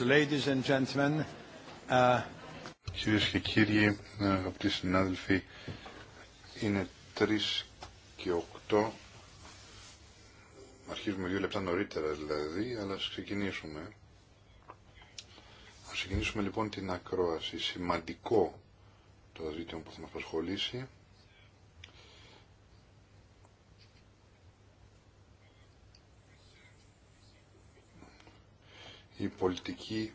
Ladies uh, και κύριοι, αγαπητοί συνάδελφοι, είναι 3 και 8. Αρχίζουμε δύο λεπτά νωρίτερα δηλαδή, αλλά ας ξεκινήσουμε. Ας ξεκινήσουμε λοιπόν την ακρόαση. Σημαντικό το ζήτημα που θα μας απασχολήσει. η πολιτική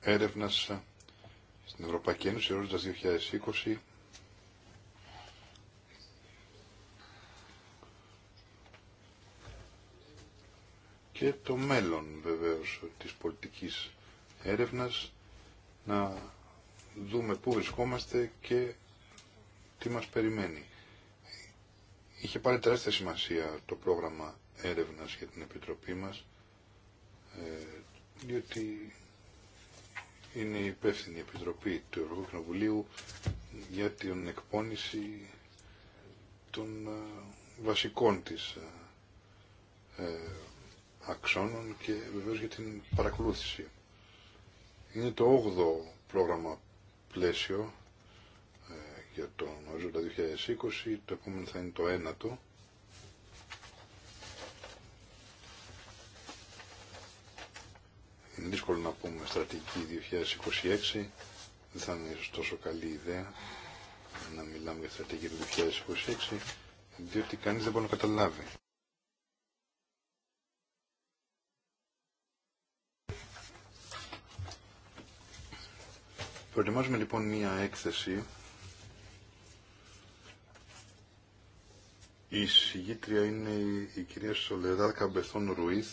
έρευνα στην Ευρωπαϊκή Ένωση, ορίζοντας 2020, και το μέλλον βεβαίως της πολιτικής έρευνας να δούμε πού βρισκόμαστε και τι μας περιμένει. Είχε πάρει τεράστια σημασία το πρόγραμμα έρευνας για την Επιτροπή μας διότι είναι η υπεύθυνη επιτροπή του Ευρωπαϊκού Κοινοβουλίου για την εκπόνηση των ε, βασικών της ε, ε, αξώνων και βεβαίως για την παρακολούθηση. Είναι το 8ο πρόγραμμα πλαίσιο για τον ορίζοντα 2020, το επόμενο θα είναι το 9ο είναι δύσκολο να πούμε στρατηγική 2026, δεν θα είναι ίσως τόσο καλή ιδέα να μιλάμε για στρατηγική 2026, διότι κανείς δεν μπορεί να καταλάβει. Προετοιμάζουμε λοιπόν μία έκθεση. Η συγγήτρια είναι η, κυρία Σολεδά Μπεθόν Ρουίθ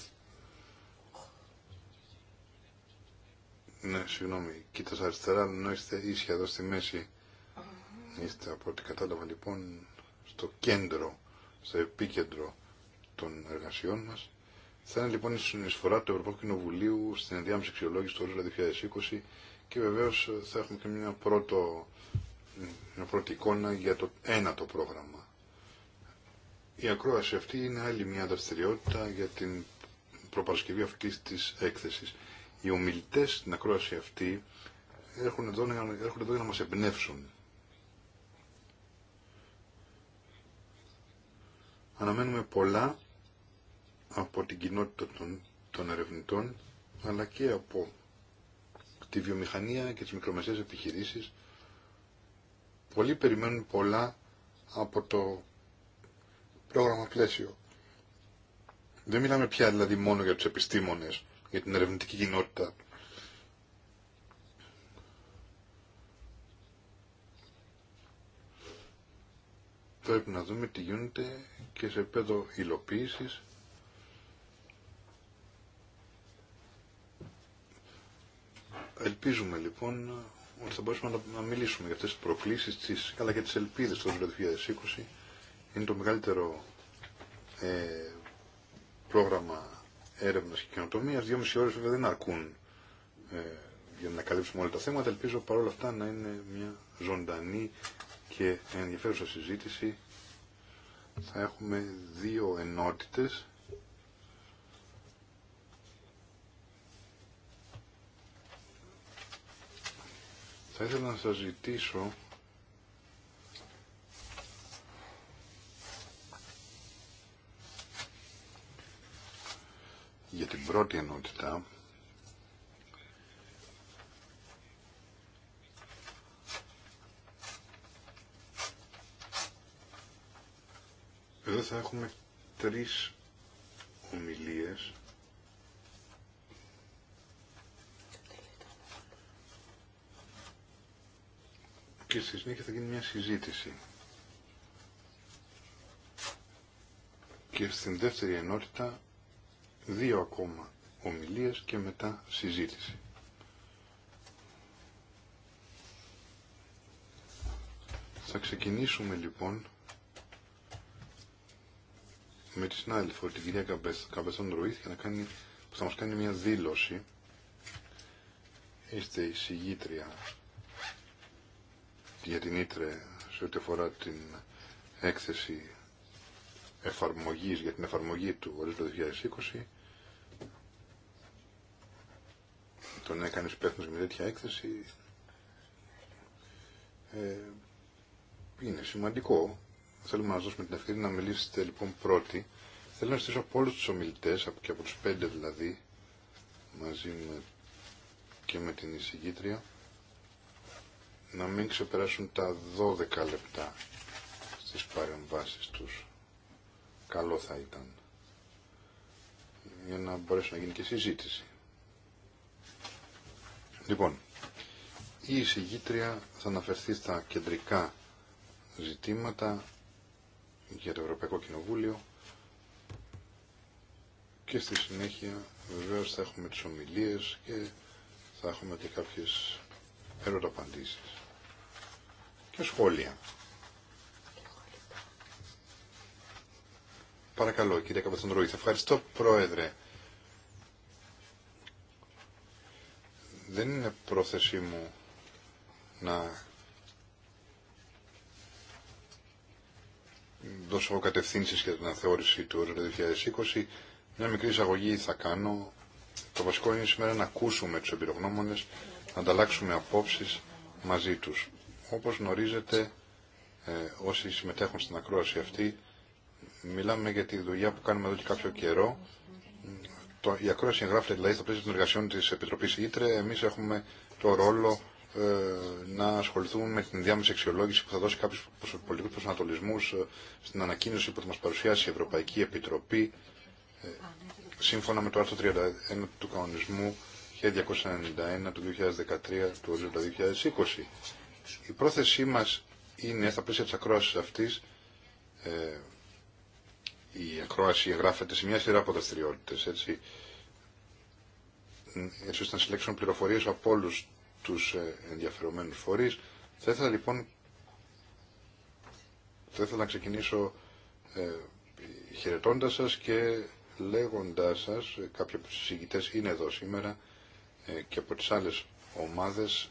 Ναι, συγγνώμη. Κοίτας αριστερά, ενώ είστε ίσια εδώ στη μέση. Είστε από ό,τι κατάλαβα λοιπόν στο κέντρο, στο επίκεντρο των εργασιών μας. Θα είναι λοιπόν η συνεισφορά του Ευρωπαϊκού Κοινοβουλίου στην ενδιάμεση αξιολόγηση του 2020 και βεβαίω θα έχουμε και μια, πρώτο, μια πρώτη εικόνα για το ένατο πρόγραμμα. Η ακρόαση αυτή είναι άλλη μια δραστηριότητα για την προπαρασκευή αυτή τη έκθεση οι ομιλητές στην ακρόαση αυτή έρχονται εδώ, έρχονται εδώ για να μας εμπνεύσουν. Αναμένουμε πολλά από την κοινότητα των, των ερευνητών, αλλά και από τη βιομηχανία και τις μικρομεσαίες επιχειρήσεις. Πολλοί περιμένουν πολλά από το πρόγραμμα πλαίσιο. Δεν μιλάμε πια δηλαδή μόνο για τους επιστήμονες, για την ερευνητική κοινότητα. Πρέπει να δούμε τι γίνεται και σε επίπεδο υλοποίησης. Ελπίζουμε λοιπόν ότι θα μπορέσουμε να μιλήσουμε για αυτές τις προκλήσεις αλλά και τις ελπίδες του 2020. Είναι το μεγαλύτερο ε, πρόγραμμα έρευνα και καινοτομία. μισή ώρε βέβαια δεν αρκούν ε, για να καλύψουμε όλα τα θέματα. Ελπίζω παρόλα αυτά να είναι μια ζωντανή και ενδιαφέρουσα συζήτηση. Θα έχουμε δύο ενότητες. Θα ήθελα να σας ζητήσω για την πρώτη ενότητα εδώ θα έχουμε τρεις ομιλίες και στη συνέχεια θα γίνει μια συζήτηση. Και στην δεύτερη ενότητα δύο ακόμα ομιλίες και μετά συζήτηση. Θα ξεκινήσουμε λοιπόν με τη συνάδελφο, την κυρία Καμπεθόν Ρουίθ, να κάνει, που θα μας κάνει μια δήλωση. Είστε η συγγήτρια για την Ήτρε σε ό,τι αφορά την έκθεση εφαρμογής, για την εφαρμογή του ορίζοντα 2020, τον να κανείς υπεύθυνος με τέτοια έκθεση, ε, είναι σημαντικό. Θέλουμε να σα δώσουμε την ευκαιρία να μιλήσετε λοιπόν πρώτοι. Θέλω να στήσω από όλους τους ομιλητές, από και από τους πέντε δηλαδή, μαζί με, και με την εισηγήτρια, να μην ξεπεράσουν τα 12 λεπτά στις παρεμβάσεις τους καλό θα ήταν για να μπορέσει να γίνει και συζήτηση. Λοιπόν, η εισηγήτρια θα αναφερθεί στα κεντρικά ζητήματα για το Ευρωπαϊκό Κοινοβούλιο και στη συνέχεια βεβαίως θα έχουμε τις ομιλίες και θα έχουμε και κάποιες ερωταπαντήσεις και σχόλια. Παρακαλώ, κυρία θα Ευχαριστώ, Πρόεδρε. Δεν είναι πρόθεσή μου να δώσω κατευθύνσει για την αναθεώρηση του 2020. Μια μικρή εισαγωγή θα κάνω. Το βασικό είναι σήμερα να ακούσουμε τους εμπειρογνώμονες, να ανταλλάξουμε απόψεις μαζί τους. Όπως γνωρίζετε, ε, όσοι συμμετέχουν στην ακρόαση αυτή, Μιλάμε για τη δουλειά που κάνουμε εδώ και κάποιο καιρό. Το, η ακρόαση εγγράφεται δηλαδή στα πλαίσια των εργασιών τη Επιτροπή Ήτρε. Εμεί έχουμε το ρόλο ε, να ασχοληθούμε με την διάμεση αξιολόγηση που θα δώσει κάποιου πολιτικού προσανατολισμού ε, στην ανακοίνωση που θα μα παρουσιάσει η Ευρωπαϊκή Επιτροπή ε, σύμφωνα με το άρθρο 31 του κανονισμού 1291 του 2013 του 2020. Η πρόθεσή μα είναι στα πλαίσια τη ακρόαση αυτή. Ε, η ακρόαση εγγράφεται σε μια σειρά από δραστηριότητε, έτσι, έτσι ώστε να συλλέξουν πληροφορίε από όλου τους ε, ενδιαφερομένους φορεί. Θα ήθελα λοιπόν θα ήθελα να ξεκινήσω ε, χαιρετώντα σα και λέγοντα σα ε, κάποιοι από του συζητητές είναι εδώ σήμερα ε, και από τι άλλες ομάδες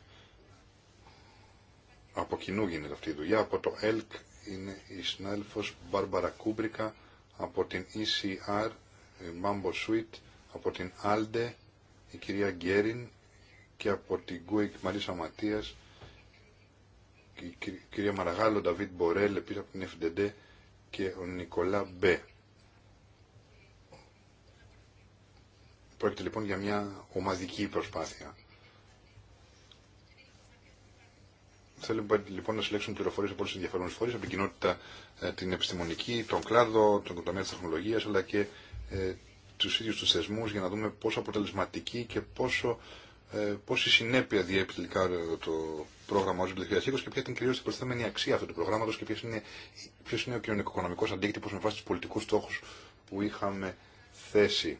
από κοινού γίνεται αυτή η δουλειά. Από το ΕΛΚ είναι η συνάδελφος Μπάρμπαρα Κούμπρικα, από την ECR, η ε, Mambo Suite, από την ALDE, η κυρία Γκέριν και από την Γκουικ Μαρίσα Ματίας η κυρία Μαραγάλο, ο Νταβίτ Μπορέλ, επίσης από την FDD και ο Νικολά Μπέ. Πρόκειται λοιπόν για μια ομαδική προσπάθεια. Θέλουμε λοιπόν να συλλέξουν πληροφορίε από όλου του ενδιαφέροντε φορεί, από την κοινότητα ε, την επιστημονική, τον κλάδο, τον τομέα της τεχνολογίας, αλλά και ε, τους ίδιους τους θεσμούς για να δούμε πόσο αποτελεσματική και πόσο, ε, πόση συνέπεια διέπει τελικά ε, το πρόγραμμα του 2020 και ποια είναι κυρίως η προσθέμενη αξία αυτού του προγράμματος και ποιος είναι, είναι ο κοινωνικο οικονομικο αντίκτυπος με βάση τους πολιτικούς στόχους που είχαμε θέσει.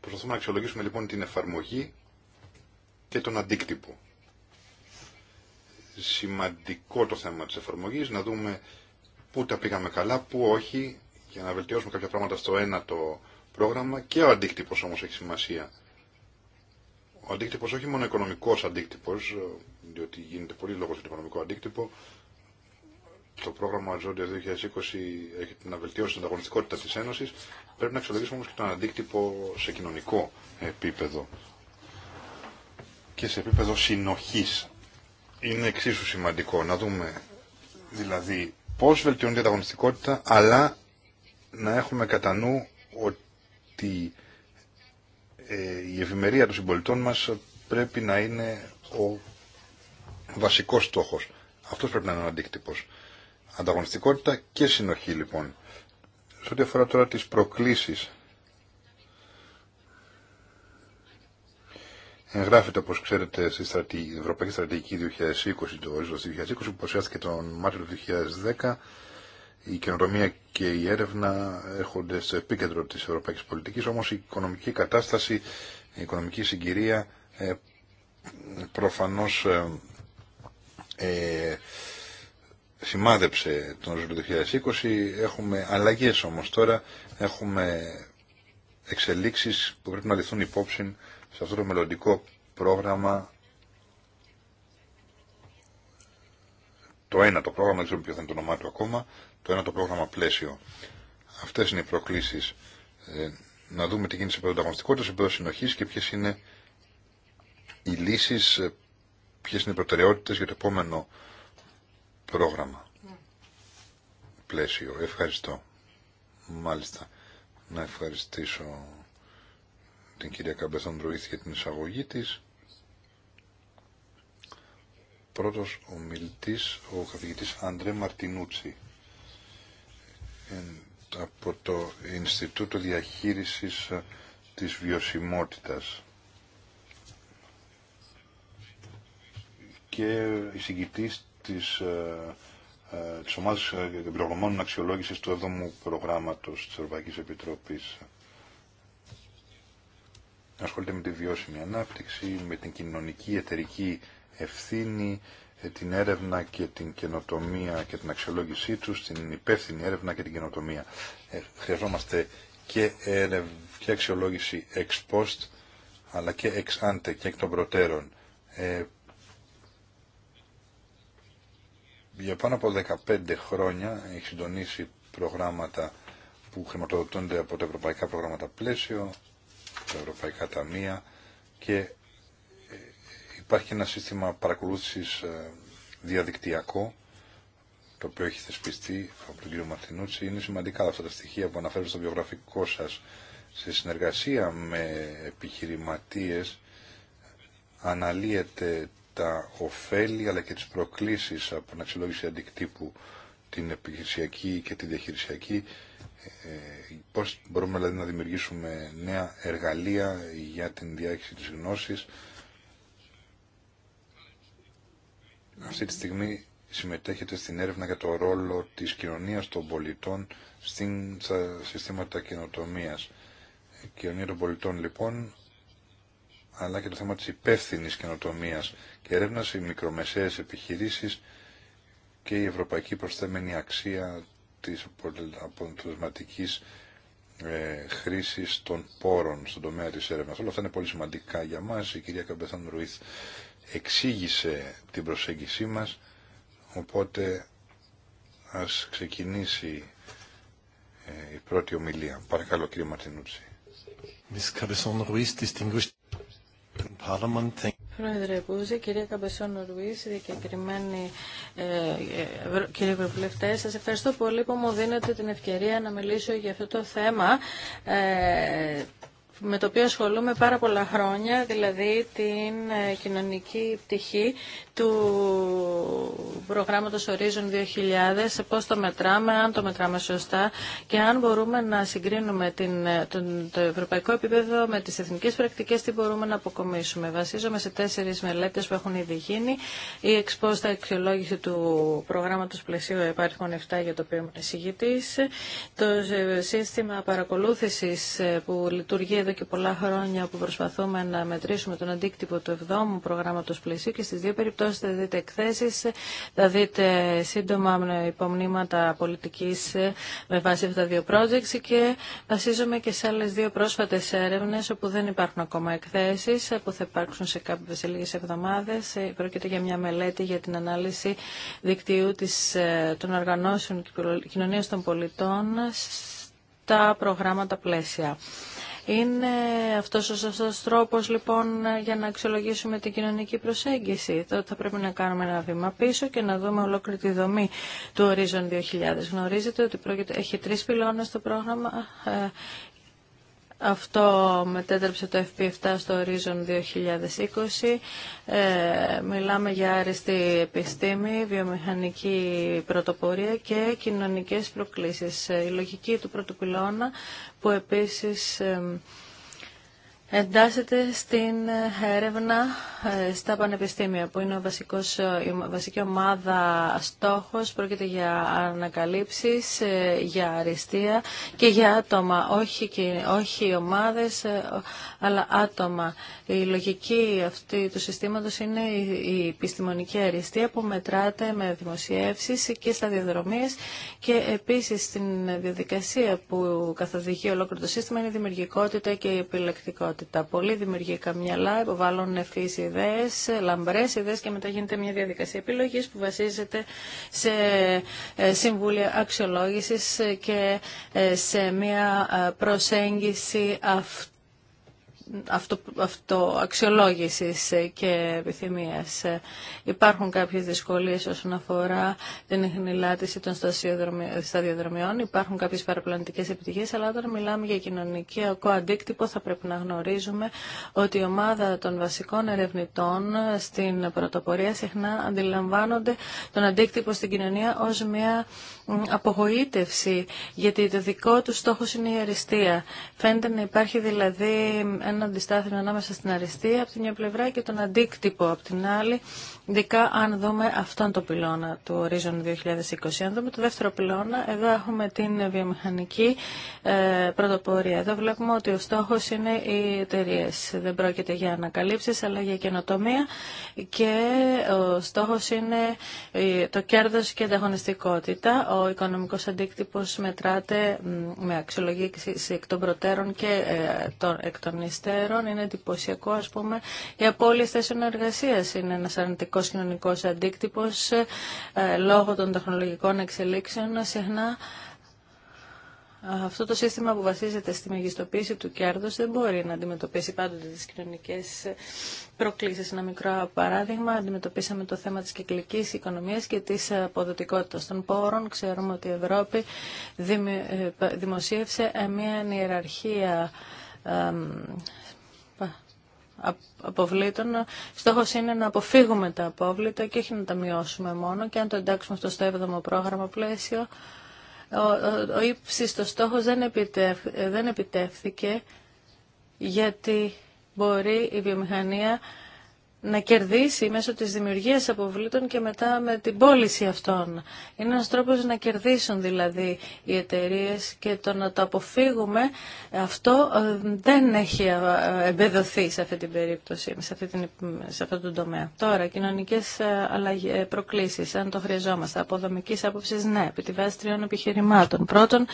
Προσπαθούμε να αξιολογήσουμε λοιπόν την εφαρμογή και τον αντίκτυπο σημαντικό το θέμα της εφαρμογής, να δούμε πού τα πήγαμε καλά, πού όχι, για να βελτιώσουμε κάποια πράγματα στο ένα το πρόγραμμα και ο αντίκτυπος όμως έχει σημασία. Ο αντίκτυπος όχι μόνο οικονομικός αντίκτυπος, διότι γίνεται πολύ λόγος για το οικονομικό αντίκτυπο, το πρόγραμμα Αζόντια 2020 έχει να βελτιώσει την ανταγωνιστικότητα της Ένωσης, πρέπει να εξολογήσουμε όμως και τον αντίκτυπο σε κοινωνικό επίπεδο και σε επίπεδο συνοχής είναι εξίσου σημαντικό να δούμε δηλαδή πώς βελτιώνεται η ανταγωνιστικότητα αλλά να έχουμε κατά νου ότι ε, η ευημερία των συμπολιτών μας πρέπει να είναι ο βασικός στόχος. Αυτός πρέπει να είναι ο αντίκτυπος. Ανταγωνιστικότητα και συνοχή λοιπόν. Σε ό,τι αφορά τώρα τις προκλήσεις εγγράφεται όπω ξέρετε στη Ευρωπαϊκή Στρατηγική 2020, το ορίζοντα 2020 που παρουσιάστηκε τον Μάρτιο του 2010. Η καινοτομία και η έρευνα έρχονται στο επίκεντρο τη Ευρωπαϊκή Πολιτική, όμως η οικονομική κατάσταση, η οικονομική συγκυρία ε, προφανώς ε, ε σημάδεψε τον ορίζοντα 2020. Έχουμε αλλαγέ όμω τώρα, έχουμε εξελίξεις που πρέπει να ληφθούν υπόψη σε αυτό το μελλοντικό πρόγραμμα το ένα το πρόγραμμα, δεν ξέρω ποιο θα είναι το όνομά του ακόμα, το ένα το πρόγραμμα πλαίσιο. Αυτές είναι οι προκλήσεις. Ε, να δούμε τι γίνεται σε επίπεδο ανταγωνιστικότητας, σε επίπεδο συνοχής και ποιες είναι οι λύσεις, ε, ποιες είναι οι προτεραιότητες για το επόμενο πρόγραμμα. Ναι. Πλαίσιο. Ευχαριστώ. Μάλιστα να ευχαριστήσω την κυρία Καμπεθανδροήθη για την εισαγωγή της. Πρώτος ο μιλητής ο καθηγητής Αντρέ Μαρτινούτσι από το Ινστιτούτο Διαχείρισης ε, της Βιωσιμότητας και η συγκητής της ε, ε, τη ομάδα εμπειρογνωμόνων αξιολόγηση του 7ου προγράμματος τη Ευρωπαϊκή Επιτροπής. Ασχολείται με τη βιώσιμη ανάπτυξη, με την κοινωνική εταιρική ευθύνη, ε, την έρευνα και την καινοτομία και την αξιολόγησή τους, την υπεύθυνη έρευνα και την καινοτομία. Ε, χρειαζόμαστε και, και αξιολόγηση ex post, αλλά και ex ante και εκ των προτέρων. Ε, για πάνω από 15 χρόνια έχει συντονίσει προγράμματα που χρηματοδοτούνται από τα ευρωπαϊκά προγράμματα πλαίσιο, τα ευρωπαϊκά ταμεία και ε, υπάρχει ένα σύστημα παρακολούθησης ε, διαδικτυακό το οποίο έχει θεσπιστεί από τον κύριο Μαρτινούτσι. Είναι σημαντικά αυτά τα στοιχεία που αναφέρω στο βιογραφικό σας σε συνεργασία με επιχειρηματίες αναλύεται τα ωφέλη αλλά και τις προκλήσεις από την αξιολόγηση αντικτύπου την επιχειρησιακή και τη διαχειρισιακή ε, πώς μπορούμε δηλαδή να δημιουργήσουμε νέα εργαλεία για την διάχυση της γνώσης Αυτή τη στιγμή συμμετέχετε στην έρευνα για το ρόλο της κοινωνίας των πολιτών στην, συστήματα συστήματα καινοτομία. Κοινωνία των πολιτών λοιπόν, αλλά και το θέμα της υπεύθυνη καινοτομία έρευνα, οι μικρομεσαίες επιχειρήσεις και η ευρωπαϊκή προσθέμενη αξία της αποτελεσματική χρήση ε, χρήσης των πόρων στον τομέα της έρευνας. Όλα αυτά είναι πολύ σημαντικά για μας. Η κυρία Καμπεθάν Ρουίθ εξήγησε την προσέγγισή μας, οπότε ας ξεκινήσει ε, η πρώτη ομιλία. Παρακαλώ κύριε Ματινούτσι. Πρόεδρε Πούζε, κυρία Καμπεσόν Ρουίς, διακεκριμένοι ε, ε, κύριοι Ευρωβουλευτέ, σας ευχαριστώ πολύ που μου δίνετε την ευκαιρία να μιλήσω για αυτό το θέμα. Ε, με το οποίο ασχολούμαι πάρα πολλά χρόνια, δηλαδή την ε, κοινωνική πτυχή του προγράμματος Horizon 2000, πώς το μετράμε, αν το μετράμε σωστά και αν μπορούμε να συγκρίνουμε την, ε, τον, το ευρωπαϊκό επίπεδο με τις εθνικές πρακτικές, τι μπορούμε να αποκομίσουμε. Βασίζομαι σε τέσσερις μελέτες που έχουν ήδη γίνει, η εξπόστα αξιολόγηση του προγράμματος πλαισίου υπάρχουν 7 για το οποίο είμαι συγγητής, το ε, σύστημα παρακολούθησης που λειτουργεί εδώ και πολλά χρόνια που προσπαθούμε να μετρήσουμε τον αντίκτυπο του 7ου προγράμματος πλαισίου και στι δύο περιπτώσει θα δείτε εκθέσει θα δείτε σύντομα υπομνήματα πολιτική με βάση αυτά τα δύο projects και βασίζομαι και σε άλλε δύο πρόσφατε έρευνε όπου δεν υπάρχουν ακόμα εκθέσει που θα υπάρξουν σε, κάποιε σε λίγες εβδομάδες. Ε, πρόκειται για μια μελέτη για την ανάλυση δικτύου της, ε, των οργανώσεων κοινωνία των πολιτών τα προγράμματα πλαίσια. Είναι αυτός ο σωστός τρόπος λοιπόν για να αξιολογήσουμε την κοινωνική προσέγγιση. Τότε θα πρέπει να κάνουμε ένα βήμα πίσω και να δούμε ολόκληρη τη δομή του Horizon 2000. Γνωρίζετε ότι έχει τρεις πυλώνες το πρόγραμμα. Ε, αυτό μετέτρεψε το FP7 στο Horizon 2020. Ε, μιλάμε για άριστη επιστήμη, βιομηχανική πρωτοπορία και κοινωνικές προκλήσεις. Ε, η λογική του πρώτου που επίσης εντάσσεται στην ε, έρευνα ε, στα πανεπιστήμια που είναι βασικός, ε, η βασική ομάδα στόχος πρόκειται για ανακαλύψεις, για αριστεία και για άτομα όχι, και, όχι ομάδες αλλά άτομα η λογική αυτή του συστήματος είναι η επιστημονική αριστεία που μετράται με δημοσιεύσεις και στα διαδρομίες και επίσης στην διαδικασία που καθοδηγεί ολόκληρο το σύστημα είναι η δημιουργικότητα και η επιλεκτικότητα τα πολύ δημιουργικά μυαλά, υποβάλλουν ευθύ ιδέε, λαμπρέ ιδέε και μετά γίνεται μια διαδικασία επιλογή που βασίζεται σε ε, συμβούλια αξιολόγηση και ε, σε μια ε, προσέγγιση αυτού αυτο, αυτοαξιολόγησης και επιθυμίας. Υπάρχουν κάποιες δυσκολίες όσον αφορά την εχνηλάτηση των σταδιοδρομιών, υπάρχουν κάποιες παραπλανητικές επιτυχίες, αλλά όταν μιλάμε για κοινωνικό αντίκτυπο θα πρέπει να γνωρίζουμε ότι η ομάδα των βασικών ερευνητών στην πρωτοπορία συχνά αντιλαμβάνονται τον αντίκτυπο στην κοινωνία ως μια απογοήτευση, γιατί το δικό του στόχο είναι η αριστεία. Φαίνεται να υπάρχει δηλαδή ένα αντιστάθμιο ανάμεσα στην αριστεία από την μια πλευρά και τον αντίκτυπο από την άλλη ειδικά αν δούμε αυτόν τον πυλώνα του Horizon 2020, αν δούμε το δεύτερο πυλώνα, εδώ έχουμε την βιομηχανική ε, πρωτοπορία. Εδώ βλέπουμε ότι ο στόχος είναι οι εταιρείε. Δεν πρόκειται για ανακαλύψεις αλλά για καινοτομία και ο στόχος είναι το κέρδος και η ανταγωνιστικότητα. Ο οικονομικός αντίκτυπος μετράται με αξιολογήσεις εκ των προτέρων και ε, εκ των υστέρων. Είναι εντυπωσιακό ας πούμε. Η απώλεια θέσεων εργασίας είναι ένας αρνητικός αρνητικός κοινωνικός αντίκτυπος ε, λόγω των τεχνολογικών εξελίξεων συχνά αυτό το σύστημα που βασίζεται στη μεγιστοποίηση του κέρδους δεν μπορεί να αντιμετωπίσει πάντοτε τις κοινωνικές προκλήσεις. Ένα μικρό παράδειγμα, αντιμετωπίσαμε το θέμα της κυκλικής οικονομίας και της αποδοτικότητας των πόρων. Ξέρουμε ότι η Ευρώπη ε, δημοσίευσε μια ιεραρχία αποβλήτων. Στόχος είναι να αποφύγουμε τα απόβλητα και όχι να τα μειώσουμε μόνο και αν το εντάξουμε αυτό στο 7ο πρόγραμμα πλαίσιο. Ο, στόχο στόχος δεν, επιτεύ, δεν επιτεύθηκε γιατί μπορεί η βιομηχανία να κερδίσει μέσω της δημιουργίας αποβλήτων και μετά με την πώληση αυτών. Είναι ένας τρόπος να κερδίσουν δηλαδή οι εταιρείε και το να το αποφύγουμε αυτό ε, δεν έχει ε, εμπεδοθεί σε αυτή την περίπτωση, σε, αυτή την, σε αυτό τον τομέα. Τώρα, κοινωνικές ε, προκλήσεις, αν το χρειαζόμαστε, Από αποδομικής άποψης, ναι, επί τη βάση τριών επιχειρημάτων. Πρώτον,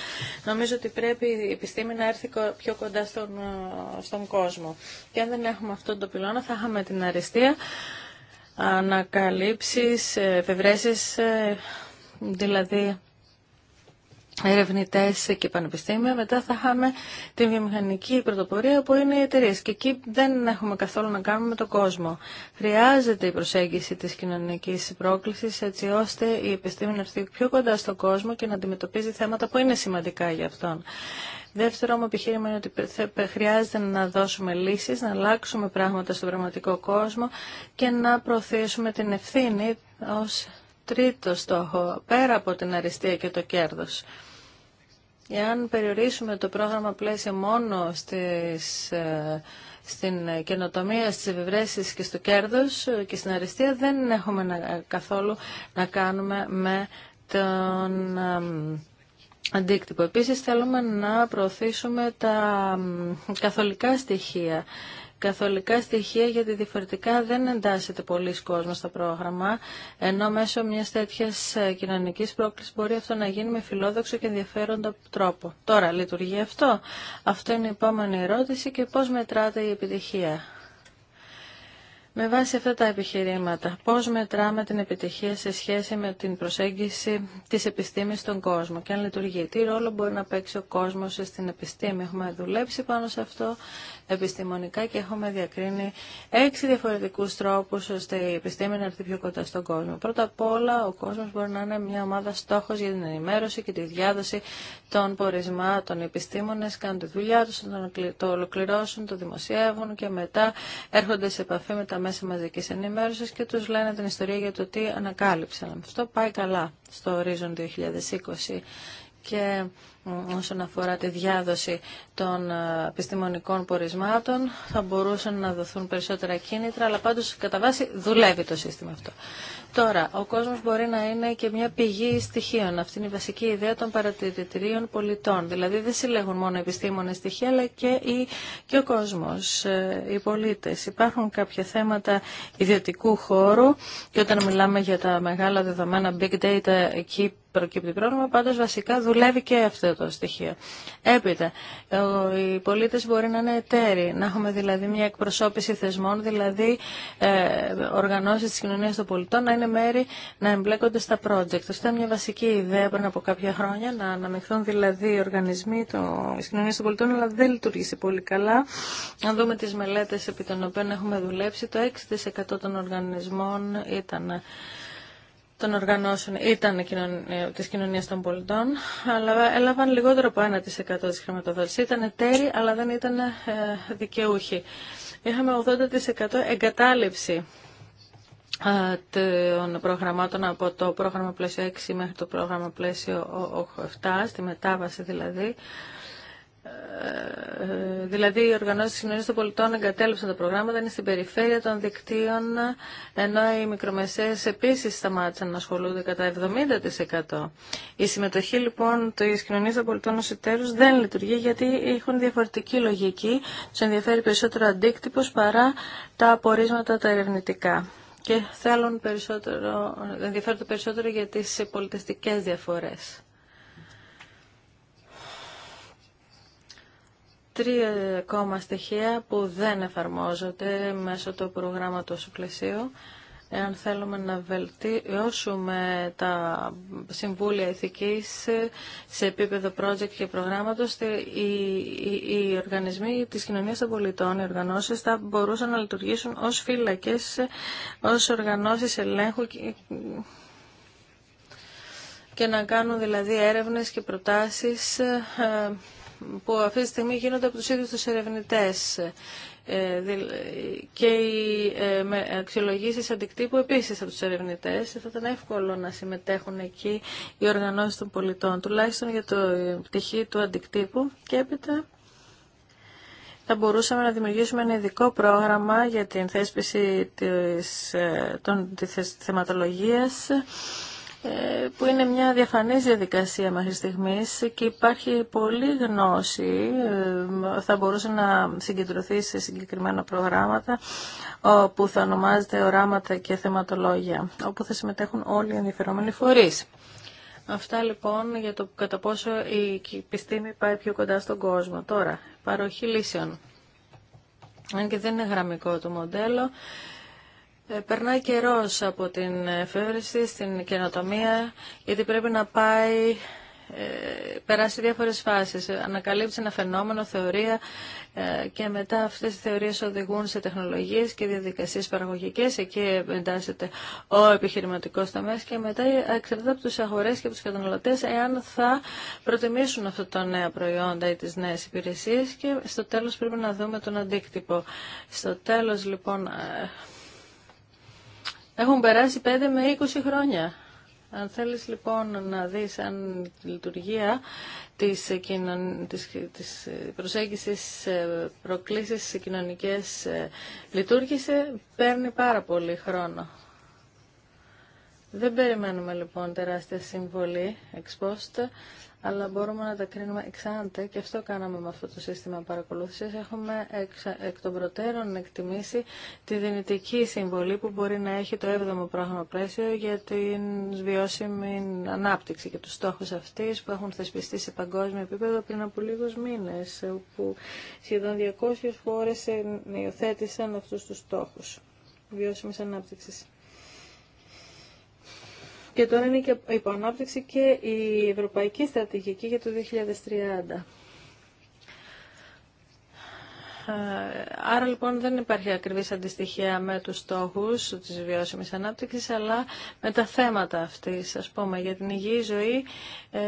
νομίζω ότι πρέπει η επιστήμη να έρθει πιο κοντά στον, στον κόσμο. Και αν δεν έχουμε αυτόν τον πυλώνα θα είχαμε την αριστεία Ανακαλύψει, ανακαλύψεις, εφευρέσεις, ε, δηλαδή ερευνητέ και πανεπιστήμια. Μετά θα είχαμε τη βιομηχανική πρωτοπορία που είναι οι εταιρείε. Και εκεί δεν έχουμε καθόλου να κάνουμε με τον κόσμο. Χρειάζεται η προσέγγιση της κοινωνικής πρόκλησης, έτσι ώστε η επιστήμη να έρθει πιο κοντά στον κόσμο και να αντιμετωπίζει θέματα που είναι σημαντικά για αυτόν. Δεύτερο μου επιχείρημα είναι ότι χρειάζεται να δώσουμε λύσεις, να αλλάξουμε πράγματα στον πραγματικό κόσμο και να προωθήσουμε την ευθύνη ως τρίτο στόχο, πέρα από την αριστεία και το κέρδος. Εάν περιορίσουμε το πρόγραμμα πλαίσιο μόνο στις, ε, στην καινοτομία, στις επιβρέσεις και στο κέρδος ε, και στην αριστεία, δεν έχουμε καθόλου να κάνουμε με τον ε, αντίκτυπο. Επίσης θέλουμε να προωθήσουμε τα καθολικά στοιχεία. Καθολικά στοιχεία γιατί διαφορετικά δεν εντάσσεται πολλοί κόσμο στο πρόγραμμα, ενώ μέσω μιας τέτοιας ε, κοινωνικής πρόκλησης μπορεί αυτό να γίνει με φιλόδοξο και ενδιαφέροντα τρόπο. Τώρα, λειτουργεί αυτό. Αυτό είναι η επόμενη ερώτηση και πώς μετράται η επιτυχία. Με βάση αυτά τα επιχειρήματα, πώς μετράμε την επιτυχία σε σχέση με την προσέγγιση της επιστήμης στον κόσμο και αν λειτουργεί. Τι ρόλο μπορεί να παίξει ο κόσμος στην επιστήμη. Έχουμε δουλέψει πάνω σε αυτό επιστημονικά και έχουμε διακρίνει έξι διαφορετικού τρόπου ώστε η επιστήμη να έρθει πιο κοντά στον κόσμο. Πρώτα απ' όλα, ο κόσμο μπορεί να είναι μια ομάδα στόχο για την ενημέρωση και τη διάδοση των πορισμάτων. Οι επιστήμονε κάνουν τη δουλειά του, το ολοκληρώσουν, το δημοσιεύουν και μετά έρχονται σε επαφή με τα μέσα μαζική ενημέρωση και του λένε την ιστορία για το τι ανακάλυψαν. Αυτό πάει καλά στο Horizon 2020. Και όσον αφορά τη διάδοση των ε, επιστημονικών πορισμάτων. Θα μπορούσαν να δοθούν περισσότερα κίνητρα, αλλά πάντως κατά βάση δουλεύει το σύστημα αυτό. Τώρα, ο κόσμος μπορεί να είναι και μια πηγή στοιχείων. Αυτή είναι η βασική ιδέα των παρατηρητηρίων πολιτών. Δηλαδή δεν συλλέγουν μόνο οι επιστήμονες στοιχεία, αλλά και, ο κόσμος, ε, οι πολίτες. Υπάρχουν κάποια θέματα ιδιωτικού χώρου και όταν μιλάμε για τα μεγάλα δεδομένα big data, εκεί προκύπτει πρόβλημα, πάντως βασικά δουλεύει και αυτό το στοιχείο. Έπειτα, οι πολίτες μπορεί να είναι εταίροι, να έχουμε δηλαδή μια εκπροσώπηση θεσμών, δηλαδή ε, οργανώσεις της κοινωνίας των πολιτών, να είναι μέρη να εμπλέκονται στα project. Αυτή ήταν μια βασική ιδέα πριν από κάποια χρόνια, να αναμειχθούν δηλαδή οι οργανισμοί τη της κοινωνίας των πολιτών, αλλά δεν λειτουργήσε πολύ καλά. Αν δούμε τις μελέτες επί των οποίων έχουμε δουλέψει, το 6% των οργανισμών ήταν των οργανώσεων ήταν ε, της κοινωνίας των πολιτών, αλλά έλαβαν λιγότερο από 1% της χρηματοδότησης. Ήταν εταίροι αλλά δεν ήταν ε, δικαιούχοι. Είχαμε 80% εγκατάλειψη ε, των προγραμμάτων από το πρόγραμμα πλαίσιο 6 μέχρι το πρόγραμμα πλαίσιο 7, στη μετάβαση δηλαδή. Ε, δηλαδή οι οργανώσει της κοινωνίας των πολιτών εγκατέλειψαν τα προγράμματα, είναι στην περιφέρεια των δικτύων, ενώ οι μικρομεσαίε επίση σταμάτησαν να ασχολούνται κατά 70%. Η συμμετοχή λοιπόν τη Κοινωνία των πολιτών ω εταίρου δεν λειτουργεί γιατί έχουν διαφορετική λογική, του ενδιαφέρει περισσότερο αντίκτυπο παρά τα απορίσματα τα ερευνητικά και θέλουν περισσότερο, ενδιαφέρονται περισσότερο για τι πολιτιστικέ διαφορέ. τρία ακόμα στοιχεία που δεν εφαρμόζονται μέσω του προγράμματος του πλαισίου. Εάν θέλουμε να βελτιώσουμε τα συμβούλια ηθικής σε επίπεδο project και προγράμματος, οι, οι, οι οργανισμοί της κοινωνίας των πολιτών, οι οργανώσεις, θα μπορούσαν να λειτουργήσουν ως φύλακες, ως οργανώσεις ελέγχου και να κάνουν δηλαδή έρευνες και προτάσεις ε, που αυτή τη στιγμή γίνονται από τους ίδιους τους ερευνητές ε, και οι ε, αξιολογήσεις αντικτύπου επίσης από τους ερευνητές. Θα ήταν εύκολο να συμμετέχουν εκεί οι οργανώσεις των πολιτών, τουλάχιστον για το ε, πτυχή του αντικτύπου και έπειτα θα μπορούσαμε να δημιουργήσουμε ένα ειδικό πρόγραμμα για την θέσπιση της, των, της θεματολογίας ε, που είναι μια διαφανής διαδικασία μέχρι στιγμής και υπάρχει πολλή γνώση, ε, θα μπορούσε να συγκεντρωθεί σε συγκεκριμένα προγράμματα που θα ονομάζεται οράματα και θεματολόγια, όπου θα συμμετέχουν όλοι οι ενδιαφερόμενοι φορείς. Αυτά λοιπόν για το κατά πόσο η επιστήμη πάει πιο κοντά στον κόσμο. Τώρα, παροχή λύσεων. Αν και δεν είναι γραμμικό το μοντέλο, ε, περνάει καιρό από την εφεύρεση στην καινοτομία, γιατί πρέπει να πάει ε, περάσει διάφορες φάσεις. Ανακαλύψει ένα φαινόμενο, θεωρία ε, και μετά αυτές οι θεωρίες οδηγούν σε τεχνολογίες και διαδικασίες παραγωγικές. Εκεί εντάσσεται ο επιχειρηματικός τομέας και μετά εξαρτάται από τους αγορές και από τους εάν θα προτιμήσουν αυτό το νέα προϊόντα ή τις νέες υπηρεσίες και στο τέλος πρέπει να δούμε τον αντίκτυπο. Στο τέλος λοιπόν έχουν περάσει 5 με 20 χρόνια. Αν θέλεις λοιπόν να δεις αν η λειτουργία της, κοινων... της... της προσέγγισης ε, προκλήσεις κοινωνικές ε, λειτουργήσε, παίρνει πάρα πολύ χρόνο. Δεν περιμένουμε λοιπόν τεράστια συμβολή εξ αλλά μπορούμε να τα κρίνουμε εξάντε και αυτό κάναμε με αυτό το σύστημα παρακολούθησης. Έχουμε εκ των προτέρων εκτιμήσει τη δυνητική συμβολή που μπορεί να έχει το 7ο πρόγραμμα πλαίσιο για την βιώσιμη ανάπτυξη και τους στόχους αυτή που έχουν θεσπιστεί σε παγκόσμιο επίπεδο πριν από λίγους μήνες, όπου σχεδόν 200 χώρες υιοθέτησαν αυτούς τους στόχους βιώσιμης ανάπτυξης και τώρα είναι και η και η ευρωπαϊκή στρατηγική για το 2030. Ε, άρα λοιπόν δεν υπάρχει ακριβής αντιστοιχεία με τους στόχους της βιώσιμης ανάπτυξης, αλλά με τα θέματα αυτής, ας πούμε, για την υγιή ζωή, ε,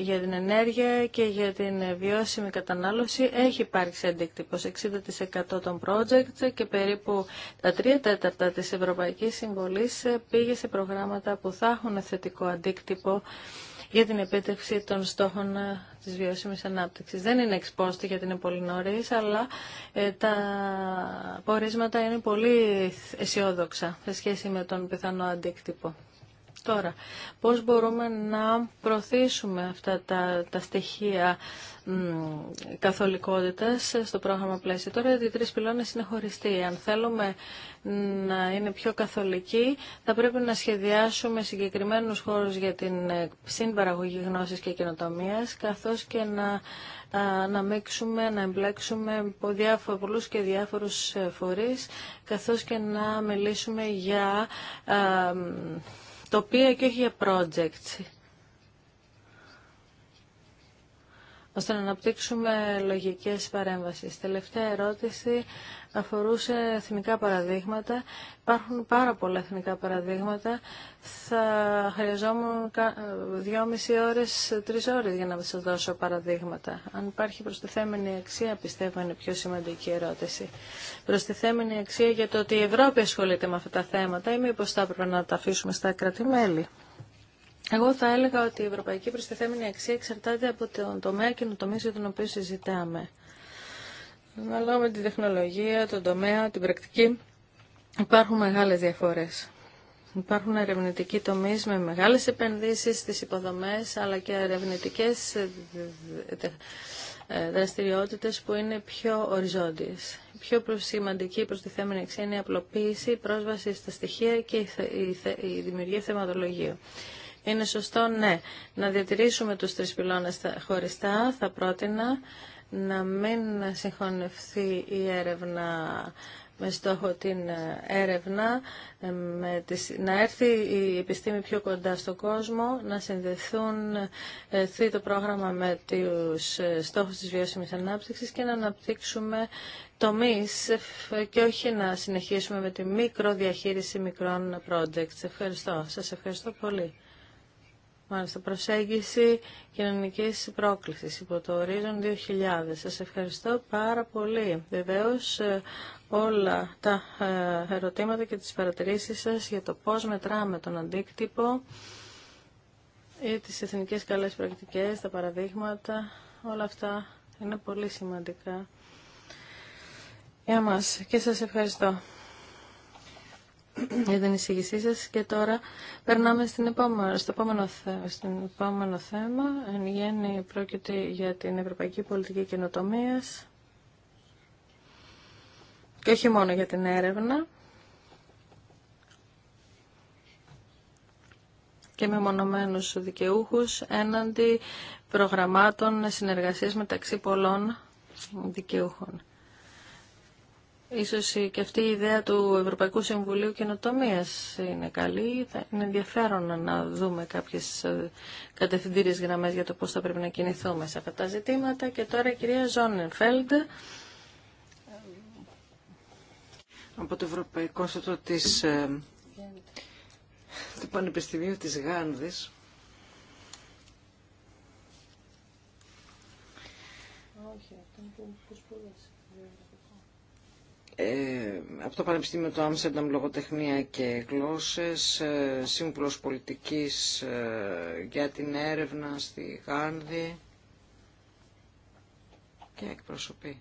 για την ενέργεια και για την βιώσιμη κατανάλωση έχει υπάρξει αντίκτυπος 60% των project και περίπου τα 3 τέταρτα της Ευρωπαϊκής Συμβολής ε, πήγε σε προγράμματα που θα έχουν θετικό αντίκτυπο για την επίτευξη των στόχων ε, της βιώσιμης ανάπτυξης. Δεν είναι εξπόστη γιατί είναι πολύ νωρίς, αλλά ε, τα πορίσματα είναι πολύ αισιόδοξα σε σχέση με τον πιθανό αντίκτυπο. Τώρα, πώς μπορούμε να προωθήσουμε αυτά τα, τα στοιχεία καθολικότητας στο πρόγραμμα πλαίσιο. Τώρα οι τρεις πυλώνες είναι χωριστοί. Αν θέλουμε να είναι πιο καθολικοί, θα πρέπει να σχεδιάσουμε συγκεκριμένους χώρους για την ε, συμπαραγωγή γνώσης και καινοτομίας, καθώς και να να μίξουμε, να εμπλέξουμε πολλούς και διάφορους ε, φορείς, καθώς και να μιλήσουμε για τοπία και όχι για projects. ώστε να αναπτύξουμε λογικές παρέμβασεις. Τελευταία ερώτηση αφορούσε εθνικά παραδείγματα. Υπάρχουν πάρα πολλά εθνικά παραδείγματα. Θα χρειαζόμουν δυόμιση ώρες, τρεις ώρες για να σας δώσω παραδείγματα. Αν υπάρχει προστιθέμενη αξία, πιστεύω είναι πιο σημαντική ερώτηση. Προστιθέμενη αξία για το ότι η Ευρώπη ασχολείται με αυτά τα θέματα ή μήπως θα έπρεπε να τα αφήσουμε στα κράτη-μέλη. Εγώ θα έλεγα ότι η ευρωπαϊκή προστιθέμενη αξία εξαρτάται από τον τομέα και καινοτομίας για τον οποίο συζητάμε. Αναλόγω με την τεχνολογία, τον τομέα, την πρακτική, υπάρχουν μεγάλε διαφορέ. Υπάρχουν ερευνητικοί τομεί με μεγάλε επενδύσει, στι υποδομέ, αλλά και ερευνητικέ ε, ε, δραστηριότητε που είναι πιο οριζόντιε. Η πιο σημαντική προστιθέμενη αξία είναι η απλοποίηση, η πρόσβαση στα στοιχεία και η δημιουργία θεματολογίου. Είναι σωστό, ναι. Να διατηρήσουμε τους τρεις πυλώνες χωριστά, θα πρότεινα να μην συγχωνευτεί η έρευνα με στόχο την ε, έρευνα, ε, με να έρθει η επιστήμη πιο κοντά στον κόσμο, να συνδεθούν ε, το πρόγραμμα με τους στόχους της βιώσιμης ανάπτυξης και να αναπτύξουμε τομείς και όχι να συνεχίσουμε με τη μικροδιαχείριση μικρών projects. Ευχαριστώ. Σας ευχαριστώ πολύ. Μάλιστα, προσέγγιση κοινωνική πρόκληση υπό το ορίζον 2000. Σας ευχαριστώ πάρα πολύ. βεβαίω ε, όλα τα ε, ερωτήματα και τις παρατηρήσεις σας για το πώς μετράμε τον αντίκτυπο ή τις εθνικές καλές πρακτικές, τα παραδείγματα, όλα αυτά είναι πολύ σημαντικά για μας και σας ευχαριστώ για την εισηγησή σα και τώρα περνάμε στην στο επόμενο, θέμα, στην Εν γέννη πρόκειται για την Ευρωπαϊκή Πολιτική καινοτομία και όχι μόνο για την έρευνα και με μονομένους δικαιούχους έναντι προγραμμάτων συνεργασίας μεταξύ πολλών δικαιούχων. Ίσως και αυτή η ιδέα του Ευρωπαϊκού Συμβουλίου καινοτομία είναι καλή. είναι ενδιαφέρον να δούμε κάποιες ε, κατευθυντήριες γραμμές για το πώς θα πρέπει να κινηθούμε σε αυτά τα ζητήματα. Και τώρα η κυρία Ζόνενφέλντ. Από το Ευρωπαϊκό Σωτό της, ε, του Πανεπιστημίου της Γάνδης. Όχι. Ε, από το Πανεπιστήμιο του Άμστερνταμ Λογοτεχνία και Γλώσσες, ε, σύμβουλος πολιτικής ε, για την έρευνα στη Γάνδη και εκπροσωπεί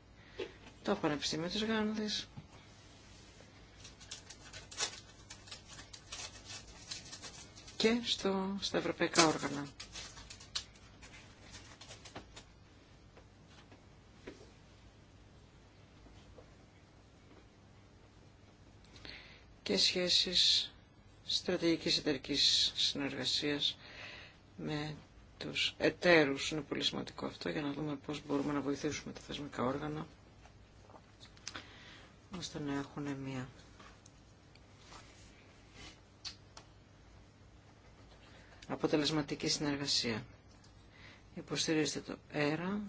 το Πανεπιστήμιο της Γάνδης. και στο, στα ευρωπαϊκά όργανα. και σχέσεις στρατηγικής εταιρικής συνεργασίας με τους εταίρους. Είναι πολύ σημαντικό αυτό για να δούμε πώς μπορούμε να βοηθήσουμε τα θεσμικά όργανα ώστε να έχουν μια αποτελεσματική συνεργασία. Υποστηρίζετε το ΕΡΑ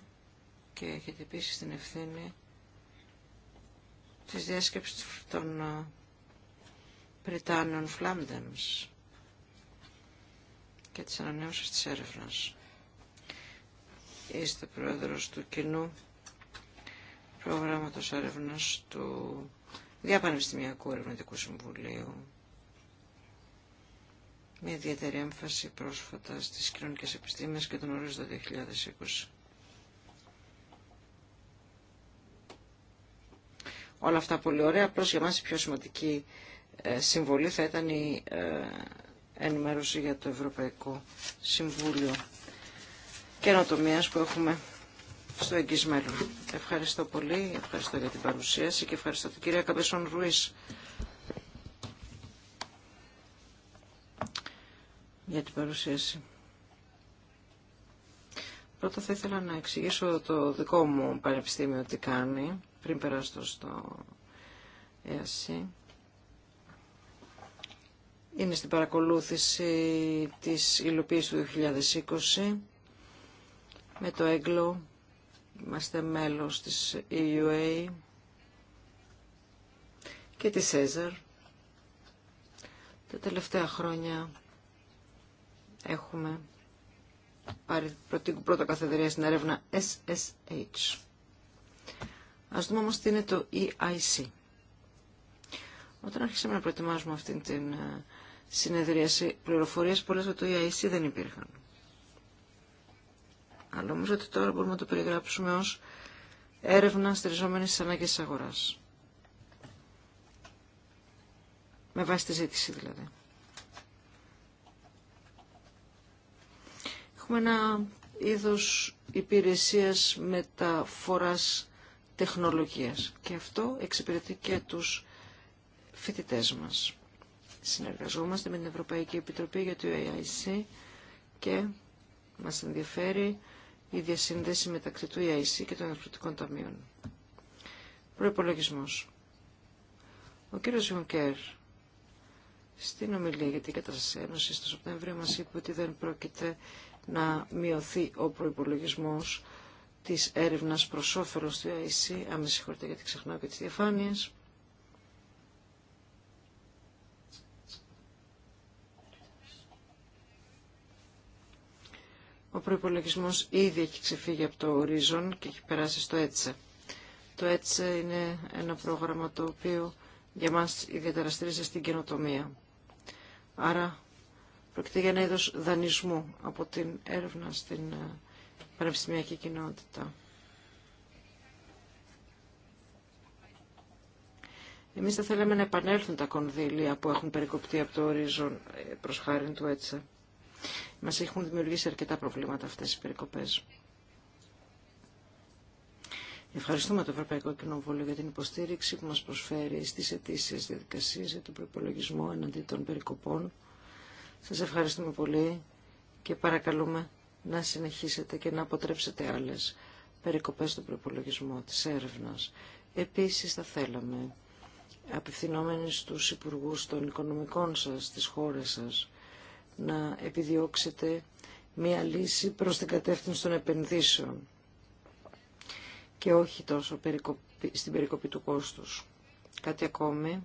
και έχετε επίσης την ευθύνη της διάσκεψης των Britannian Flamdems και της ανανέωσης της έρευνας. Είστε πρόεδρος του κοινού προγράμματος έρευνας του Διαπανεπιστημιακού Ερευνητικού Συμβουλίου με ιδιαίτερη έμφαση πρόσφατα στις κοινωνικές επιστήμες και τον ορίζοντα 2020. Όλα αυτά πολύ ωραία, απλώς για μας η πιο σημαντική ε, συμβολή θα ήταν η ε, ενημέρωση για το Ευρωπαϊκό Συμβούλιο καινοτομία που έχουμε στο εγγύς Ευχαριστώ πολύ, ευχαριστώ για την παρουσίαση και ευχαριστώ την κυρία Καμπεσόν Ρουίς για την παρουσίαση. Πρώτα θα ήθελα να εξηγήσω το δικό μου πανεπιστήμιο τι κάνει πριν περάσω στο ΕΑΣΥ είναι στην παρακολούθηση της υλοποίησης του 2020 με το έγκλο. Είμαστε μέλος της EUA και της ΕΖΑΡ. Τα τελευταία χρόνια έχουμε πάρει πρώτο καθεδρία στην έρευνα SSH. Ας δούμε όμως τι είναι το EIC. Όταν αρχίσαμε να προετοιμάζουμε αυτήν την ε, συνεδρίαση πληροφορίες πολλές από το EIC δεν υπήρχαν. Αλλά νομίζω ότι τώρα μπορούμε να το περιγράψουμε ως έρευνα στηριζόμενη στις ανάγκες της αγοράς. Με βάση τη ζήτηση δηλαδή. Έχουμε ένα είδος υπηρεσίας μεταφοράς τεχνολογίας και αυτό εξυπηρετεί και τους φοιτητές μας συνεργαζόμαστε με την Ευρωπαϊκή Επιτροπή για το EIC ε και μας ενδιαφέρει η διασύνδεση μεταξύ του EIC ε και των Ευρωπαϊκών Ταμείων. Προϋπολογισμός. Ο κύριος Γιουνκέρ στην ομιλία για την κατάσταση Ένωση το Σεπτέμβριο μας είπε ότι δεν πρόκειται να μειωθεί ο προϋπολογισμός της έρευνας προς όφελος του EIC. Αν με συγχωρείτε γιατί ξεχνάω και τις διαφάνειες. Ο προπολογισμό ήδη έχει ξεφύγει από το ορίζον και έχει περάσει στο έτσε. Το έτσε είναι ένα πρόγραμμα το οποίο για μας ιδιαίτερα στηρίζεται στην καινοτομία. Άρα πρόκειται για ένα είδος δανεισμού από την έρευνα στην ε, πανεπιστημιακή κοινότητα. Εμείς θα θέλαμε να επανέλθουν τα κονδύλια που έχουν περικοπτεί από το ορίζον ε, προς χάρη του έτσε. Μας έχουν δημιουργήσει αρκετά προβλήματα αυτές οι περικοπές. Ευχαριστούμε το Ευρωπαϊκό Κοινοβούλιο για την υποστήριξη που μας προσφέρει στις αιτήσεις διαδικασίε για τον προπολογισμό εναντί των περικοπών. Σας ευχαριστούμε πολύ και παρακαλούμε να συνεχίσετε και να αποτρέψετε άλλες περικοπές στον προπολογισμό της έρευνας. Επίσης θα θέλαμε, απευθυνόμενοι στους υπουργούς των οικονομικών σας, της χώρας σας, να επιδιώξετε μία λύση προς την κατεύθυνση των επενδύσεων και όχι τόσο στην περικοπή του κόστους. Κάτι ακόμη.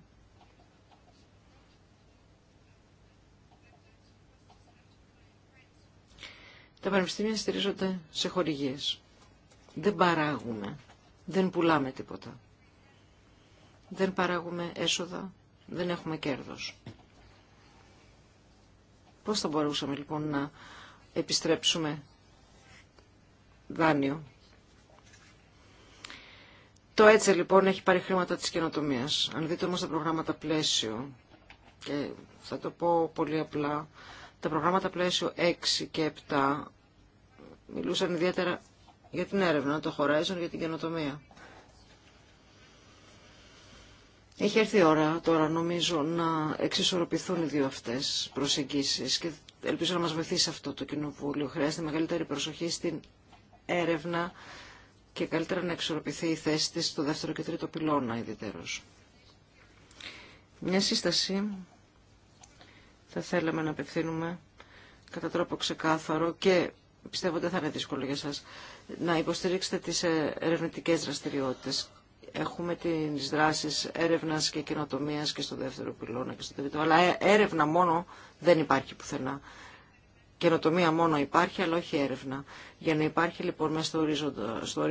Τα πανεπιστήμια στηρίζονται σε χορηγίες. Δεν παράγουμε, δεν πουλάμε τίποτα. Δεν παράγουμε έσοδα, δεν έχουμε κέρδος. Πώς θα μπορούσαμε λοιπόν να επιστρέψουμε δάνειο. Το έτσι λοιπόν έχει πάρει χρήματα της καινοτομίας. Αν δείτε όμως τα προγράμματα πλαίσιο, και θα το πω πολύ απλά, τα προγράμματα πλαίσιο 6 και 7 μιλούσαν ιδιαίτερα για την έρευνα, το Horizon για την καινοτομία. Έχει έρθει η ώρα τώρα νομίζω να εξισορροπηθούν οι δύο αυτές προσεγγίσεις και ελπίζω να μας βοηθήσει αυτό το Κοινοβούλιο. Χρειάζεται μεγαλύτερη προσοχή στην έρευνα και καλύτερα να εξορροπηθεί η θέση της στο δεύτερο και τρίτο πυλώνα ιδιαίτερος. Μια σύσταση θα θέλαμε να απευθύνουμε κατά τρόπο ξεκάθαρο και πιστεύω ότι θα είναι δύσκολο για σας να υποστηρίξετε τις ερευνητικές δραστηριότητες έχουμε τις δράσεις έρευνας και καινοτομίας και στο δεύτερο πυλώνα και στο τρίτο. Αλλά ε, έρευνα μόνο δεν υπάρχει πουθενά. Καινοτομία μόνο υπάρχει, αλλά όχι έρευνα. Για να υπάρχει λοιπόν μέσα στο ορίζοντα, στο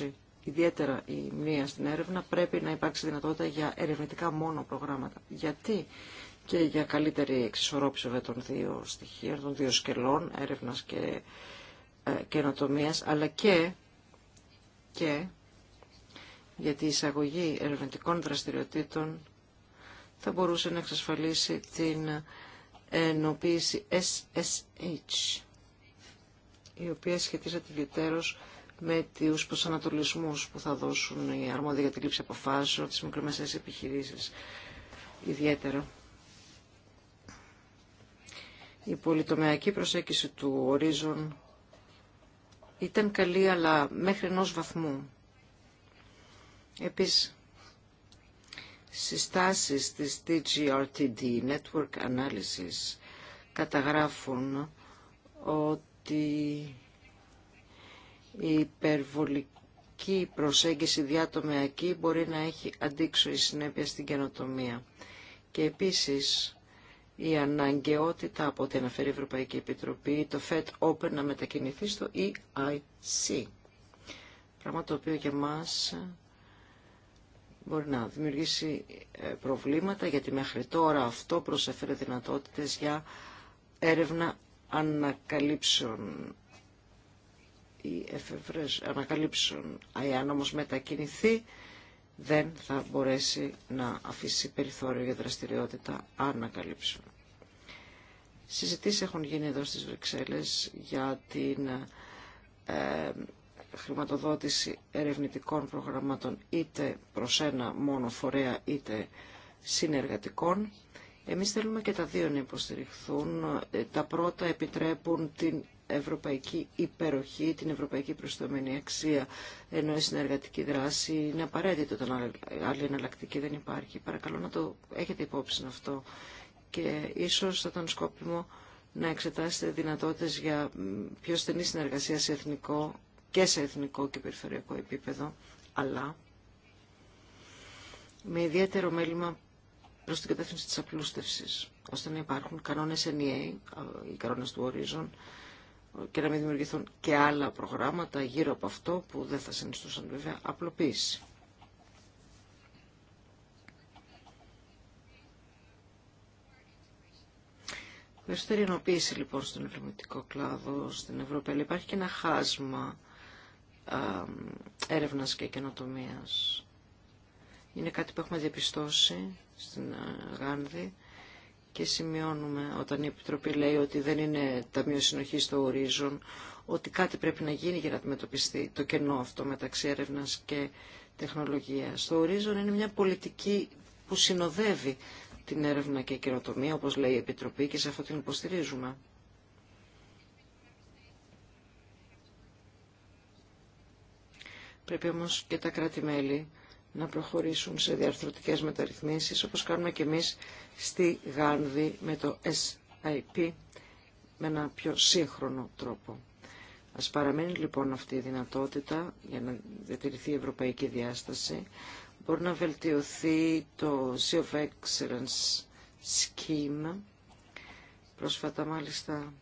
2020 ιδιαίτερα η μνήμα στην έρευνα, πρέπει να υπάρξει δυνατότητα για ερευνητικά μόνο προγράμματα. Γιατί και για καλύτερη εξισορρόπηση των δύο στοιχείων, των δύο σκελών, έρευνας και ε, αλλά και, και γιατί η εισαγωγή ερευνητικών δραστηριοτήτων θα μπορούσε να εξασφαλίσει την ενοποίηση SSH, η οποία σχετίζεται ιδιαίτερως με τους προσανατολισμούς που θα δώσουν οι αρμόδιοι για τη λήψη αποφάσεων, τις μικρομεσαίες επιχειρήσεις ιδιαίτερα. Η πολυτομεακή προσέγγιση του ορίζων ήταν καλή, αλλά μέχρι ενός βαθμού. Επίσης, συστάσεις της DGRTD, Network Analysis, καταγράφουν ότι η υπερβολική προσέγγιση διατομεακή μπορεί να έχει αντίξωη συνέπεια στην καινοτομία. Και επίσης η αναγκαιότητα από ό,τι αναφέρει η Ευρωπαϊκή Επιτροπή, το FED Open να μετακινηθεί στο EIC. Πράγμα το οποίο για μας μπορεί να δημιουργήσει ε, προβλήματα γιατί μέχρι τώρα αυτό προσέφερε δυνατότητες για έρευνα ανακαλύψεων ή εφευρές ανακαλύψεων. Ε, αν όμως μετακινηθεί δεν θα μπορέσει να αφήσει περιθώριο για δραστηριότητα ανακαλύψεων. Συζητήσεις έχουν γίνει εδώ στις Βρυξέλλες για την ε, χρηματοδότηση ερευνητικών προγραμμάτων είτε προς ένα μόνο φορέα είτε συνεργατικών. Εμείς θέλουμε και τα δύο να υποστηριχθούν. Ε, τα πρώτα επιτρέπουν την ευρωπαϊκή υπεροχή, την ευρωπαϊκή προστομένη αξία, ενώ η συνεργατική δράση είναι απαραίτητη όταν άλλη εναλλακτική δεν υπάρχει. Παρακαλώ να το έχετε υπόψη αυτό και ίσως θα ήταν σκόπιμο να εξετάσετε δυνατότητες για πιο στενή συνεργασία σε εθνικό και σε εθνικό και περιφερειακό επίπεδο, αλλά με ιδιαίτερο μέλημα προς την κατεύθυνση της απλούστευσης, ώστε να υπάρχουν κανόνες NEA, ε, οι κανόνες του ορίζον, και να μην δημιουργηθούν και άλλα προγράμματα γύρω από αυτό που δεν θα συνιστούσαν βέβαια απλοποίηση. Περισσότερη ενοποίηση λοιπόν στον ερευνητικό κλάδο στην Ευρώπη, αλλά υπάρχει και ένα χάσμα έρευνας και καινοτομίας. Είναι κάτι που έχουμε διαπιστώσει στην ε, Γάνδη και σημειώνουμε όταν η Επιτροπή λέει ότι δεν είναι ταμείο συνοχή στο ορίζον, ότι κάτι πρέπει να γίνει για να αντιμετωπιστεί το κενό αυτό μεταξύ έρευνα και τεχνολογίας. Το ορίζον είναι μια πολιτική που συνοδεύει την έρευνα και η καινοτομία, όπως λέει η Επιτροπή, και σε αυτό την υποστηρίζουμε. Πρέπει όμως και τα κράτη-μέλη να προχωρήσουν σε διαρθρωτικές μεταρρυθμίσεις, όπως κάνουμε και εμείς στη Γάνδη με το SIP, με ένα πιο σύγχρονο τρόπο. Ας παραμένει λοιπόν αυτή η δυνατότητα για να διατηρηθεί η ευρωπαϊκή διάσταση. Μπορεί να βελτιωθεί το Sea of Excellence Scheme. Πρόσφατα μάλιστα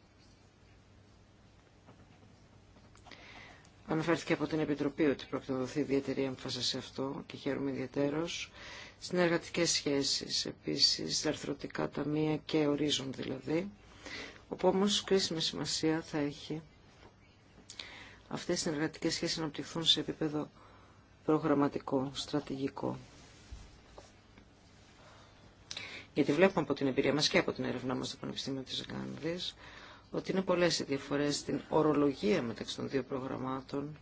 Αναφέρθηκε από την Επιτροπή ότι πρέπει να δοθεί ιδιαίτερη έμφαση σε αυτό και χαίρομαι ιδιαίτερω. Συνεργατικέ σχέσεις επίσης, αρθρωτικά ταμεία και ορίζον δηλαδή, όπου όμως κρίσιμη σημασία θα έχει αυτές οι συνεργατικέ σχέσεις να αναπτυχθούν σε επίπεδο προγραμματικό, στρατηγικό. Γιατί βλέπουμε από την εμπειρία μα και από την έρευνά μα στο Πανεπιστήμιο τη Γκάνδη ότι είναι πολλές οι διαφορές στην ορολογία μεταξύ των δύο προγραμμάτων.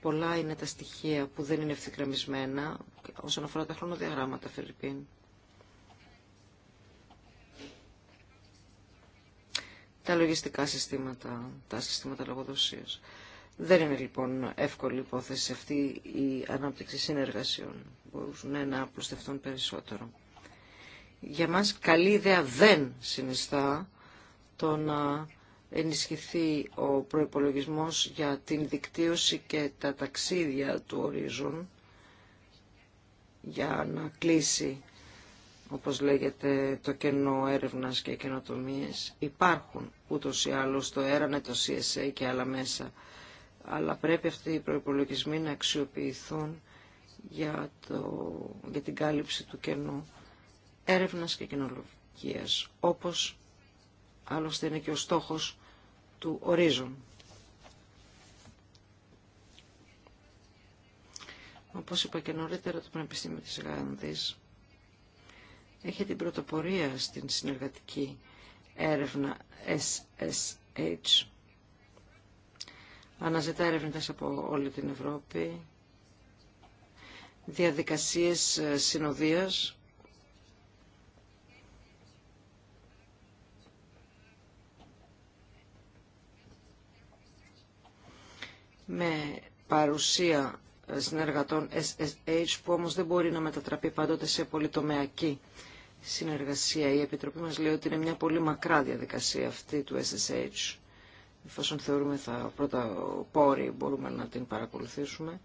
Πολλά είναι τα στοιχεία που δεν είναι ευθυγραμμισμένα όσον αφορά τα χρονοδιαγράμματα, Φερρυπίν. Τα λογιστικά συστήματα, τα συστήματα λογοδοσίας. Δεν είναι λοιπόν εύκολη υπόθεση αυτή η ανάπτυξη συνεργασιών. Μπορούν να απλουστευτούν περισσότερο. Για μας καλή ιδέα δεν συνιστά το να ενισχυθεί ο προϋπολογισμός για την δικτύωση και τα ταξίδια του ορίζουν για να κλείσει όπως λέγεται το κενό έρευνας και καινοτομίες υπάρχουν ούτως ή άλλως το έρανε, το CSA και άλλα μέσα αλλά πρέπει αυτοί οι προϋπολογισμοί να αξιοποιηθούν για, το, για την κάλυψη του κενού έρευνας και κοινολογίας όπως Άλλωστε είναι και ο στόχος του ορίζον. Όπως είπα και νωρίτερα, το Πανεπιστήμιο της Γάνδη έχει την πρωτοπορία στην συνεργατική έρευνα SSH. Αναζητά έρευνες από όλη την Ευρώπη, διαδικασίες συνοδείας με παρουσία ε, συνεργατών SSH που όμως δεν μπορεί να μετατραπεί πάντοτε σε πολυτομεακή συνεργασία. Η Επιτροπή μας λέει ότι είναι μια πολύ μακρά διαδικασία αυτή του SSH. Εφόσον θεωρούμε θα πρώτα πόρη μπορούμε να την παρακολουθήσουμε.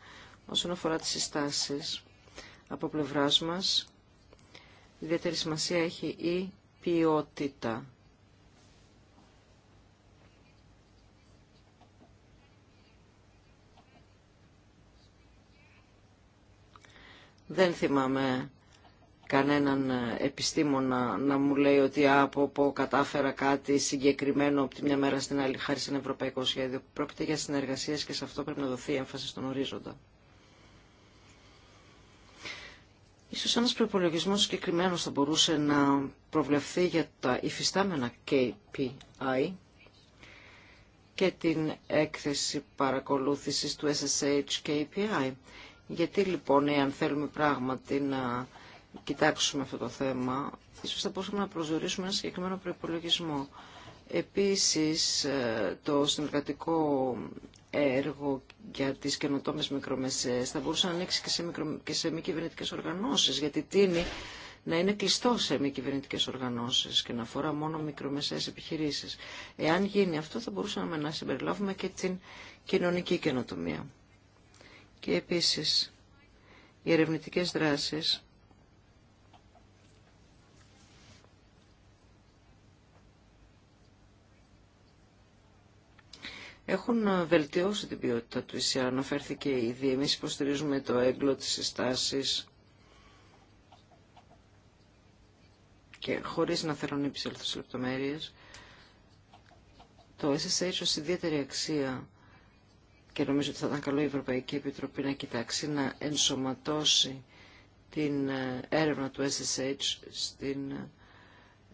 Όσον αφορά τις συστάσεις από πλευράς μας, ιδιαίτερη σημασία έχει η ποιότητα Δεν θυμάμαι κανέναν επιστήμονα να μου λέει ότι από πω κατάφερα κάτι συγκεκριμένο από τη μια μέρα στην άλλη χάρη σε ένα ευρωπαϊκό σχέδιο. Πρόκειται για συνεργασίες και σε αυτό πρέπει να δοθεί έμφαση στον ορίζοντα. Ίσως ένας προπολογισμό συγκεκριμένο θα μπορούσε να προβλεφθεί για τα υφιστάμενα KPI και την έκθεση παρακολούθησης του SSH KPI γιατί λοιπόν, εάν θέλουμε πράγματι να κοιτάξουμε αυτό το θέμα, ίσως θα μπορούσαμε να προσδιορίσουμε ένα συγκεκριμένο προπολογισμό. Επίσης, ε, το συνεργατικό έργο για τις καινοτόμες μικρομεσαίες θα μπορούσε να ανοίξει και σε, μικρο... και σε μη κυβερνητικέ οργανώσεις, γιατί τίνει να είναι κλειστό σε μη κυβερνητικέ οργανώσεις και να αφορά μόνο μικρομεσαίες επιχειρήσεις. Εάν γίνει αυτό θα μπορούσαμε να συμπεριλάβουμε και την κοινωνική καινοτομία. Και επίσης, οι ερευνητικές δράσεις έχουν βελτιώσει την ποιότητα του ΙΣΙΑ. Αναφέρθηκε ήδη. Εμείς υποστηρίζουμε το έγκλο της συστάσεις και χωρίς να θέλω να επισέλθω σε λεπτομέρειες, το SSH ως ιδιαίτερη αξία και νομίζω ότι θα ήταν καλό η Ευρωπαϊκή Επιτροπή να κοιτάξει να ενσωματώσει την ε, έρευνα του SSH στην, ε,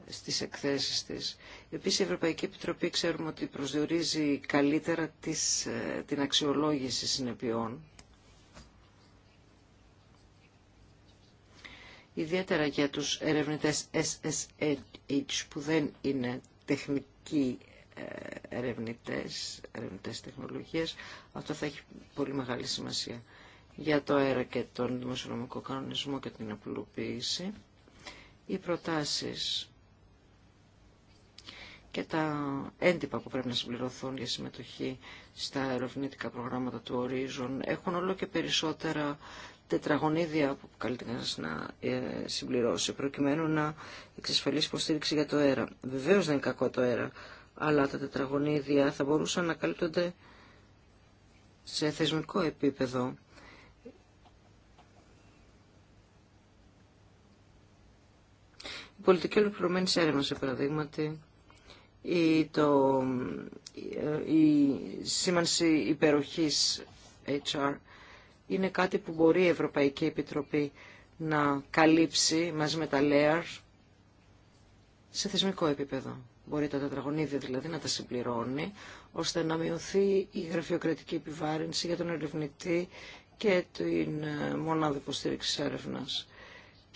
στις εκθέσεις της. Επίσης η Ευρωπαϊκή Επιτροπή ξέρουμε ότι προσδιορίζει καλύτερα τις, ε, την αξιολόγηση συνεπειών. Ιδιαίτερα για τους ερευνητές SSH που δεν είναι τεχνικοί ερευνητές, ερευνητές τεχνολογίες. Αυτό θα έχει πολύ μεγάλη σημασία για το αέρα και τον δημοσιονομικό κανονισμό και την απλοποίηση. Οι προτάσεις και τα έντυπα που πρέπει να συμπληρωθούν για συμμετοχή στα ερευνητικά προγράμματα του ορίζων έχουν όλο και περισσότερα τετραγωνίδια που καλείται να ε, συμπληρώσει προκειμένου να εξασφαλίσει υποστήριξη για το αέρα. Βεβαίως δεν είναι κακό το αέρα αλλά τα τετραγωνίδια θα μπορούσαν να καλύπτονται σε θεσμικό επίπεδο. Η πολιτική ολοκληρωμένη έρευνα, σε παραδείγματι, η, το, η σήμανση υπεροχής HR είναι κάτι που μπορεί η Ευρωπαϊκή Επιτροπή να καλύψει μαζί με τα layers σε θεσμικό επίπεδο μπορεί τα τετραγωνίδια δηλαδή να τα συμπληρώνει, ώστε να μειωθεί η γραφειοκρατική επιβάρυνση για τον ερευνητή και την ε, μονάδα υποστήριξη έρευνα.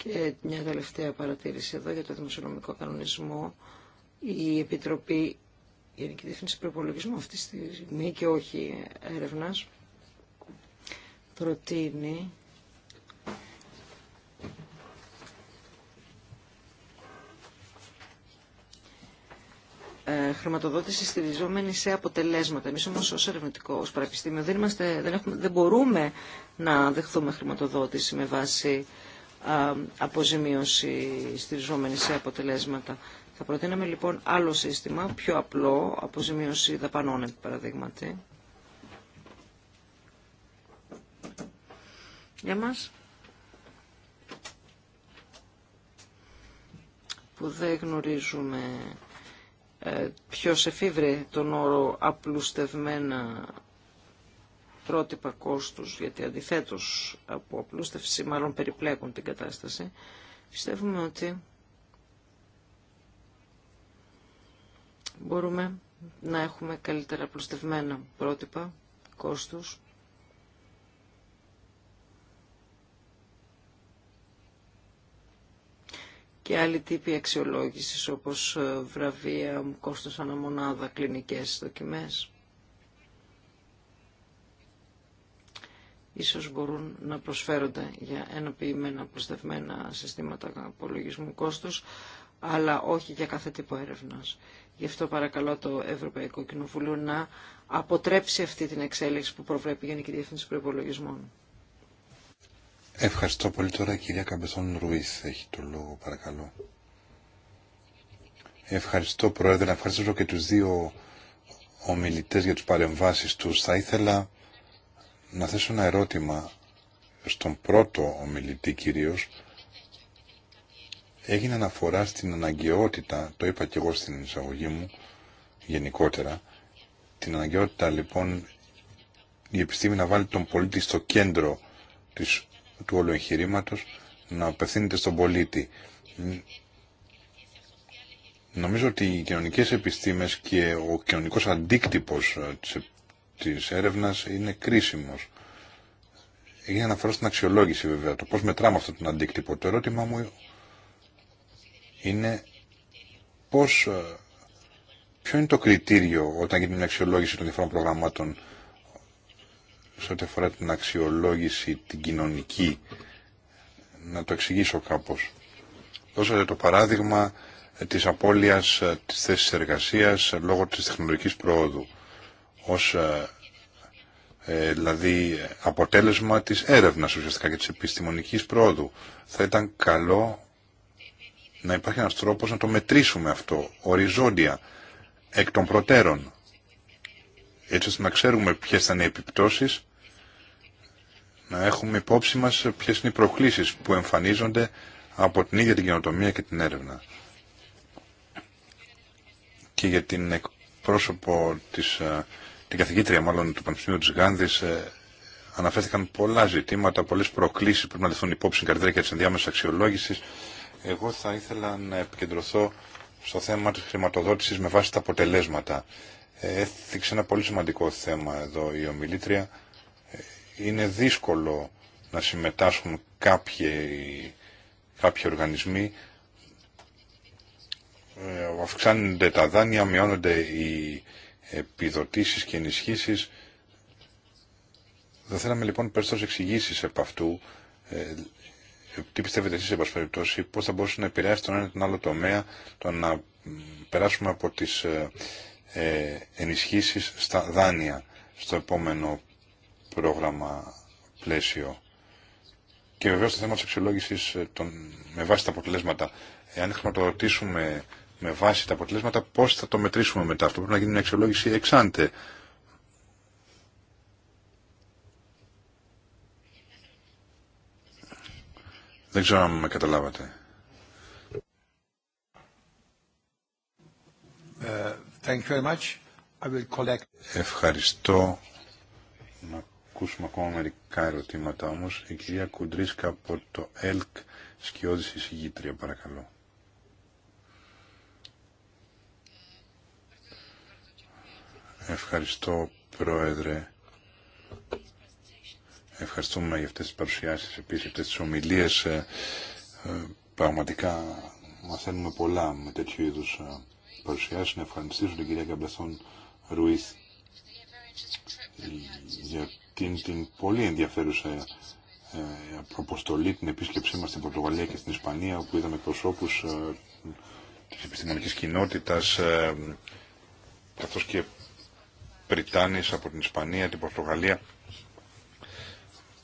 Και μια τελευταία παρατήρηση εδώ για το δημοσιονομικό κανονισμό. Η Επιτροπή η Γενική Διεύθυνση Προπολογισμού αυτή τη στιγμή και όχι έρευνα προτείνει Ε, χρηματοδότηση στηριζόμενη σε αποτελέσματα. Εμεί όμω ω ερευνητικό, ω πανεπιστήμιο, δεν, δεν, δεν μπορούμε να δεχθούμε χρηματοδότηση με βάση αποζημίωση στηριζόμενη σε αποτελέσματα. Θα προτείναμε λοιπόν άλλο σύστημα, πιο απλό, αποζημίωση δαπανών, επί παραδείγματι. Για μας. Που δεν γνωρίζουμε ε, ποιος εφήβρε τον όρο απλουστευμένα πρότυπα κόστους, γιατί αντιθέτως από απλούστευση μάλλον περιπλέκουν την κατάσταση, πιστεύουμε ότι μπορούμε να έχουμε καλύτερα απλουστευμένα πρότυπα κόστους και άλλοι τύποι αξιολόγησης όπως ε, βραβεία, κόστος αναμονάδα, κλινικές δοκιμές. Ίσως μπορούν να προσφέρονται για ενοποιημένα προστευμένα συστήματα απολογισμού κόστους αλλά όχι για κάθε τύπο έρευνας. Γι' αυτό παρακαλώ το Ευρωπαϊκό Κοινοβούλιο να αποτρέψει αυτή την εξέλιξη που προβλέπει η Γενική Διεύθυνση Προπολογισμών. Ευχαριστώ πολύ τώρα η κυρία Καμπεθόν Ρουίς έχει το λόγο παρακαλώ. Ευχαριστώ Πρόεδρε, ευχαριστώ και τους δύο ομιλητές για τις παρεμβάσεις τους. Θα ήθελα να θέσω ένα ερώτημα στον πρώτο ομιλητή κυρίως. Έγινε αναφορά στην αναγκαιότητα, το είπα και εγώ στην εισαγωγή μου γενικότερα, την αναγκαιότητα λοιπόν η επιστήμη να βάλει τον πολίτη στο κέντρο της του όλου εγχειρήματο να απευθύνεται στον πολίτη. Νομίζω ότι οι κοινωνικές επιστήμες και ο κοινωνικός αντίκτυπος ε, της έρευνας είναι κρίσιμος. Έγινε αναφορά στην αξιολόγηση βέβαια, το πώς μετράμε αυτόν τον αντίκτυπο. Το ερώτημά μου είναι πώς, ε, ποιο είναι το κριτήριο όταν γίνεται μια αξιολόγηση των διαφορών προγραμμάτων σε ό,τι αφορά την αξιολόγηση την κοινωνική. Να το εξηγήσω κάπως. Δώσατε το παράδειγμα ε, της απώλειας ε, της θέσης εργασίας ε, λόγω της τεχνολογικής προόδου ως δηλαδή αποτέλεσμα της έρευνας ουσιαστικά και της επιστημονικής πρόοδου. Θα ήταν καλό να υπάρχει ένας τρόπος να το μετρήσουμε αυτό οριζόντια εκ των προτέρων έτσι ώστε να ξέρουμε ποιες θα είναι οι επιπτώσεις, να έχουμε υπόψη μας ποιες είναι οι προκλήσεις που εμφανίζονται από την ίδια την καινοτομία και την έρευνα. Και για την εκπρόσωπο της, ε, την καθηγήτρια μάλλον του Πανεπιστημίου της Γάνδης, ε, αναφέρθηκαν πολλά ζητήματα, πολλές προκλήσεις που πρέπει να δεχθούν υπόψη στην καρδιά και της ενδιάμεσης αξιολόγησης. Εγώ θα ήθελα να επικεντρωθώ στο θέμα της χρηματοδότησης με βάση τα αποτελέσματα έθιξε ένα πολύ σημαντικό θέμα εδώ η ομιλήτρια. Είναι δύσκολο να συμμετάσχουν κάποιοι, κάποιοι οργανισμοί. Ε, αυξάνονται τα δάνεια, μειώνονται οι επιδοτήσεις και ενισχύσεις. Δεν θέλαμε λοιπόν περισσότερες εξηγήσει από αυτού. Ε, τι πιστεύετε εσείς, σε περιπτώσει, πώς θα μπορούσε να επηρεάσει τον ένα τον άλλο τομέα το να περάσουμε από τις ε, ε, ενισχύσεις στα δάνεια στο επόμενο πρόγραμμα πλαίσιο. Και βεβαίως το θέμα της αξιολόγησης ε, των, με βάση τα αποτελέσματα. Εάν χρηματοδοτήσουμε με βάση τα αποτελέσματα, πώς θα το μετρήσουμε μετά. Αυτό πρέπει να γίνει μια αξιολόγηση εξάντε. Δεν ξέρω αν με καταλάβατε. Ε, Ευχαριστώ. Να ακούσουμε ακόμα μερικά ερωτήματα όμως. Η κυρία Κουντρίσκα από το ΕΛΚ σκιώδης εισηγήτρια παρακαλώ. Ευχαριστώ Πρόεδρε. Ευχαριστούμε για αυτές τις παρουσιάσεις, επίσης αυτές τις ομιλίες. Ε, ε, πραγματικά μαθαίνουμε πολλά με τέτοιου είδους ε, παρουσιάσει να ευχαριστήσω την κυρία Καμπεθόν Ρουίθ για την, πολύ ενδιαφέρουσα προποστολή ε, την επίσκεψή μας στην Πορτογαλία και στην Ισπανία, όπου είδαμε προσώπους ε, της επιστημονικής κοινότητας, ε, καθώς και Πριτάνης από την Ισπανία, την Πορτογαλία.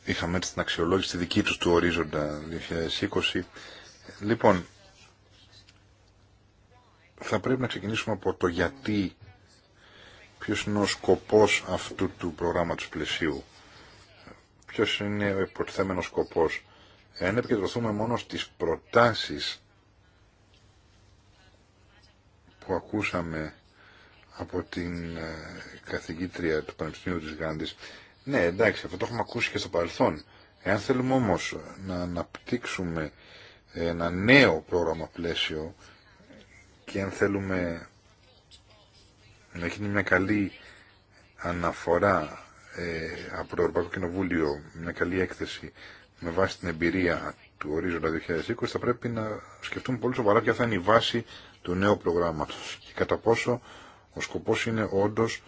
Είχαμε έτσι την αξιολόγηση τη δική τους του ορίζοντα 2020. Λοιπόν, θα πρέπει να ξεκινήσουμε από το γιατί, ποιος είναι ο σκοπός αυτού του προγράμματος πλαισίου, ποιος είναι ο υποτιθέμενος σκοπός. Εάν επικεντρωθούμε μόνο στις προτάσεις που ακούσαμε από την ε, καθηγήτρια του Πανεπιστημίου της Γάντης, ναι εντάξει αυτό το έχουμε ακούσει και στο παρελθόν, εάν θέλουμε όμως να αναπτύξουμε ένα νέο πρόγραμμα πλαίσιο, και αν θέλουμε να γίνει μια καλή αναφορά ε, από το Ευρωπαϊκό Κοινοβούλιο, μια καλή έκθεση με βάση την εμπειρία του ορίζοντα 2020, θα πρέπει να σκεφτούμε πολύ σοβαρά ποια θα είναι η βάση του νέου προγράμματος και κατά πόσο ο σκοπός είναι όντως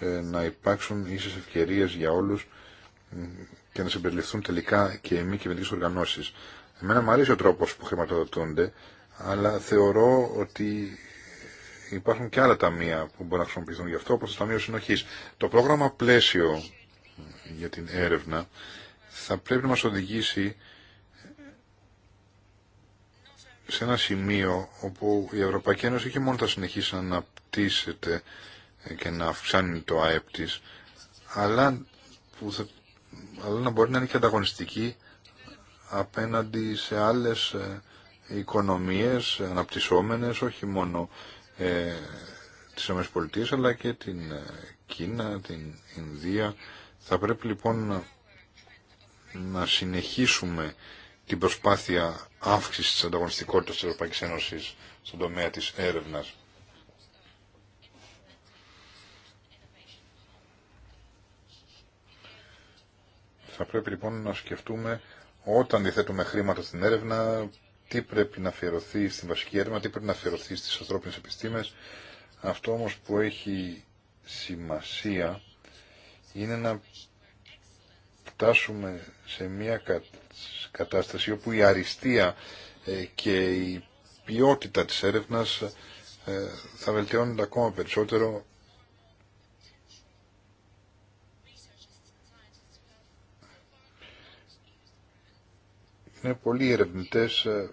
ε, να υπάρξουν ίσες ευκαιρίες για όλους και να συμπεριληφθούν τελικά και οι μη κυβερνητικέ οργανώσει. Εμένα μου αρέσει ο τρόπο που χρηματοδοτούνται αλλά θεωρώ ότι υπάρχουν και άλλα ταμεία που μπορούν να χρησιμοποιηθούν γι' αυτό, όπως το Ταμείο Συνοχής. Το πρόγραμμα πλαίσιο για την έρευνα θα πρέπει να μας οδηγήσει σε ένα σημείο όπου η Ευρωπαϊκή Ένωση όχι μόνο θα συνεχίσει να αναπτύσσεται και να αυξάνει το ΑΕΠ της, αλλά, που θα, αλλά να μπορεί να είναι και ανταγωνιστική απέναντι σε άλλες ε, οικονομίες αναπτυσσόμενες, όχι μόνο ε, τις ΗΠΑ αλλά και την ε, Κίνα, την Ινδία. Θα πρέπει λοιπόν να συνεχίσουμε την προσπάθεια αύξησης της ανταγωνιστικότητας της Ευρωπαϊκής Ένωσης στον τομέα της έρευνας. Θα πρέπει λοιπόν να σκεφτούμε όταν διθέτουμε χρήματα στην έρευνα τι πρέπει να αφιερωθεί στην βασική έρευνα, τι πρέπει να αφιερωθεί στις ανθρώπινες επιστήμες. Αυτό όμως που έχει σημασία είναι να φτάσουμε σε μια κατάσταση όπου η αριστεία ε, και η ποιότητα της έρευνας ε, θα βελτιώνεται ακόμα περισσότερο είναι πολλοί ερευνητές ε,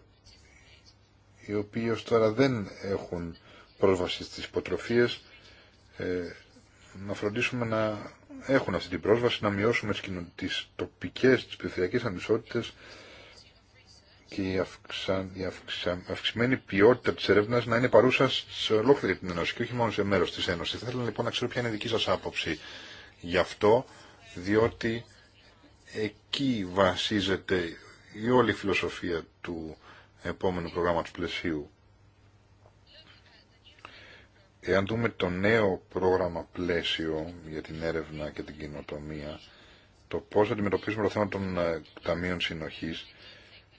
οι οποίοι ως τώρα δεν έχουν πρόσβαση στις υποτροφίες, ε, να φροντίσουμε να έχουν αυτή την πρόσβαση, να μειώσουμε τις τοπικές, τις περιφερειακές ανισότητες και η, αυξημένη ποιότητα της έρευνας να είναι παρούσα σε ολόκληρη την Ένωση και όχι μόνο σε μέρος της Ένωσης. Θα ήθελα λοιπόν να ξέρω ποια είναι η δική σας άποψη γι' αυτό, διότι εκεί βασίζεται η όλη φιλοσοφία του επόμενο πρόγραμμα του πλαισίου. Εάν δούμε το νέο πρόγραμμα πλαίσιο για την έρευνα και την κοινοτομία, το πώς αντιμετωπίζουμε το θέμα των ε, ταμείων συνοχής,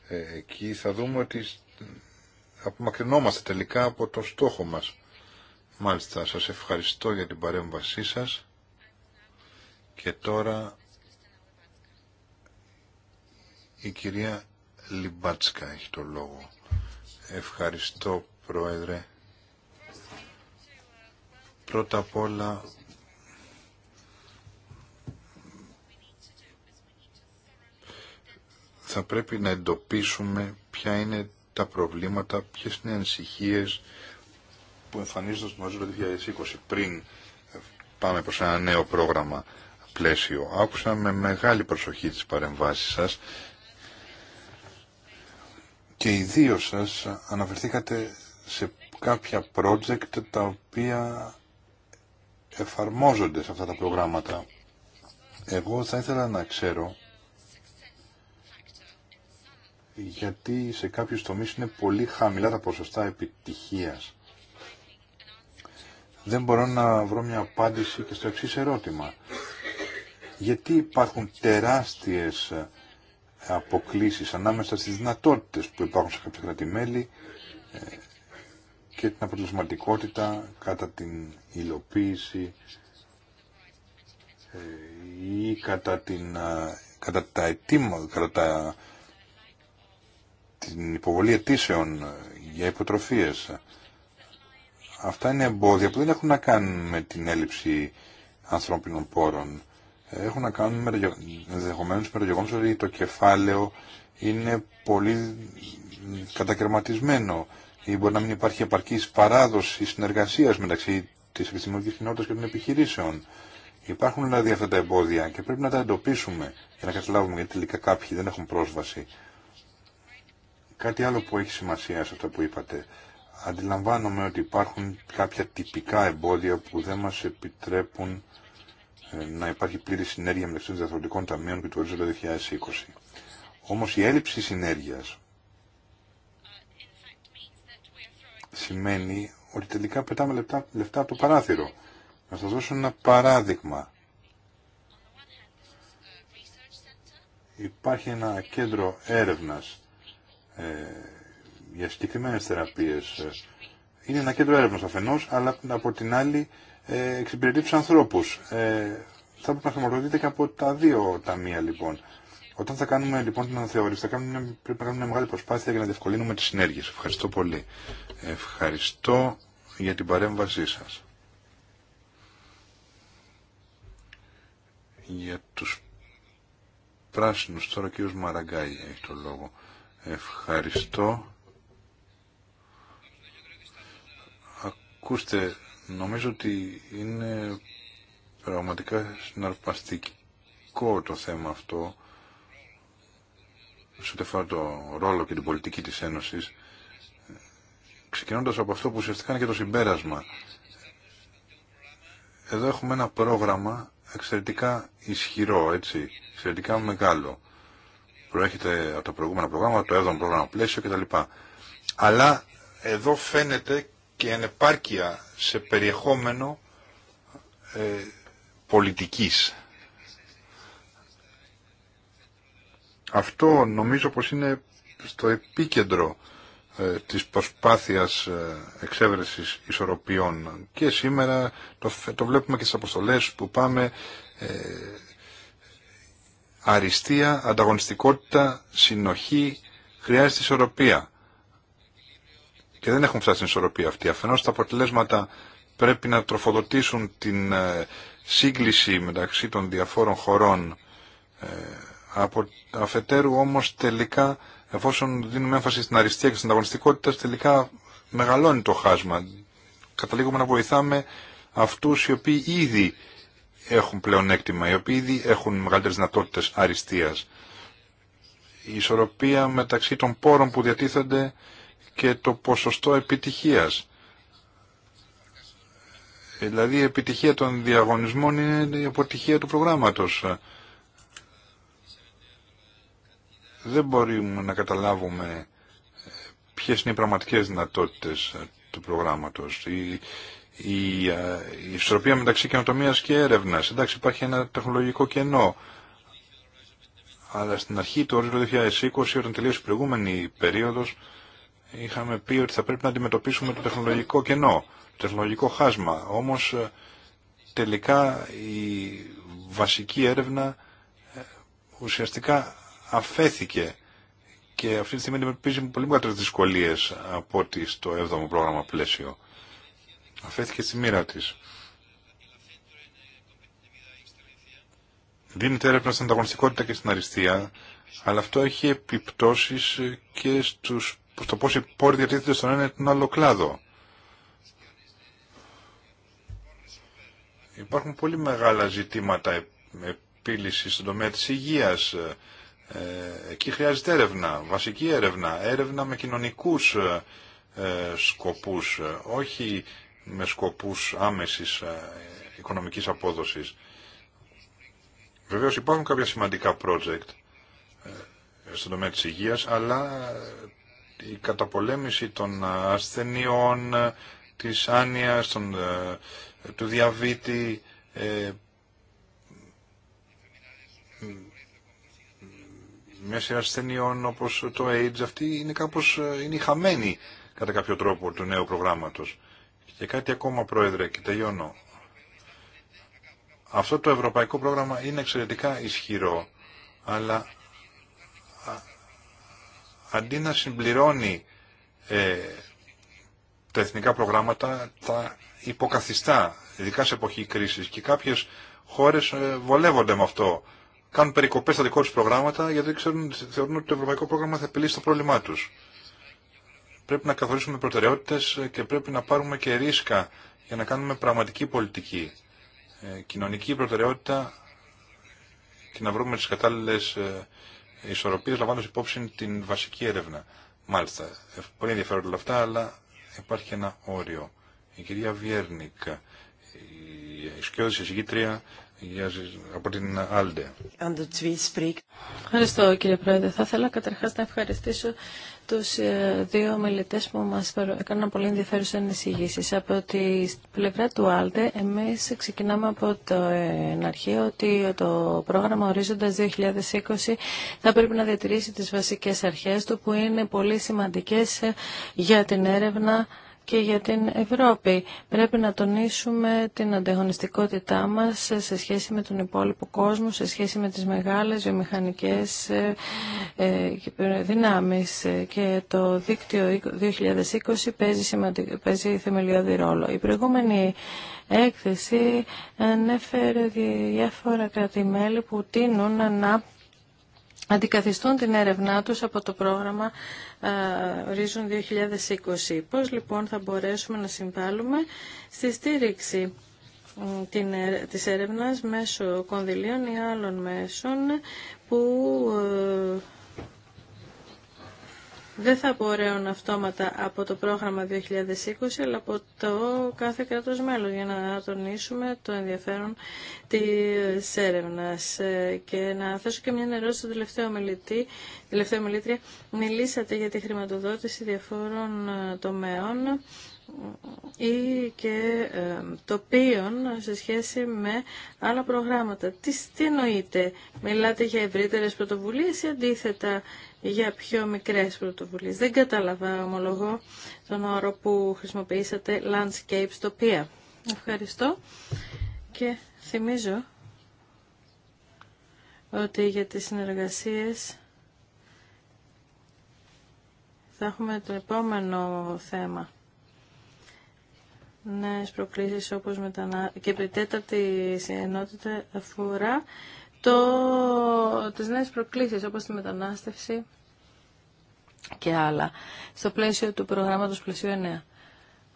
ε, εκεί θα δούμε ότι απομακρυνόμαστε τελικά από το στόχο μας. Μάλιστα, σας ευχαριστώ για την παρέμβασή σας και τώρα η κυρία Λιμπάτσκα έχει το λόγο. Ευχαριστώ Πρόεδρε. Πρώτα απ' όλα θα πρέπει να εντοπίσουμε ποια είναι τα προβλήματα, ποιες είναι οι ανησυχίες που εμφανίζονται στο το 2020 πριν πάμε προς ένα νέο πρόγραμμα πλαίσιο. Άκουσα με μεγάλη προσοχή τις παρεμβάσεις σας και οι δύο σας αναφερθήκατε σε κάποια project τα οποία εφαρμόζονται σε αυτά τα προγράμματα. Εγώ θα ήθελα να ξέρω γιατί σε κάποιους τομείς είναι πολύ χαμηλά τα ποσοστά επιτυχίας. Δεν μπορώ να βρω μια απάντηση και στο εξής ερώτημα. Γιατί υπάρχουν τεράστιες αποκλίσεις ανάμεσα στις δυνατότητες που υπάρχουν σε κάποια κράτη-μέλη ε, και την αποτελεσματικότητα κατά την υλοποίηση ε, ή κατά, την, ε, κατά τα κατά την υποβολή αιτήσεων για υποτροφίες. Αυτά είναι εμπόδια που δεν έχουν να κάνουν με την έλλειψη ανθρώπινων πόρων έχουν να κάνουν ενδεχομένω με το γεγονό ότι το κεφάλαιο είναι πολύ κατακαιρματισμένο ή μπορεί να μην υπάρχει επαρκή παράδοση συνεργασία μεταξύ τη επιστημονική κοινότητα και των επιχειρήσεων. Υπάρχουν δηλαδή αυτά τα εμπόδια και πρέπει να τα εντοπίσουμε για να καταλάβουμε γιατί τελικά κάποιοι δεν έχουν πρόσβαση. Κάτι άλλο που έχει σημασία σε αυτό που είπατε. Αντιλαμβάνομαι ότι υπάρχουν κάποια τυπικά εμπόδια που δεν μας επιτρέπουν να υπάρχει πλήρη συνέργεια μεταξύ των διαθροντικών ταμείων και του ορίζοντα 2020. Όμως η έλλειψη συνέργειας σημαίνει ότι τελικά πετάμε λεπτά, λεφτά από το παράθυρο. Να σας δώσω ένα παράδειγμα. Υπάρχει ένα κέντρο έρευνας ε, για συγκεκριμένες θεραπείες. Ε, είναι ένα κέντρο έρευνας αφενός, αλλά από την άλλη ε, εξυπηρετεί τους ανθρώπους. Ε, θα πρέπει να χρηματοδοτείται και από τα δύο ταμεία λοιπόν. Όταν θα κάνουμε λοιπόν την αναθεώρηση, θα κάνουμε πρέπει να κάνουμε μια μεγάλη προσπάθεια για να διευκολύνουμε τι συνέργειε. Ευχαριστώ πολύ. Ευχαριστώ για την παρέμβασή σας. Για του πράσινου τώρα ο κ. Μαραγκάη έχει το λόγο. Ευχαριστώ. Ακούστε, Νομίζω ότι είναι πραγματικά συναρπαστικό το θέμα αυτό σε ό,τι αφορά το ρόλο και την πολιτική της Ένωσης ξεκινώντας από αυτό που ουσιαστικά είναι και το συμπέρασμα εδώ έχουμε ένα πρόγραμμα εξαιρετικά ισχυρό, έτσι, εξαιρετικά μεγάλο. Προέρχεται από τα προηγούμενα προγράμματα, το 7 πρόγραμμα πλαίσιο κτλ. Αλλά εδώ φαίνεται και ανεπάρκεια σε περιεχόμενο ε, πολιτικής. Αυτό νομίζω πως είναι στο επίκεντρο ε, της προσπάθειας ε, εξέβρεσης ισορροπιών. Και σήμερα το, το βλέπουμε και στις αποστολές που πάμε ε, αριστεία, ανταγωνιστικότητα, συνοχή, χρειάζεται ισορροπία και δεν έχουν φτάσει στην ισορροπία αυτή. Αφενός τα αποτελέσματα πρέπει να τροφοδοτήσουν την ε, σύγκληση μεταξύ των διαφόρων χωρών ε, αφετέρου όμως τελικά εφόσον δίνουμε έμφαση στην αριστεία και στην ανταγωνιστικότητα τελικά μεγαλώνει το χάσμα καταλήγουμε να βοηθάμε αυτούς οι οποίοι ήδη έχουν πλεονέκτημα οι οποίοι ήδη έχουν μεγαλύτερες δυνατότητες αριστείας η ισορροπία μεταξύ των πόρων που διατίθενται και το ποσοστό επιτυχίας. Δηλαδή η επιτυχία των διαγωνισμών είναι η αποτυχία του προγράμματος. Δεν μπορούμε να καταλάβουμε ποιες είναι οι πραγματικές δυνατότητες του προγράμματος. Η, η, ισορροπία μεταξύ καινοτομίας και έρευνας. Εντάξει υπάρχει ένα τεχνολογικό κενό. Αλλά στην αρχή του 2020 όταν τελείωσε η προηγούμενη περίοδος είχαμε πει ότι θα πρέπει να αντιμετωπίσουμε το τεχνολογικό κενό, το τεχνολογικό χάσμα. Όμως ε, τελικά η βασική έρευνα ε, ουσιαστικά αφέθηκε και αυτή τη στιγμή αντιμετωπίζει πολύ μεγαλύτερε δυσκολίε από ότι στο 7ο πρόγραμμα πλαίσιο. Αφέθηκε στη μοίρα τη. Δίνεται έρευνα στην ανταγωνιστικότητα και στην αριστεία, αλλά αυτό έχει επιπτώσεις και στους το πώς οι πόροι διατίθεται στον ένα ή τον άλλο κλάδο. Υπάρχουν πολύ μεγάλα ζητήματα επίλυση στον τομέα της υγείας. Ε, εκεί χρειάζεται έρευνα, βασική έρευνα, έρευνα με κοινωνικούς ε, ε, σκοπούς, όχι με σκοπούς άμεσης οικονομικής απόδοσης. Βεβαίως υπάρχουν κάποια σημαντικά project στον τομέα της υγείας, αλλά η καταπολέμηση των ε, ασθενειών, ε, της άνοιας, ε, του διαβήτη, ε, μια σειρά ασθενειών όπως το AIDS, αυτή είναι κάπως είναι χαμένη κατά κάποιο τρόπο του νέου προγράμματος. Και κάτι ακόμα, Πρόεδρε, και τελειώνω. Αυτό το ευρωπαϊκό πρόγραμμα είναι εξαιρετικά ισχυρό, αλλά αντί να συμπληρώνει ε, τα εθνικά προγράμματα, τα υποκαθιστά, ειδικά σε εποχή κρίσης. Και κάποιες χώρες ε, βολεύονται με αυτό. Κάνουν περικοπές στα δικό τους προγράμματα, γιατί ξέρουν, θεωρούν ότι το ευρωπαϊκό πρόγραμμα θα επιλύσει το πρόβλημά τους. Πρέπει να καθορίσουμε προτεραιότητες ε, και πρέπει να πάρουμε και ρίσκα για να κάνουμε πραγματική πολιτική. Ε, κοινωνική προτεραιότητα και να βρούμε τις κατάλληλες ισορροπίε λαμβάνοντα υπόψη την βασική έρευνα. Μάλιστα, ε, πολύ ενδιαφέροντα, όλα αυτά, αλλά υπάρχει ένα όριο. Η κυρία Βιέρνικ, η σκιώδη εισηγήτρια από την Άλντε. Ευχαριστώ κύριε Πρόεδρε. Θα ήθελα καταρχά να ευχαριστήσω τους ε, δύο μελετές που μας έκαναν πολύ ενδιαφέρουσες εισηγήσεις. Από τη πλευρά του ΑΛΤΕ, εμείς ξεκινάμε από την ε, αρχή ότι το πρόγραμμα Ορίζοντας 2020 θα πρέπει να διατηρήσει τις βασικές αρχές του που είναι πολύ σημαντικές ε, για την έρευνα και για την Ευρώπη. Πρέπει να τονίσουμε την ανταγωνιστικότητά μας σε σχέση με τον υπόλοιπο κόσμο, σε σχέση με τις μεγάλες βιομηχανικές ε, ε, δυνάμεις και το δίκτυο 2020 παίζει, σημαντικ... παίζει θεμελιώδη ρόλο. Η προηγούμενη έκθεση ανέφερε διάφορα κρατημέλη που τίνουν να αντικαθιστούν την έρευνά τους από το πρόγραμμα ε, ορίζουν 2020. Πώς λοιπόν θα μπορέσουμε να συμβάλλουμε στη στήριξη την, ε, της έρευνας μέσω κονδυλίων ή άλλων μέσων που ε, δεν θα απορρέουν αυτόματα από το πρόγραμμα 2020, αλλά από το κάθε κράτος μέλος, για να τονίσουμε το ενδιαφέρον της έρευνας. Και να θέσω και μια ερώτηση στον τελευταίο μιλητή, τελευταία μιλήτρια. Μιλήσατε για τη χρηματοδότηση διαφόρων τομέων ή και ε, τοπίων σε σχέση με άλλα προγράμματα. Τι, τι εννοείτε, μιλάτε για ευρύτερε πρωτοβουλίε ή αντίθετα για πιο μικρές πρωτοβουλίες. Δεν κατάλαβα, ομολογώ, τον όρο που χρησιμοποιήσατε landscape τοπία. Ευχαριστώ και θυμίζω ότι για τις συνεργασίες θα έχουμε το επόμενο θέμα. Νέες προκλήσεις όπως μετανα... και η τέταρτη ενότητα αφορά το, τις νέες προκλήσεις όπως τη μετανάστευση και άλλα στο πλαίσιο του προγράμματος πλαισίου 9.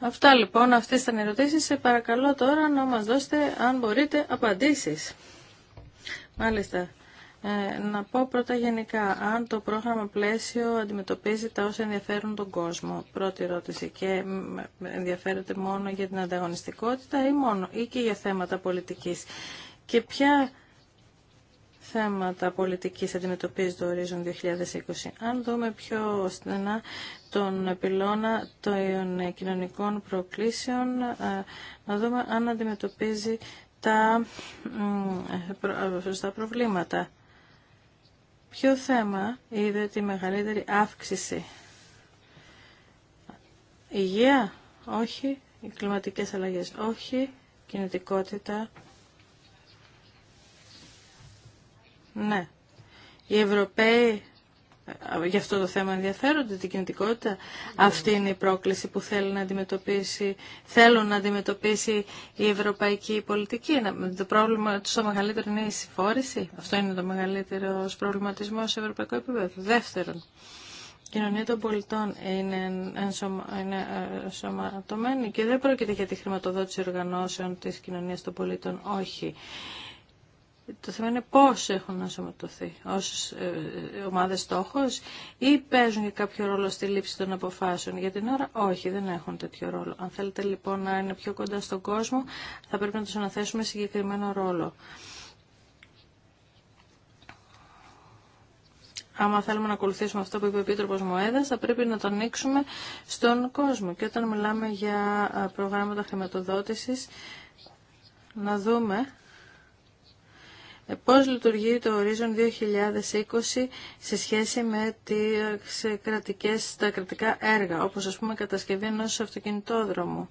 Αυτά λοιπόν, αυτές ήταν οι ερωτήσεις. Σε παρακαλώ τώρα να μας δώσετε, αν μπορείτε, απαντήσεις. Μάλιστα. Ε, να πω πρώτα γενικά, αν το πρόγραμμα πλαίσιο αντιμετωπίζει τα όσα ενδιαφέρουν τον κόσμο. Πρώτη ερώτηση και ενδιαφέρεται μόνο για την ανταγωνιστικότητα ή μόνο ή και για θέματα πολιτικής. Και ποια θέματα πολιτικής αντιμετωπίζει το ορίζον 2020. Αν δούμε πιο στενά τον πυλώνα των κοινωνικών προκλήσεων, ε, να δούμε αν αντιμετωπίζει τα ε, ε, προβλήματα. Ποιο θέμα είδε τη μεγαλύτερη αύξηση. Υγεία, όχι. Οι κλιματικές αλλαγές, όχι. Κινητικότητα, Ναι. Οι Ευρωπαίοι για αυτό το θέμα ενδιαφέρονται, την κινητικότητα. Αυτή είναι η πρόκληση που θέλει να αντιμετωπίσει, θέλουν να αντιμετωπίσει η ευρωπαϊκή πολιτική. Το πρόβλημα του το μεγαλύτερο είναι η συμφόρηση. Αυτό είναι το μεγαλύτερο προβληματισμό σε ευρωπαϊκό επίπεδο. Δεύτερον, η κοινωνία των πολιτών είναι, ενσωμα... είναι ε, ενσωματωμένη και δεν πρόκειται για τη χρηματοδότηση οργανώσεων της κοινωνίας των πολιτών. Όχι. Το θέμα είναι πώς έχουν να σωματωθεί, ε, ε ομάδε στόχο ή παίζουν και κάποιο ρόλο στη λήψη των αποφάσεων. Για την ώρα όχι, δεν έχουν τέτοιο ρόλο. Αν θέλετε λοιπόν να είναι πιο κοντά στον κόσμο θα πρέπει να του αναθέσουμε συγκεκριμένο ρόλο. Άμα θέλουμε να ακολουθήσουμε αυτό που είπε ο Επίτροπος Μοέδας, θα πρέπει να το ανοίξουμε στον κόσμο. Και όταν μιλάμε για προγράμματα χρηματοδότησης, να δούμε ε, πώς λειτουργεί το Horizon 2020 σε σχέση με τις κρατικές, τα κρατικά έργα, όπως ας πούμε κατασκευή ενός αυτοκινητόδρομου.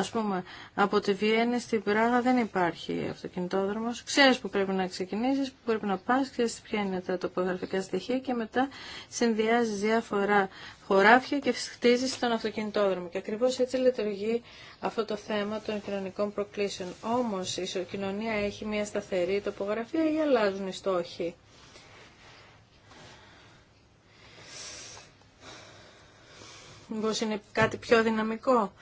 Ας πούμε, από τη Βιέννη στην Πράγα δεν υπάρχει αυτοκινητόδρομος. Ξέρεις που πρέπει να ξεκινήσεις, που πρέπει να πας, ξέρεις ποια είναι τα τοπογραφικά στοιχεία και μετά συνδυάζει διάφορα χωράφια και χτίζεις τον αυτοκινητόδρομο. Και ακριβώς έτσι λειτουργεί αυτό το θέμα των κοινωνικών προκλήσεων. Όμως η ισοκοινωνία έχει μια σταθερή τοπογραφία ή αλλάζουν οι στόχοι. Μήπως είναι κάτι πιο δυναμικό.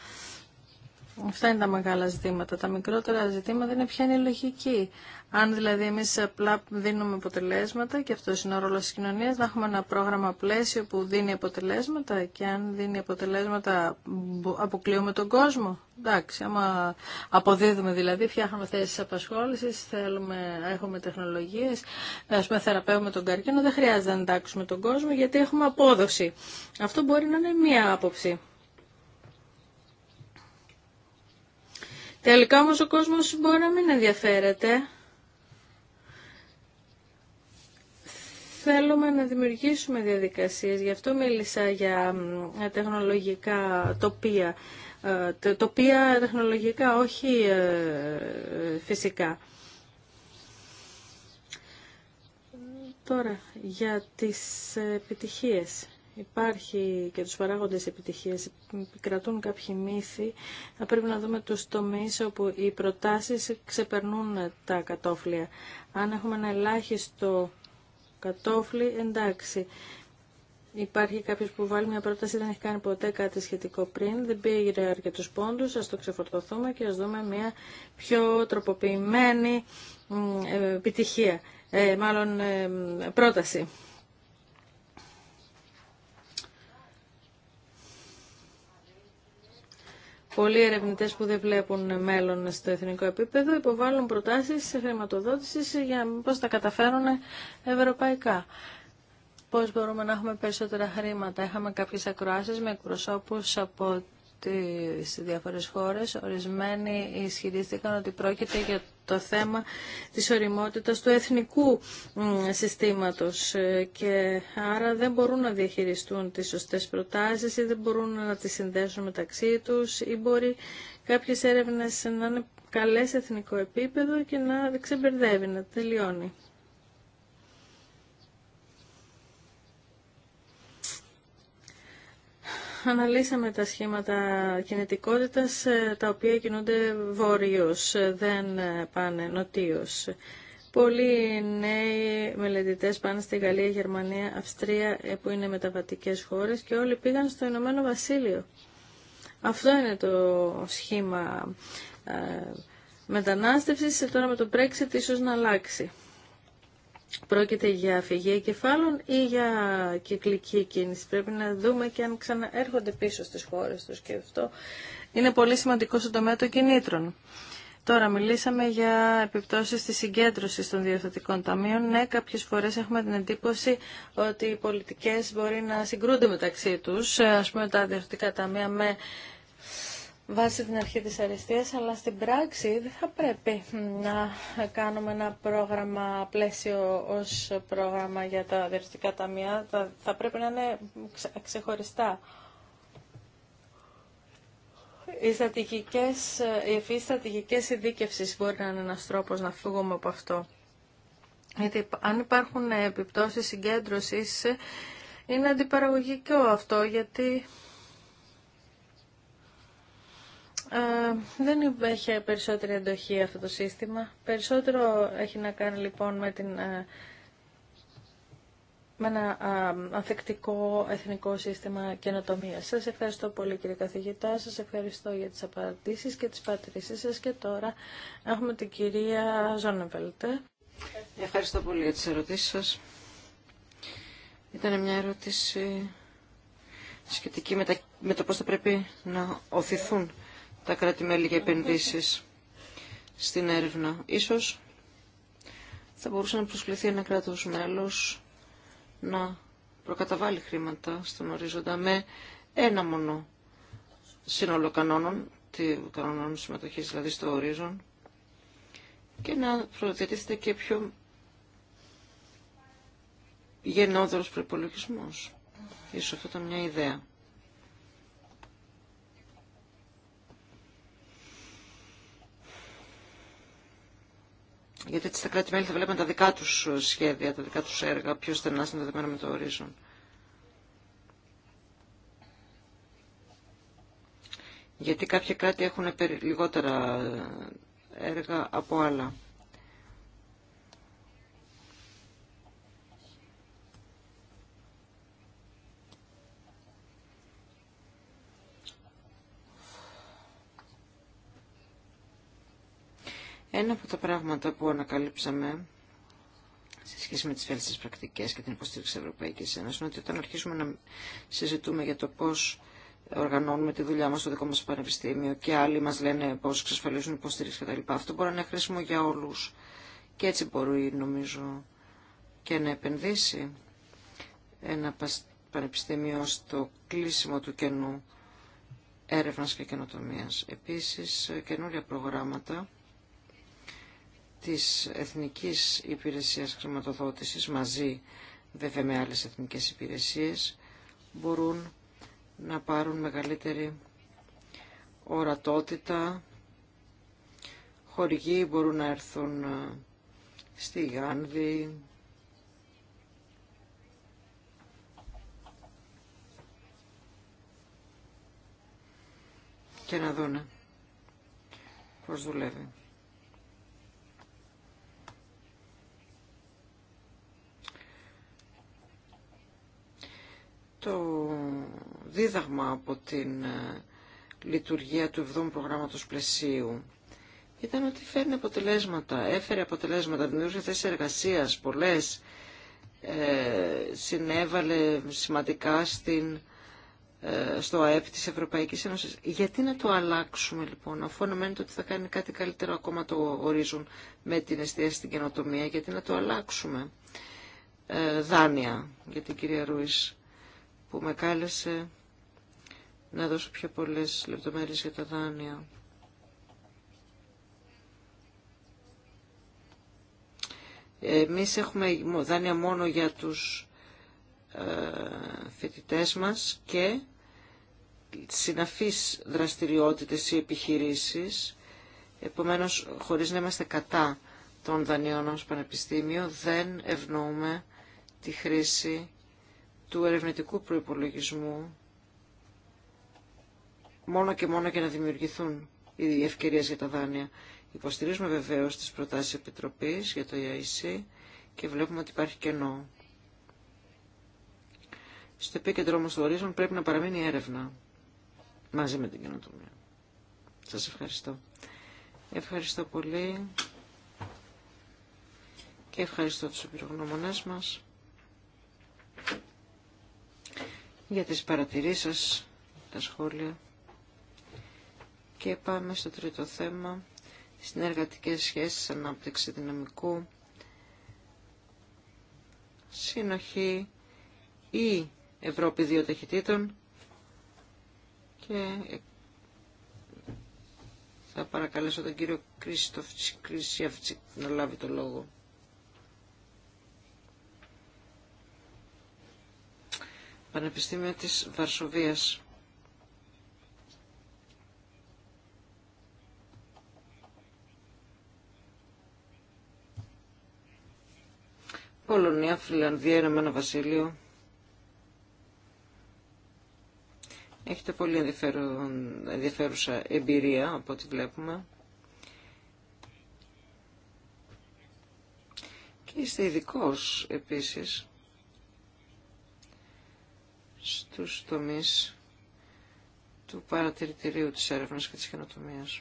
Αυτά είναι τα μεγάλα ζητήματα. Τα μικρότερα ζητήματα είναι ποια είναι η λογική. Αν δηλαδή εμεί απλά δίνουμε αποτελέσματα, και αυτό είναι ο ρόλο τη κοινωνία, να έχουμε ένα πρόγραμμα πλαίσιο που δίνει αποτελέσματα και αν δίνει αποτελέσματα αποκλείουμε τον κόσμο. Εντάξει, άμα αποδίδουμε δηλαδή, φτιάχνουμε θέσει απασχόληση, θέλουμε να έχουμε τεχνολογίε, α πούμε θεραπεύουμε τον καρκίνο, δεν χρειάζεται να εντάξουμε τον κόσμο γιατί έχουμε απόδοση. Αυτό μπορεί να είναι μία άποψη. Τελικά όμως ο κόσμος μπορεί να μην ενδιαφέρεται. Θέλουμε να δημιουργήσουμε διαδικασίες, γι' αυτό μίλησα για ε, τεχνολογικά τοπία. Ε, τοπία τεχνολογικά, όχι ε, φυσικά. Τώρα, για τις επιτυχίες υπάρχει και τους παράγοντες επιτυχίες, κρατούν κάποιοι μύθοι, θα πρέπει να δούμε τους τομείς όπου οι προτάσεις ξεπερνούν τα κατόφλια. Αν έχουμε ένα ελάχιστο κατόφλι, εντάξει. Υπάρχει κάποιος που βάλει μια πρόταση, δεν έχει κάνει ποτέ κάτι σχετικό πριν, δεν πήρε αρκετούς πόντους, ας το ξεφορτωθούμε και ας δούμε μια πιο τροποποιημένη επιτυχία, ε, μάλλον ε, πρόταση. πολλοί ερευνητές που δεν βλέπουν μέλλον στο εθνικό επίπεδο υποβάλλουν προτάσεις χρηματοδότηση για πώς τα καταφέρουν ευρωπαϊκά. Πώς μπορούμε να έχουμε περισσότερα χρήματα. Έχαμε κάποιες ακροάσεις με εκπροσώπους από στις διάφορες χώρες. Ορισμένοι ισχυρίστηκαν ότι πρόκειται για το θέμα της οριμότητας του εθνικού συστήματος ε, και άρα δεν μπορούν να διαχειριστούν τις σωστές προτάσεις ή δεν μπορούν να τις συνδέσουν μεταξύ τους ή μπορεί κάποιες έρευνες να είναι καλές σε εθνικό επίπεδο και να ξεμπερδεύει, να τελειώνει. αναλύσαμε τα σχήματα κινητικότητας ε, τα οποία κινούνται βόρειος, ε, δεν ε, πάνε νοτίως. Πολλοί νέοι μελετητές πάνε στη Γαλλία, Γερμανία, Αυστρία που είναι μεταβατικές χώρες και όλοι πήγαν στο Ηνωμένο Βασίλειο. Αυτό είναι το σχήμα μετανάστευσης, τώρα με το Brexit ίσως να αλλάξει πρόκειται για αφηγή κεφάλων ή για κυκλική κίνηση. Πρέπει να δούμε και αν ξαναέρχονται πίσω στις χώρες τους και αυτό είναι πολύ σημαντικό στον τομέα των κινήτρων. Τώρα, μιλήσαμε για επιπτώσεις της συγκέντρωσης των διορθωτικών ταμείων. Ναι, κάποιες φορές έχουμε την εντύπωση ότι οι πολιτικές μπορεί να συγκρούνται μεταξύ τους, ας πούμε τα διορθωτικά ταμεία με βάσει την αρχή της αριστείας, αλλά στην πράξη δεν θα πρέπει να κάνουμε ένα πρόγραμμα πλαίσιο ως πρόγραμμα για τα διευθυντικά ταμεία. Θα πρέπει να είναι ξεχωριστά. Οι στρατηγικές, οι ευφύς στρατηγικές μπορεί να είναι ένας τρόπος να φύγουμε από αυτό. Γιατί αν υπάρχουν επιπτώσεις συγκέντρωσης, είναι αντιπαραγωγικό αυτό, γιατί ε, δεν έχει περισσότερη εντοχή αυτό το σύστημα. Περισσότερο έχει να κάνει λοιπόν με την ε, με ένα ε, ανθεκτικό εθνικό σύστημα καινοτομία. Σας ευχαριστώ πολύ κύριε καθηγητά, σας ευχαριστώ για τις απαντήσεις και τις πατρίσεις σας και τώρα έχουμε την κυρία Ζόνεβελτε. Ευχαριστώ πολύ για τις ερωτήσεις σας. Ήταν μια ερώτηση σχετική με, το πώς θα πρέπει να οθηθούν τα κράτη-μέλη για επενδύσεις στην έρευνα. Ίσως θα μπορούσε να προσκληθεί ένα κράτος μέλος να προκαταβάλει χρήματα στον ορίζοντα με ένα μόνο σύνολο κανόνων, κανόνων συμμετοχής δηλαδή στο ορίζον, και να προδιατίθεται και πιο γεννόδωρος προπολογισμό. Ίσως αυτό ήταν μια ιδέα. Γιατί έτσι τα κράτη-μέλη θα βλέπουν τα δικά του σχέδια, τα δικά του έργα, πιο στενά συνδεδεμένα με το ορίζον. Γιατί κάποια κράτη έχουν λιγότερα έργα από άλλα. Ένα από τα πράγματα που ανακαλύψαμε σε σχέση με τις βέλτιστες πρακτικές και την υποστήριξη της Ευρωπαϊκής Ένωσης είναι ότι όταν αρχίσουμε να συζητούμε για το πώς οργανώνουμε τη δουλειά μας στο δικό μας πανεπιστήμιο και άλλοι μας λένε πώς εξασφαλίζουν υποστήριξη κτλ. Αυτό μπορεί να είναι χρήσιμο για όλους και έτσι μπορεί νομίζω και να επενδύσει ένα πανεπιστήμιο στο κλείσιμο του κενού έρευνας και καινοτομίας. Επίσης καινούρια προγράμματα της Εθνικής Υπηρεσίας Χρηματοδότησης μαζί βέβαια με άλλες εθνικές υπηρεσίες μπορούν να πάρουν μεγαλύτερη ορατότητα. Χορηγοί μπορούν να έρθουν ε, στη Γάνδη, και να δούνε πώς δουλεύει. το δίδαγμα από την ε, λειτουργία του 7ου προγράμματος πλαισίου ήταν ότι φέρνει αποτελέσματα, έφερε αποτελέσματα, δημιούργησε θέσει εργασία πολλέ, ε, συνέβαλε σημαντικά στην, ε, στο ΑΕΠ τη Ευρωπαϊκή Ένωση. Γιατί να το αλλάξουμε λοιπόν, αφού αναμένεται ότι θα κάνει κάτι καλύτερο, ακόμα το ορίζουν με την εστίαση στην καινοτομία, γιατί να το αλλάξουμε. δάνεια για την κυρία Ρούις που με κάλεσε να δώσω πιο πολλές λεπτομέρειες για τα δάνεια. Εμείς έχουμε δάνεια μόνο για τους ε, φοιτητές μας και συναφείς δραστηριότητες ή επιχειρήσεις, επομένως χωρίς να είμαστε κατά των δανειών ως πανεπιστήμιο, δεν ευνοούμε τη χρήση του ερευνητικού προϋπολογισμού μόνο και μόνο για να δημιουργηθούν οι ευκαιρίες για τα δάνεια. Υποστηρίζουμε βεβαίως τις προτάσεις Επιτροπής για το EIC ε και βλέπουμε ότι υπάρχει κενό. Στο επίκεντρο όμως του ορίζον πρέπει να παραμείνει έρευνα μαζί με την καινοτομία. Σας ευχαριστώ. Ευχαριστώ πολύ και ευχαριστώ τους επιρρογνώμονές μας. για τις παρατηρήσεις σας, τα σχόλια. Και πάμε στο τρίτο θέμα, συνεργατικές σχέσεις, ανάπτυξη δυναμικού, συνοχή ή Ευρώπη δύο ταχυτήτων και θα παρακαλέσω τον κύριο Κρίστοφ να λάβει το λόγο. Πανεπιστήμιο της Βαρσοβίας. Πολωνία, Φιλανδία, Ενωμένο Βασίλειο. Έχετε πολύ ενδιαφέρουσα εμπειρία από ό,τι βλέπουμε. Και είστε ειδικό επίσης στους τομείς του παρατηρητηρίου της έρευνας και της καινοτομίας.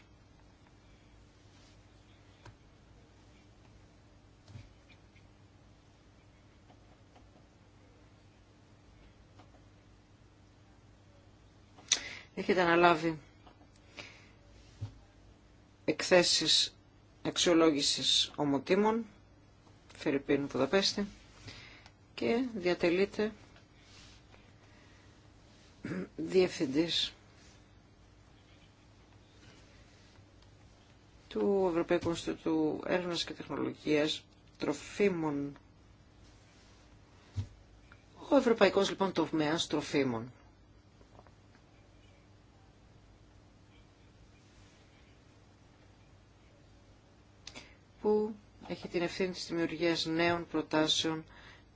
Έχετε αναλάβει εκθέσεις αξιολόγησης ομοτήμων, Φερρυπίνου Πουδαπέστη, και διατελείται διευθυντής του Ευρωπαϊκού Ινστιτούτου Έρευνας και Τεχνολογίας Τροφίμων. Ο Ευρωπαϊκός λοιπόν τομέας τροφίμων. Που έχει την ευθύνη της δημιουργίας νέων προτάσεων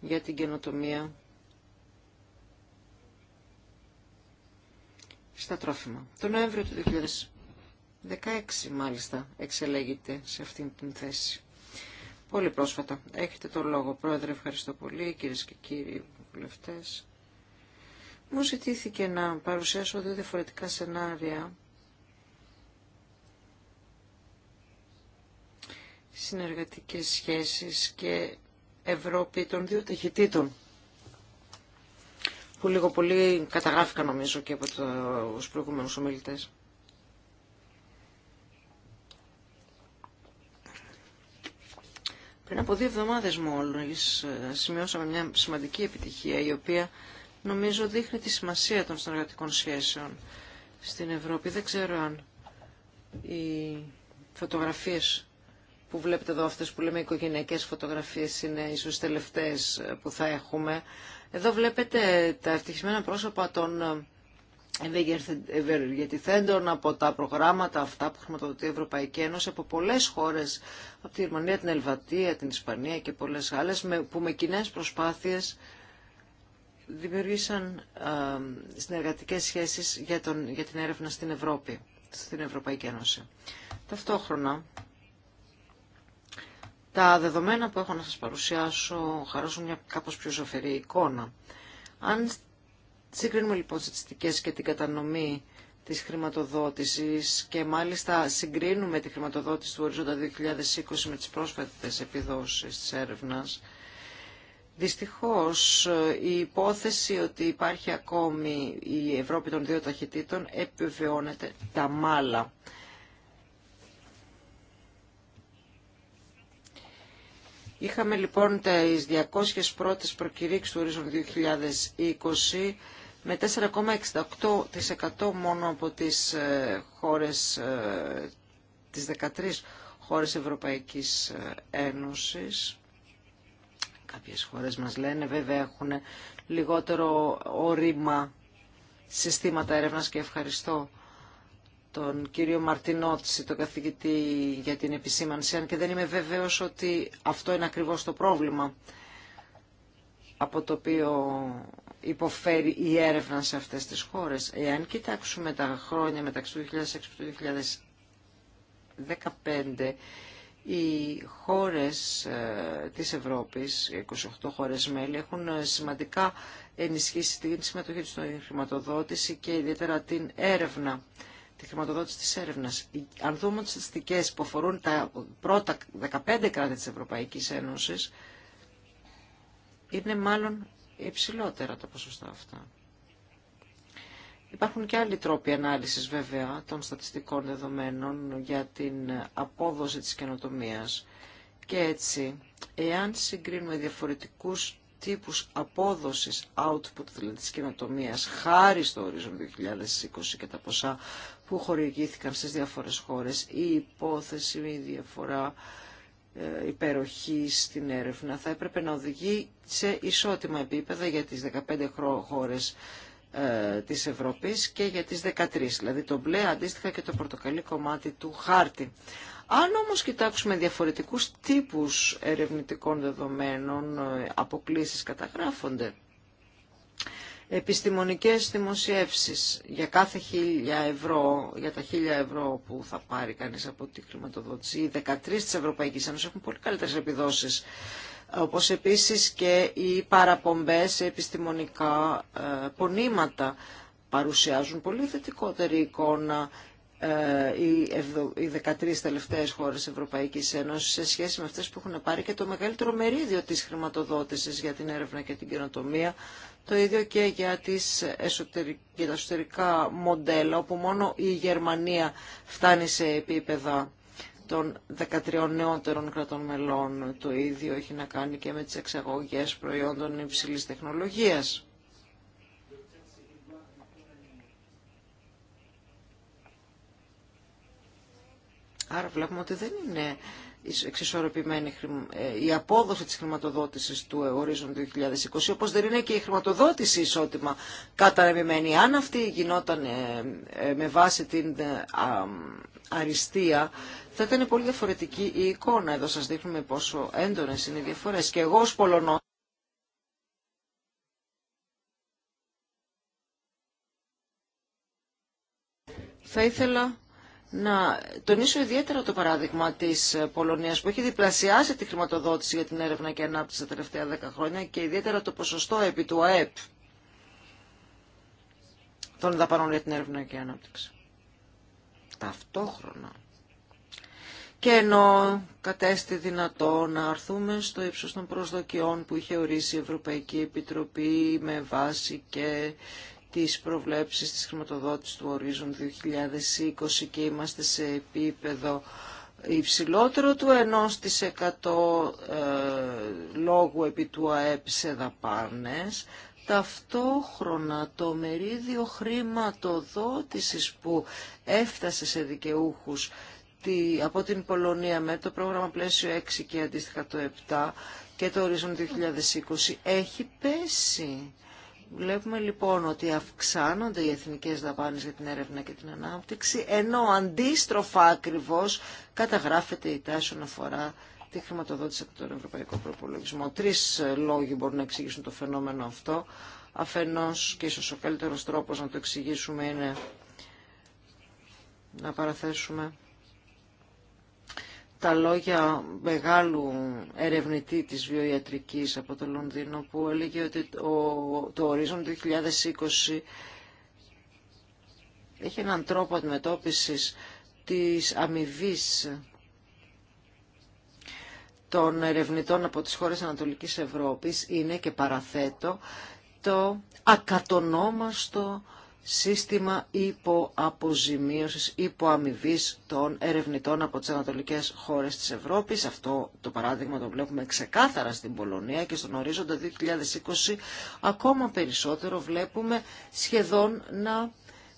για την καινοτομία στα τρόφιμα. Το Νοέμβριο του 2016 μάλιστα εξελέγεται σε αυτήν την θέση. Πολύ πρόσφατα. Έχετε τον λόγο. Πρόεδρε, ευχαριστώ πολύ. Κυρίες και κύριοι βουλευτές. Μου ζητήθηκε να παρουσιάσω δύο διαφορετικά σενάρια συνεργατικές σχέσεις και Ευρώπη των δύο ταχυτήτων που λίγο πολύ καταγράφηκαν νομίζω και από τους προηγούμενους ομιλητές. Πριν από δύο εβδομάδες μόλις ε, σημειώσαμε μια σημαντική επιτυχία η οποία νομίζω δείχνει τη σημασία των συνεργατικών σχέσεων στην Ευρώπη. Δεν ξέρω αν οι φωτογραφίες που βλέπετε εδώ αυτές που λέμε οικογενειακές φωτογραφίες είναι ίσως τελευταίες που θα έχουμε εδώ βλέπετε τα ευτυχισμένα πρόσωπα των ε, ευεργετηθέντων από τα προγράμματα αυτά που χρηματοδοτεί η Ευρωπαϊκή Ένωση από πολλές χώρες, από τη Γερμανία, την Ελβατία, την Ισπανία και πολλές άλλες, που με κοινέ προσπάθειες δημιουργήσαν ε, συνεργατικές σχέσεις για, τον, για την έρευνα στην Ευρώπη, στην Ευρωπαϊκή Ένωση. Ταυτόχρονα, τα δεδομένα που έχω να σας παρουσιάσω χαράζουν μια κάπως πιο ζωφερή εικόνα. Αν συγκρίνουμε λοιπόν στατιστικές και την κατανομή της χρηματοδότησης και μάλιστα συγκρίνουμε τη χρηματοδότηση του Οριζόντα 2020 με τις πρόσφατες επιδόσεις της έρευνας, Δυστυχώς η υπόθεση ότι υπάρχει ακόμη η Ευρώπη των δύο ταχυτήτων επιβεβαιώνεται τα μάλα. Είχαμε λοιπόν τις 200 πρώτες προκηρύξεις του ορίζον 2020 με 4,68% μόνο από τις ε, χώρες, ε, τις 13 χώρες Ευρωπαϊκής ε, Ένωσης. Κάποιες χώρες μας λένε βέβαια έχουν λιγότερο ορίμα συστήματα έρευνας και ευχαριστώ τον κύριο Μαρτινότση, τον καθηγητή για την επισήμανση, αν και δεν είμαι βέβαιος ότι αυτό είναι ακριβώς το πρόβλημα από το οποίο υποφέρει η έρευνα σε αυτές τις χώρες. Εάν κοιτάξουμε τα χρόνια μεταξύ του 2006 και του 2015, οι χώρες ε, της Ευρώπης, 28 χώρες μέλη, έχουν ε, σημαντικά ενισχύσει την συμμετοχή τους στην χρηματοδότηση και ιδιαίτερα την έρευνα τη χρηματοδότηση της έρευνας. Αν δούμε τις στατιστικές που αφορούν τα πρώτα 15 κράτη της Ευρωπαϊκής Ένωσης, είναι μάλλον υψηλότερα τα ποσοστά αυτά. Υπάρχουν και άλλοι τρόποι ανάλυσης βέβαια των στατιστικών δεδομένων για την απόδοση της καινοτομία. Και έτσι, εάν συγκρίνουμε διαφορετικούς τύπους απόδοσης output δηλαδή της καινοτομία χάρη στο ορίζον 2020 και τα ποσά που χορηγήθηκαν στις διάφορες χώρες. Η υπόθεση, η διαφορά ε, υπεροχή στην έρευνα θα έπρεπε να οδηγεί σε ισότιμα επίπεδα για τις 15 χώρες ε, της Ευρώπης και για τις 13, δηλαδή το μπλε αντίστοιχα και το πορτοκαλί κομμάτι του χάρτη. Αν όμως κοιτάξουμε διαφορετικούς τύπους ερευνητικών δεδομένων, ε, αποκλήσεις καταγράφονται επιστημονικές δημοσιεύσεις για κάθε χίλια ευρώ, για τα χίλια ευρώ που θα πάρει κανείς από τη χρηματοδότηση. Οι 13 της Ευρωπαϊκής Ένωσης έχουν πολύ καλύτερες επιδόσεις όπως επίσης και οι παραπομπές επιστημονικά ε, πονήματα παρουσιάζουν πολύ θετικότερη εικόνα ε, οι 13 τελευταίες χώρες Ευρωπαϊκής Ένωσης σε σχέση με αυτές που έχουν πάρει και το μεγαλύτερο μερίδιο της χρηματοδότησης για την έρευνα και την καινοτομία το ίδιο και για, τις τα εσωτερικά μοντέλα, όπου μόνο η Γερμανία φτάνει σε επίπεδα των 13 νεότερων κρατών μελών. Το ίδιο έχει να κάνει και με τις εξαγωγές προϊόντων υψηλής τεχνολογίας. Άρα βλέπουμε ότι δεν είναι εξισορροπημένη ε, η απόδοση της χρηματοδότησης του ορίζον 2020, όπως δεν είναι και η χρηματοδότηση ισότιμα κατανεμημένη. Αν αυτή γινόταν ε, ε, με βάση την αριστεία, θα ήταν πολύ διαφορετική η εικόνα. Εδώ σας δείχνουμε πόσο έντονες είναι οι διαφορές. Και εγώ ως Πολωνό... θα ήθελα να τονίσω ιδιαίτερα το παράδειγμα της Πολωνίας που έχει διπλασιάσει τη χρηματοδότηση για την έρευνα και ανάπτυξη τα τελευταία δέκα χρόνια και ιδιαίτερα το ποσοστό επί του ΑΕΠ των δαπανών για την έρευνα και ανάπτυξη. Ταυτόχρονα. Και ενώ κατέστη δυνατό να αρθούμε στο ύψος των προσδοκιών που είχε ορίσει η Ευρωπαϊκή Επιτροπή με βάση και τις προβλέψεις της χρηματοδότησης του Horizon 2020 και είμαστε σε επίπεδο υψηλότερο του 1% ε, λόγου επί του ΑΕΠ σε δαπάνες. Ταυτόχρονα το μερίδιο χρηματοδότησης που έφτασε σε δικαιούχους από την Πολωνία με το πρόγραμμα πλαίσιο 6 και αντίστοιχα το 7 και το Horizon 2020 έχει πέσει. Βλέπουμε λοιπόν ότι αυξάνονται οι εθνικές δαπάνες για την έρευνα και την ανάπτυξη, ενώ αντίστροφα ακριβώς καταγράφεται η τάση όσον αφορά τη χρηματοδότηση από τον Ευρωπαϊκό Προπολογισμό. Τρεις λόγοι μπορούν να εξηγήσουν το φαινόμενο αυτό. Αφενός και ίσως ο καλύτερος τρόπος να το εξηγήσουμε είναι να παραθέσουμε τα λόγια μεγάλου ερευνητή της βιοιατρικής από το Λονδίνο που έλεγε ότι το ορίζον 2020 έχει έναν τρόπο αντιμετώπισης της αμοιβή των ερευνητών από τις χώρες Ανατολικής Ευρώπης είναι και παραθέτω το ακατονόμαστο σύστημα υποαποζημίωσης, υποαμοιβής των ερευνητών από τις ανατολικές χώρες της Ευρώπης. Αυτό το παράδειγμα το βλέπουμε ξεκάθαρα στην Πολωνία και στον ορίζοντα 2020 ακόμα περισσότερο βλέπουμε σχεδόν να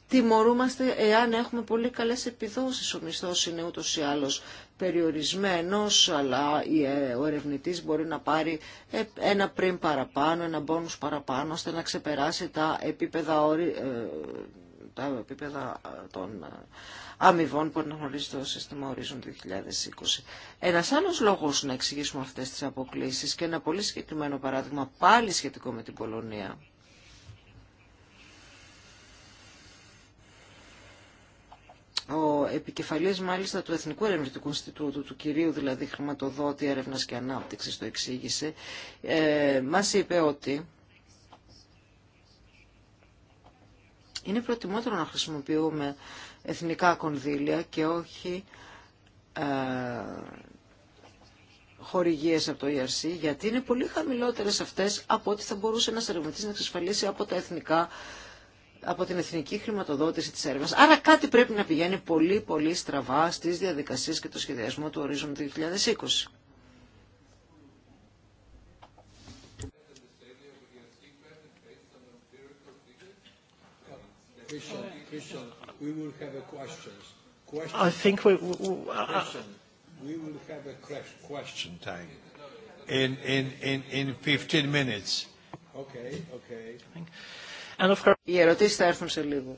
τιμωρούμαστε εάν έχουμε πολύ καλές επιδόσεις. Ο μισθός είναι ούτως ή άλλως περιορισμένος, αλλά ε, ο ερευνητής μπορεί να πάρει ε, ένα πριν παραπάνω, ένα μπόνους παραπάνω, ώστε να ξεπεράσει τα επίπεδα, όρι, ε, τα επίπεδα των αμοιβών που αναγνωρίζει το σύστημα Horizon 2020. Ένας άλλος λόγος να εξηγήσουμε αυτές τις αποκλήσεις και ένα πολύ συγκεκριμένο παράδειγμα πάλι σχετικό με την Πολωνία ο επικεφαλής μάλιστα του Εθνικού Ερευνητικού Ινστιτούτου, του κυρίου δηλαδή χρηματοδότη έρευνας και ανάπτυξης, το εξήγησε, ε, μας είπε ότι είναι προτιμότερο να χρησιμοποιούμε εθνικά κονδύλια και όχι ε, χορηγίες από το ERC, γιατί είναι πολύ χαμηλότερες αυτές από ό,τι θα μπορούσε ένας ερευνητής να εξασφαλίσει από τα εθνικά από την εθνική χρηματοδότηση της έρευνας. Άρα κάτι πρέπει να πηγαίνει πολύ πολύ στραβά στις διαδικασίες και το σχεδιασμό του ορίζοντα 2020. I think we, we will have a question time in, in, in, in 15 minutes. Okay, okay. Οι ερωτήσει θα έρθουν σε λίγο.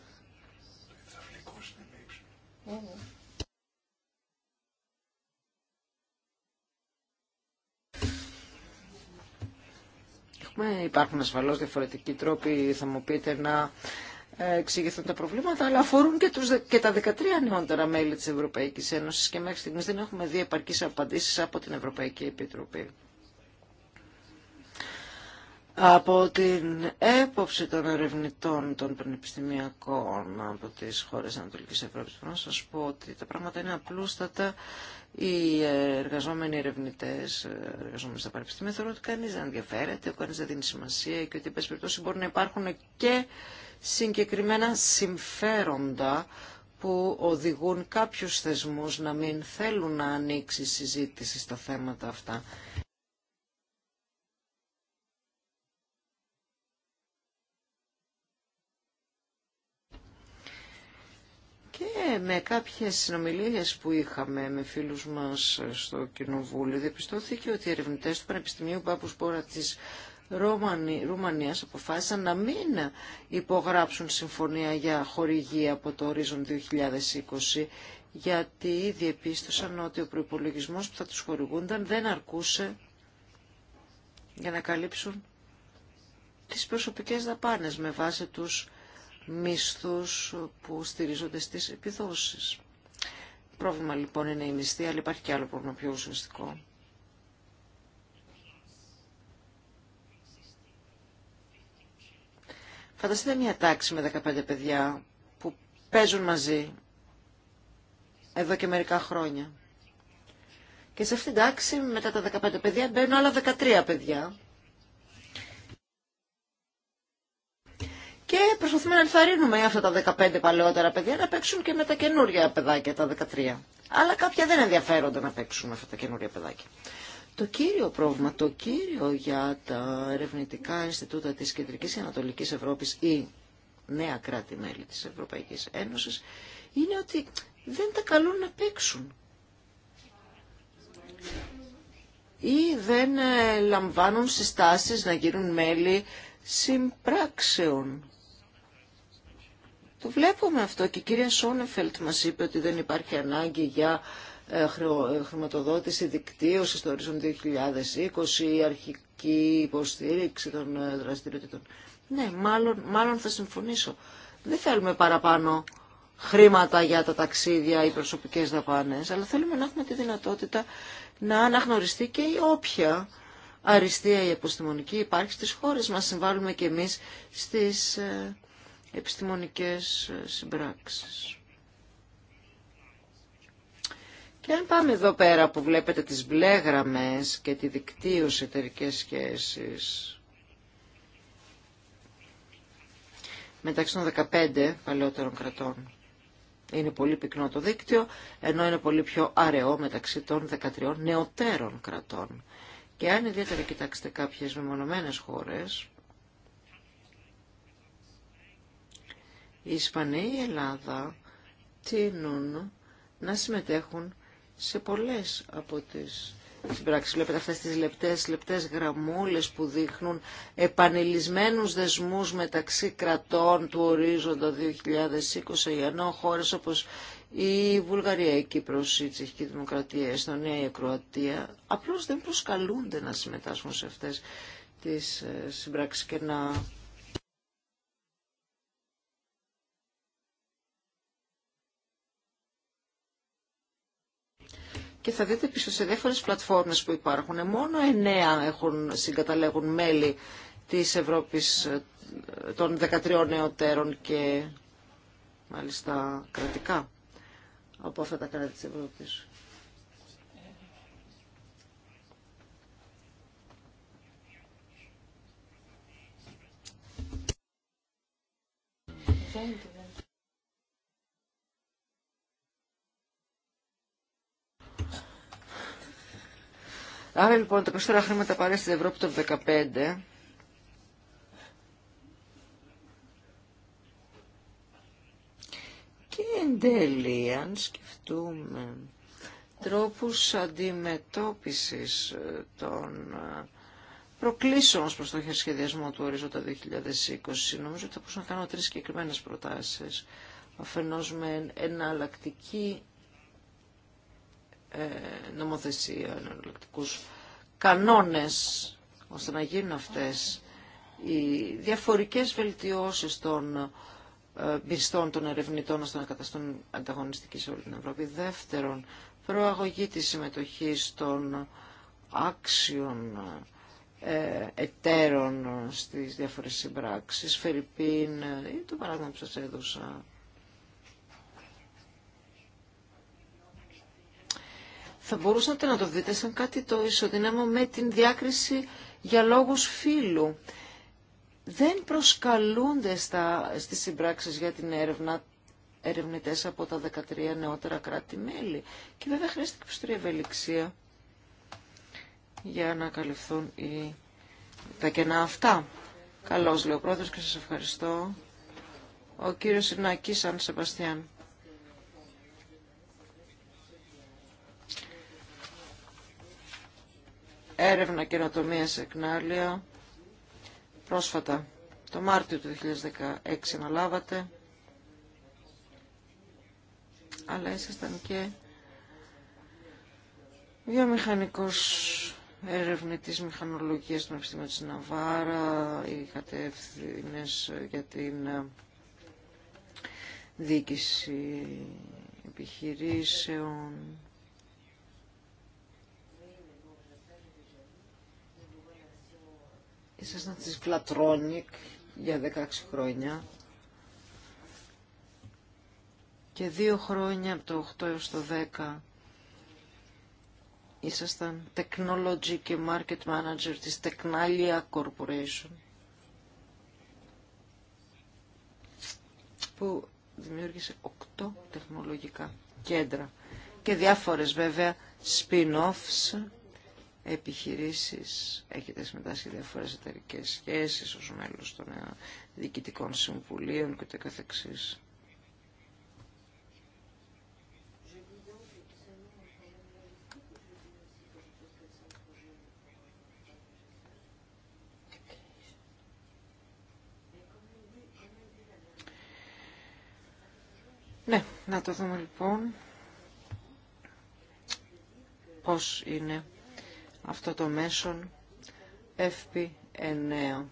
Έχουμε, υπάρχουν ασφαλώς διαφορετικοί τρόποι, θα μου πείτε, να ε, εξηγηθούν τα προβλήματα, αλλά αφορούν και, τους, και τα 13 νεότερα μέλη της Ευρωπαϊκής Ένωσης και μέχρι στιγμής δεν έχουμε δει επαρκείς απαντήσεις από την Ευρωπαϊκή Επιτροπή από την έποψη των ερευνητών των πανεπιστημιακών από τις χώρες Ανατολικής Ευρώπης μπορώ να σας πω ότι τα πράγματα είναι απλούστατα οι εργαζόμενοι ερευνητέ, ε, εργαζόμενοι στα πανεπιστήμια, θεωρούν ότι κανεί δεν ενδιαφέρεται, ότι κανεί δεν δίνει σημασία και ότι, εν περιπτώσει, μπορεί να υπάρχουν και συγκεκριμένα συμφέροντα που οδηγούν κάποιους θεσμούς να μην θέλουν να ανοίξει συζήτηση στα θέματα αυτά. με κάποιες συνομιλίες που είχαμε με φίλους μας στο Κοινοβούλιο διαπιστώθηκε ότι οι ερευνητές του Πανεπιστημίου Πάπους Πόρα της Ρουμανίας αποφάσισαν να μην υπογράψουν συμφωνία για χορηγία από το Horizon 2020 γιατί ήδη επίστωσαν ότι ο προϋπολογισμός που θα τους χορηγούνταν δεν αρκούσε για να καλύψουν τις προσωπικές δαπάνες με βάση τους μισθούς που στηρίζονται στις επιδόσεις. Πρόβλημα λοιπόν είναι η μισθή, αλλά υπάρχει και άλλο πρόβλημα πιο ουσιαστικό. Φανταστείτε μια τάξη με 15 παιδιά που παίζουν μαζί εδώ και μερικά χρόνια. Και σε αυτήν την τάξη μετά τα 15 παιδιά μπαίνουν άλλα 13 παιδιά. και προσπαθούμε να ενθαρρύνουμε αυτά τα 15 παλαιότερα παιδιά να παίξουν και με τα καινούργια παιδάκια, τα 13. Αλλά κάποια δεν ενδιαφέρονται να παίξουν με αυτά τα καινούργια παιδάκια. Το κύριο πρόβλημα, το κύριο για τα ερευνητικά Ινστιτούτα της Κεντρικής και Ανατολικής Ευρώπης ή νέα κράτη-μέλη της Ευρωπαϊκής Ένωσης είναι ότι δεν τα καλούν να παίξουν. Ή δεν ε, λαμβάνουν συστάσεις να γίνουν μέλη συμπράξεων. Το βλέπουμε αυτό και η κυρία Σόνεφελτ μας είπε ότι δεν υπάρχει ανάγκη για ε, ε, χρηματοδότηση δικτύωσης στο ορίζον 2020, η αρχική υποστήριξη των ε, δραστηριοτήτων. Ναι, μάλλον, μάλλον θα συμφωνήσω. Δεν θέλουμε παραπάνω χρήματα για τα ταξίδια ή προσωπικές δαπάνες, αλλά θέλουμε να έχουμε τη δυνατότητα να αναγνωριστεί και η όποια αριστεία η επιστημονική υπάρχει στις χώρες μας. Συμβάλλουμε και εμείς στις επιστημονικές ε, συμπράξεις. Και αν πάμε εδώ πέρα που βλέπετε τις μπλε γραμμές και τη δικτύωση εταιρικέ σχέσεις μεταξύ των 15 παλαιότερων κρατών είναι πολύ πυκνό το δίκτυο, ενώ είναι πολύ πιο αραιό μεταξύ των 13 νεωτέρων κρατών. Και αν ιδιαίτερα κοιτάξετε κάποιες μεμονωμένες χώρες, οι ισπανία η Ελλάδα τείνουν να συμμετέχουν σε πολλές από τις συμπράξεις. Βλέπετε αυτές τις λεπτές, λεπτές γραμμούλες που δείχνουν επανειλημμένους δεσμούς μεταξύ κρατών του ορίζοντα 2020, ενώ χώρες όπως η Βουλγαρία, η Κύπρος, η Τσεχική Δημοκρατία, η Εστονία, η Κροατία απλώς δεν προσκαλούνται να συμμετάσχουν σε αυτές τις ε, συμπράξεις και να και θα δείτε πίσω σε διάφορες πλατφόρμες που υπάρχουν. Μόνο εννέα έχουν, συγκαταλέγουν μέλη της Ευρώπης ε, των 13 νεωτέρων και μάλιστα κρατικά από αυτά τα κράτη της Ευρώπης. Άρα λοιπόν τα περισσότερα χρήματα πάρει στην Ευρώπη το 15. Και εν τέλει, αν σκεφτούμε τρόπους αντιμετώπισης ε, των ε, προκλήσεων προς το σχεδιασμό του ορίζοντα 2020, νομίζω ότι θα μπορούσα να κάνω τρεις συγκεκριμένε προτάσεις. Αφενός με εναλλακτική ε, νομοθεσία, εναλλακτικούς κανόνες, ώστε να γίνουν αυτές οι διαφορικές βελτιώσεις των ε, μισθών των ερευνητών ώστε να καταστούν ανταγωνιστικοί σε όλη την Ευρώπη. Δεύτερον, προαγωγή της συμμετοχής των άξιων ε, εταίρων στις διάφορες συμπράξεις, Φερρυπίν, ε, το παράδειγμα που σας έδωσα θα μπορούσατε να το δείτε σαν κάτι το ισοδυνάμο με την διάκριση για λόγους φίλου Δεν προσκαλούνται στα, στις συμπράξεις για την έρευνα ερευνητές από τα 13 νεότερα κράτη-μέλη. Και βέβαια χρειάζεται και ευελιξία για να καλυφθούν οι... τα κενά αυτά. Καλώς λέω πρόεδρος και σας ευχαριστώ. Ο κύριος Ινακής Αν Σεμπαστιάν. έρευνα καινοτομία εκνάλια. Πρόσφατα, το Μάρτιο του 2016 αναλάβατε, αλλά ήσασταν και βιομηχανικός ερευνητής μηχανολογίας του Πανεπιστήμιου τη Ναβάρα, είχατε ευθύνε για την ε, διοίκηση επιχειρήσεων, Ήσασταν στις Φλατρόνικ για 16 χρόνια και δύο χρόνια από το 8 έως το 10 ήσασταν Technology και Market Manager της Technalia Corporation που δημιούργησε 8 τεχνολογικά κέντρα και διάφορες βέβαια spin-offs επιχειρήσεις. Έχετε συμμετάσχει διάφορες εταιρικέ σχέσεις ως μέλος των ε, διοικητικών συμβουλίων και το καθεξής. Ναι, να το δούμε λοιπόν πώς είναι αυτό το μέσον FP9.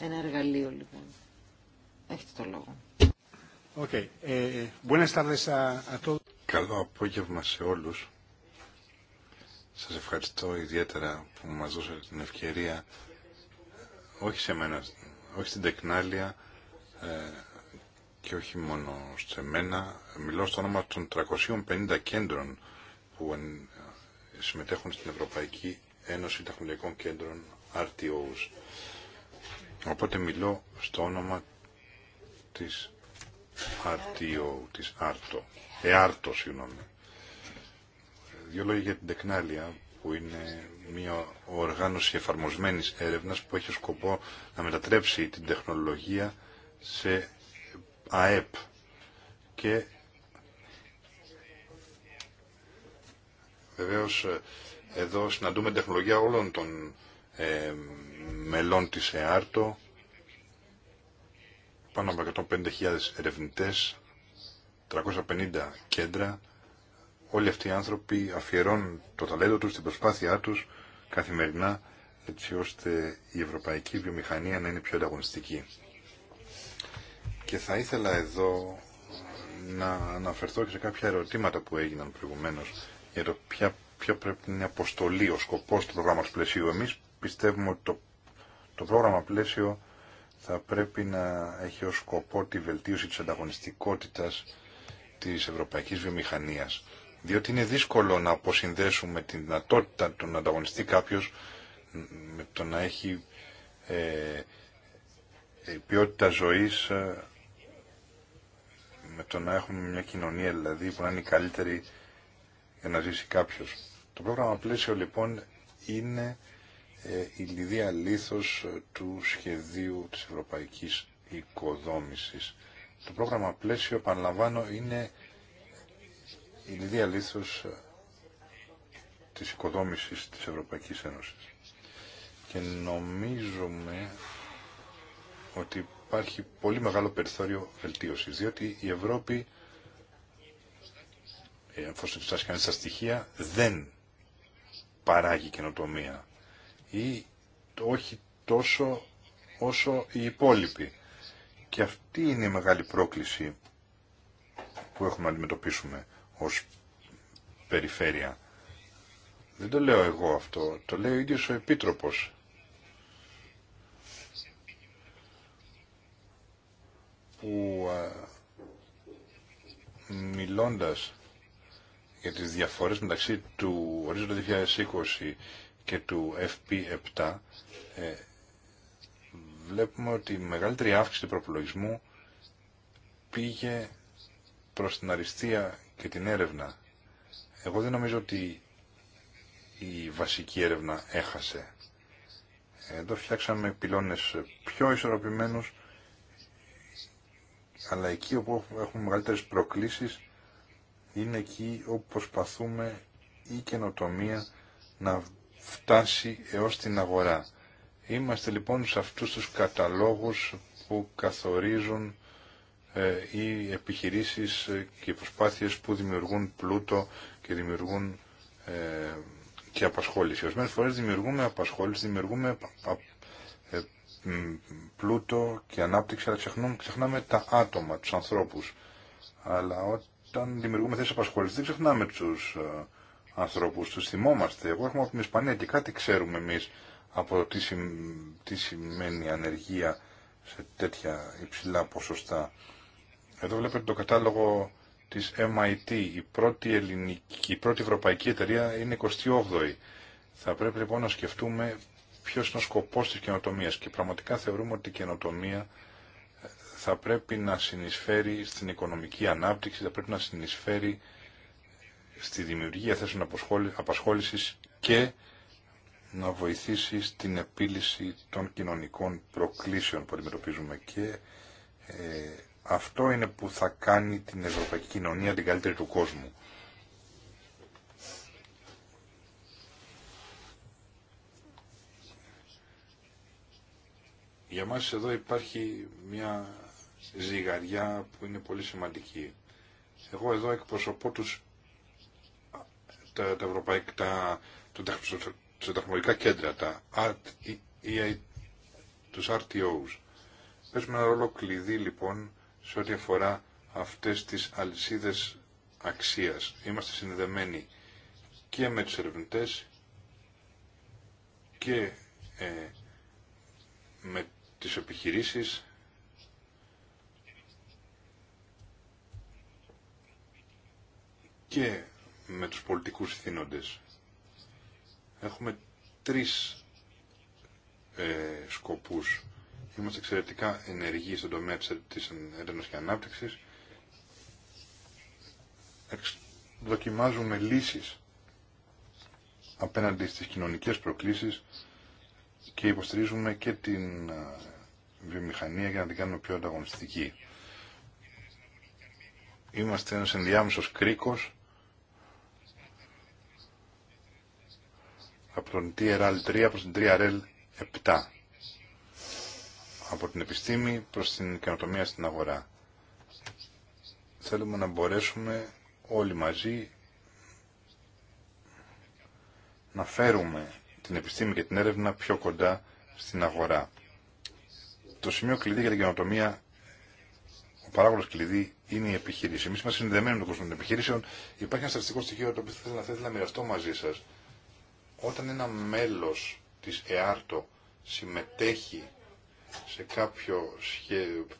Ένα εργαλείο λοιπόν. Έχετε το λόγο. Ε, a, Καλό απόγευμα σε όλους. Σας ευχαριστώ ιδιαίτερα που μας δώσατε την ευκαιρία όχι σε μένα, όχι στην τεκνάλια ε, και όχι μόνο σε μένα. Μιλώ στο όνομα των 350 κέντρων που συμμετέχουν στην Ευρωπαϊκή Ένωση Τεχνολογικών Κέντρων RTOs. Οπότε μιλώ στο όνομα της RTO, της ARTO, ΕΑΡΤΟ, συγγνώμη. Δύο λόγια για την Τεκνάλια, που είναι μια οργάνωση εφαρμοσμένης έρευνας που έχει σκοπό να μετατρέψει την τεχνολογία σε ΑΕΠ και Βεβαίω ε, εδώ συναντούμε τεχνολογία όλων των ε, μελών της ΕΑΡΤΟ, πάνω από 105.000 ερευνητές, 350 κέντρα. Όλοι αυτοί οι άνθρωποι αφιερώνουν το ταλέντο τους, την προσπάθειά τους καθημερινά έτσι ώστε η ευρωπαϊκή βιομηχανία να είναι πιο ανταγωνιστική. Και θα ήθελα εδώ να αναφερθώ και σε κάποια ερωτήματα που έγιναν προηγουμένως για το ποια, πρέπει να είναι η αποστολή, ο σκοπός του προγράμματος πλαισίου. Εμείς πιστεύουμε ότι το, το πρόγραμμα πλαίσιο θα πρέπει να έχει ως σκοπό τη βελτίωση της ανταγωνιστικότητας της ευρωπαϊκής βιομηχανίας. Διότι είναι δύσκολο να αποσυνδέσουμε τη δυνατότητα του να ανταγωνιστεί κάποιος με το να έχει ε, ε ποιότητα ζωής ε, με το να έχουμε μια κοινωνία δηλαδή που να είναι η καλύτερη για να ζήσει κάποιος. Το πρόγραμμα πλαίσιο λοιπόν είναι ε, η λιδία λίθος ε, του σχεδίου της Ευρωπαϊκής Οικοδόμησης. Το πρόγραμμα πλαίσιο, επαναλαμβάνω, είναι η λιδία λίθος ε, της οικοδόμησης της Ευρωπαϊκής Ένωσης. Και νομίζουμε ότι υπάρχει πολύ μεγάλο περιθώριο βελτίωσης, διότι η Ευρώπη εφόσον εξετάσει κανεί τα στοιχεία, δεν παράγει καινοτομία ή όχι τόσο όσο οι υπόλοιποι. Και αυτή είναι η μεγάλη πρόκληση που έχουμε να αντιμετωπίσουμε ως περιφέρεια. Δεν το λέω εγώ αυτό, το λέει ο ίδιος ο Επίτροπος. Που α, μιλώντας για τις διαφορές μεταξύ του ορίζοντα 2020 και του FP7 ε, βλέπουμε ότι η μεγαλύτερη αύξηση του προπολογισμού πήγε προς την αριστεία και την έρευνα. Εγώ δεν νομίζω ότι η βασική έρευνα έχασε. Εδώ φτιάξαμε πυλώνες πιο ισορροπημένους, αλλά εκεί όπου έχουμε μεγαλύτερες προκλήσεις είναι εκεί όπου προσπαθούμε η καινοτομία να φτάσει έως την αγορά. Είμαστε λοιπόν σε αυτούς τους καταλόγους που καθορίζουν ε, οι επιχειρήσεις ε, και οι προσπάθειες που δημιουργούν πλούτο και δημιουργούν ε, και απασχόληση. Ορισμένες φορές δημιουργούμε απασχόληση, δημιουργούμε ε, πλούτο και ανάπτυξη, αλλά ξεχνάμε, τα άτομα, τους ανθρώπους. Αλλά όταν δημιουργούμε θέσει απασχόληση, δεν ξεχνάμε του ε, ανθρώπου, του θυμόμαστε. Εγώ έρχομαι από την Ισπανία και κάτι ξέρουμε εμεί από τι, σημαίνει ανεργία σε τέτοια υψηλά ποσοστά. Εδώ βλέπετε το κατάλογο της MIT, η πρώτη, ελληνική, η πρώτη ευρωπαϊκή εταιρεία είναι 28η. Θα πρέπει λοιπόν να σκεφτούμε ποιος είναι ο σκοπός της καινοτομίας και πραγματικά θεωρούμε ότι η θα πρεπει λοιπον να σκεφτουμε ποιο ειναι ο σκοπος της καινοτομια και πραγματικα θεωρουμε οτι η καινοτομια θα πρέπει να συνεισφέρει στην οικονομική ανάπτυξη, θα πρέπει να συνεισφέρει στη δημιουργία θέσεων απασχόλησης και να βοηθήσει στην επίλυση των κοινωνικών προκλήσεων που αντιμετωπίζουμε και ε, αυτό είναι που θα κάνει την ευρωπαϊκή κοινωνία την καλύτερη του κόσμου. Για μας εδώ υπάρχει μια ζυγαριά που είναι πολύ σημαντική. Εγώ εδώ εκπροσωπώ τους τα, τα ευρωπαϊκά, τα, τα, τα κέντρα, τα e, e τους RTOs. Παίζουμε ένα ρόλο κλειδί λοιπόν σε ό,τι αφορά αυτές τις αλυσίδες αξίας. Είμαστε συνδεδεμένοι και με τους ερευνητέ και ε, με τις επιχειρήσεις και με τους πολιτικούς θύνοντες. Έχουμε τρεις ε, σκοπούς. Είμαστε εξαιρετικά ενεργοί στον τομέα της έντονας και ανάπτυξης. Δοκιμάζουμε λύσεις απέναντι στις κοινωνικές προκλήσεις και υποστηρίζουμε και την ε, βιομηχανία για να την κάνουμε πιο ανταγωνιστική. Είμαστε ένας ενδιάμεσος κρίκος από τον TRL3 προς την trl από την επιστήμη προς την καινοτομία στην αγορά. Θέλουμε να μπορέσουμε όλοι μαζί να φέρουμε την επιστήμη και την έρευνα πιο κοντά στην αγορά. Το σημείο κλειδί για την καινοτομία, ο παράγοντα κλειδί είναι η επιχείρηση. Εμεί είμαστε συνδεμένοι με τον κόσμο των επιχειρήσεων. Υπάρχει ένα στατιστικό στοιχείο το οποίο θα ήθελα να μοιραστώ μαζί σα. Όταν ένα μέλος της ΕΑΡΤΟ συμμετέχει σε κάποιο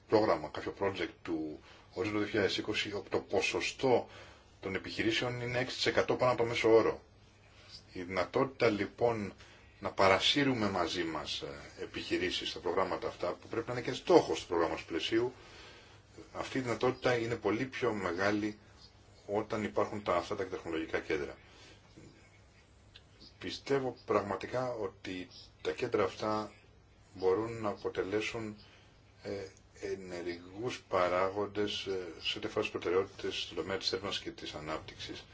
πρόγραμμα, κάποιο project του ορίζοντα 2020, το ποσοστό των επιχειρήσεων είναι 6% πάνω από το μέσο όρο. Η δυνατότητα λοιπόν να παρασύρουμε μαζί μας ε, επιχειρήσεις στα προγράμματα αυτά, που πρέπει να είναι και στόχος του προγράμματος πλαισίου, αυτή η δυνατότητα είναι πολύ πιο μεγάλη όταν υπάρχουν τα, αυτά τα τεχνολογικά κέντρα. Πιστεύω πραγματικά ότι τα κέντρα αυτά μπορούν να αποτελέσουν ε, ενεργούς παράγοντες ε, σε τεφάσεις προτεραιότητες στον τομέα της έρευνας και της ανάπτυξης.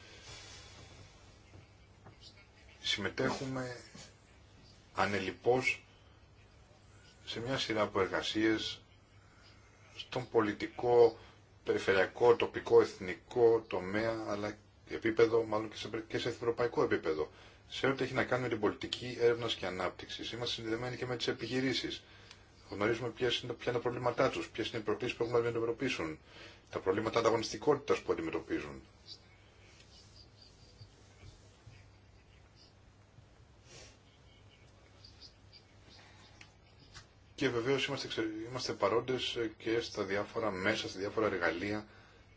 Συμμετέχουμε ανελιπώς σε μια σειρά από εργασίες στον πολιτικό, περιφερειακό, τοπικό, εθνικό τομέα, αλλά επίπεδο, μάλλον και σε, και σε ευρωπαϊκό επίπεδο σε ό,τι έχει να κάνει με την πολιτική έρευνα και ανάπτυξη. Είμαστε συνδεδεμένοι και με τι επιχειρήσει. Γνωρίζουμε ποια είναι, είναι τα προβλήματά του, ποιε είναι οι προκλήσει που έχουν να αντιμετωπίσουν, τα προβλήματα ανταγωνιστικότητα που αντιμετωπίζουν. Και βεβαίω είμαστε, είμαστε παρόντε και στα διάφορα μέσα, στα διάφορα εργαλεία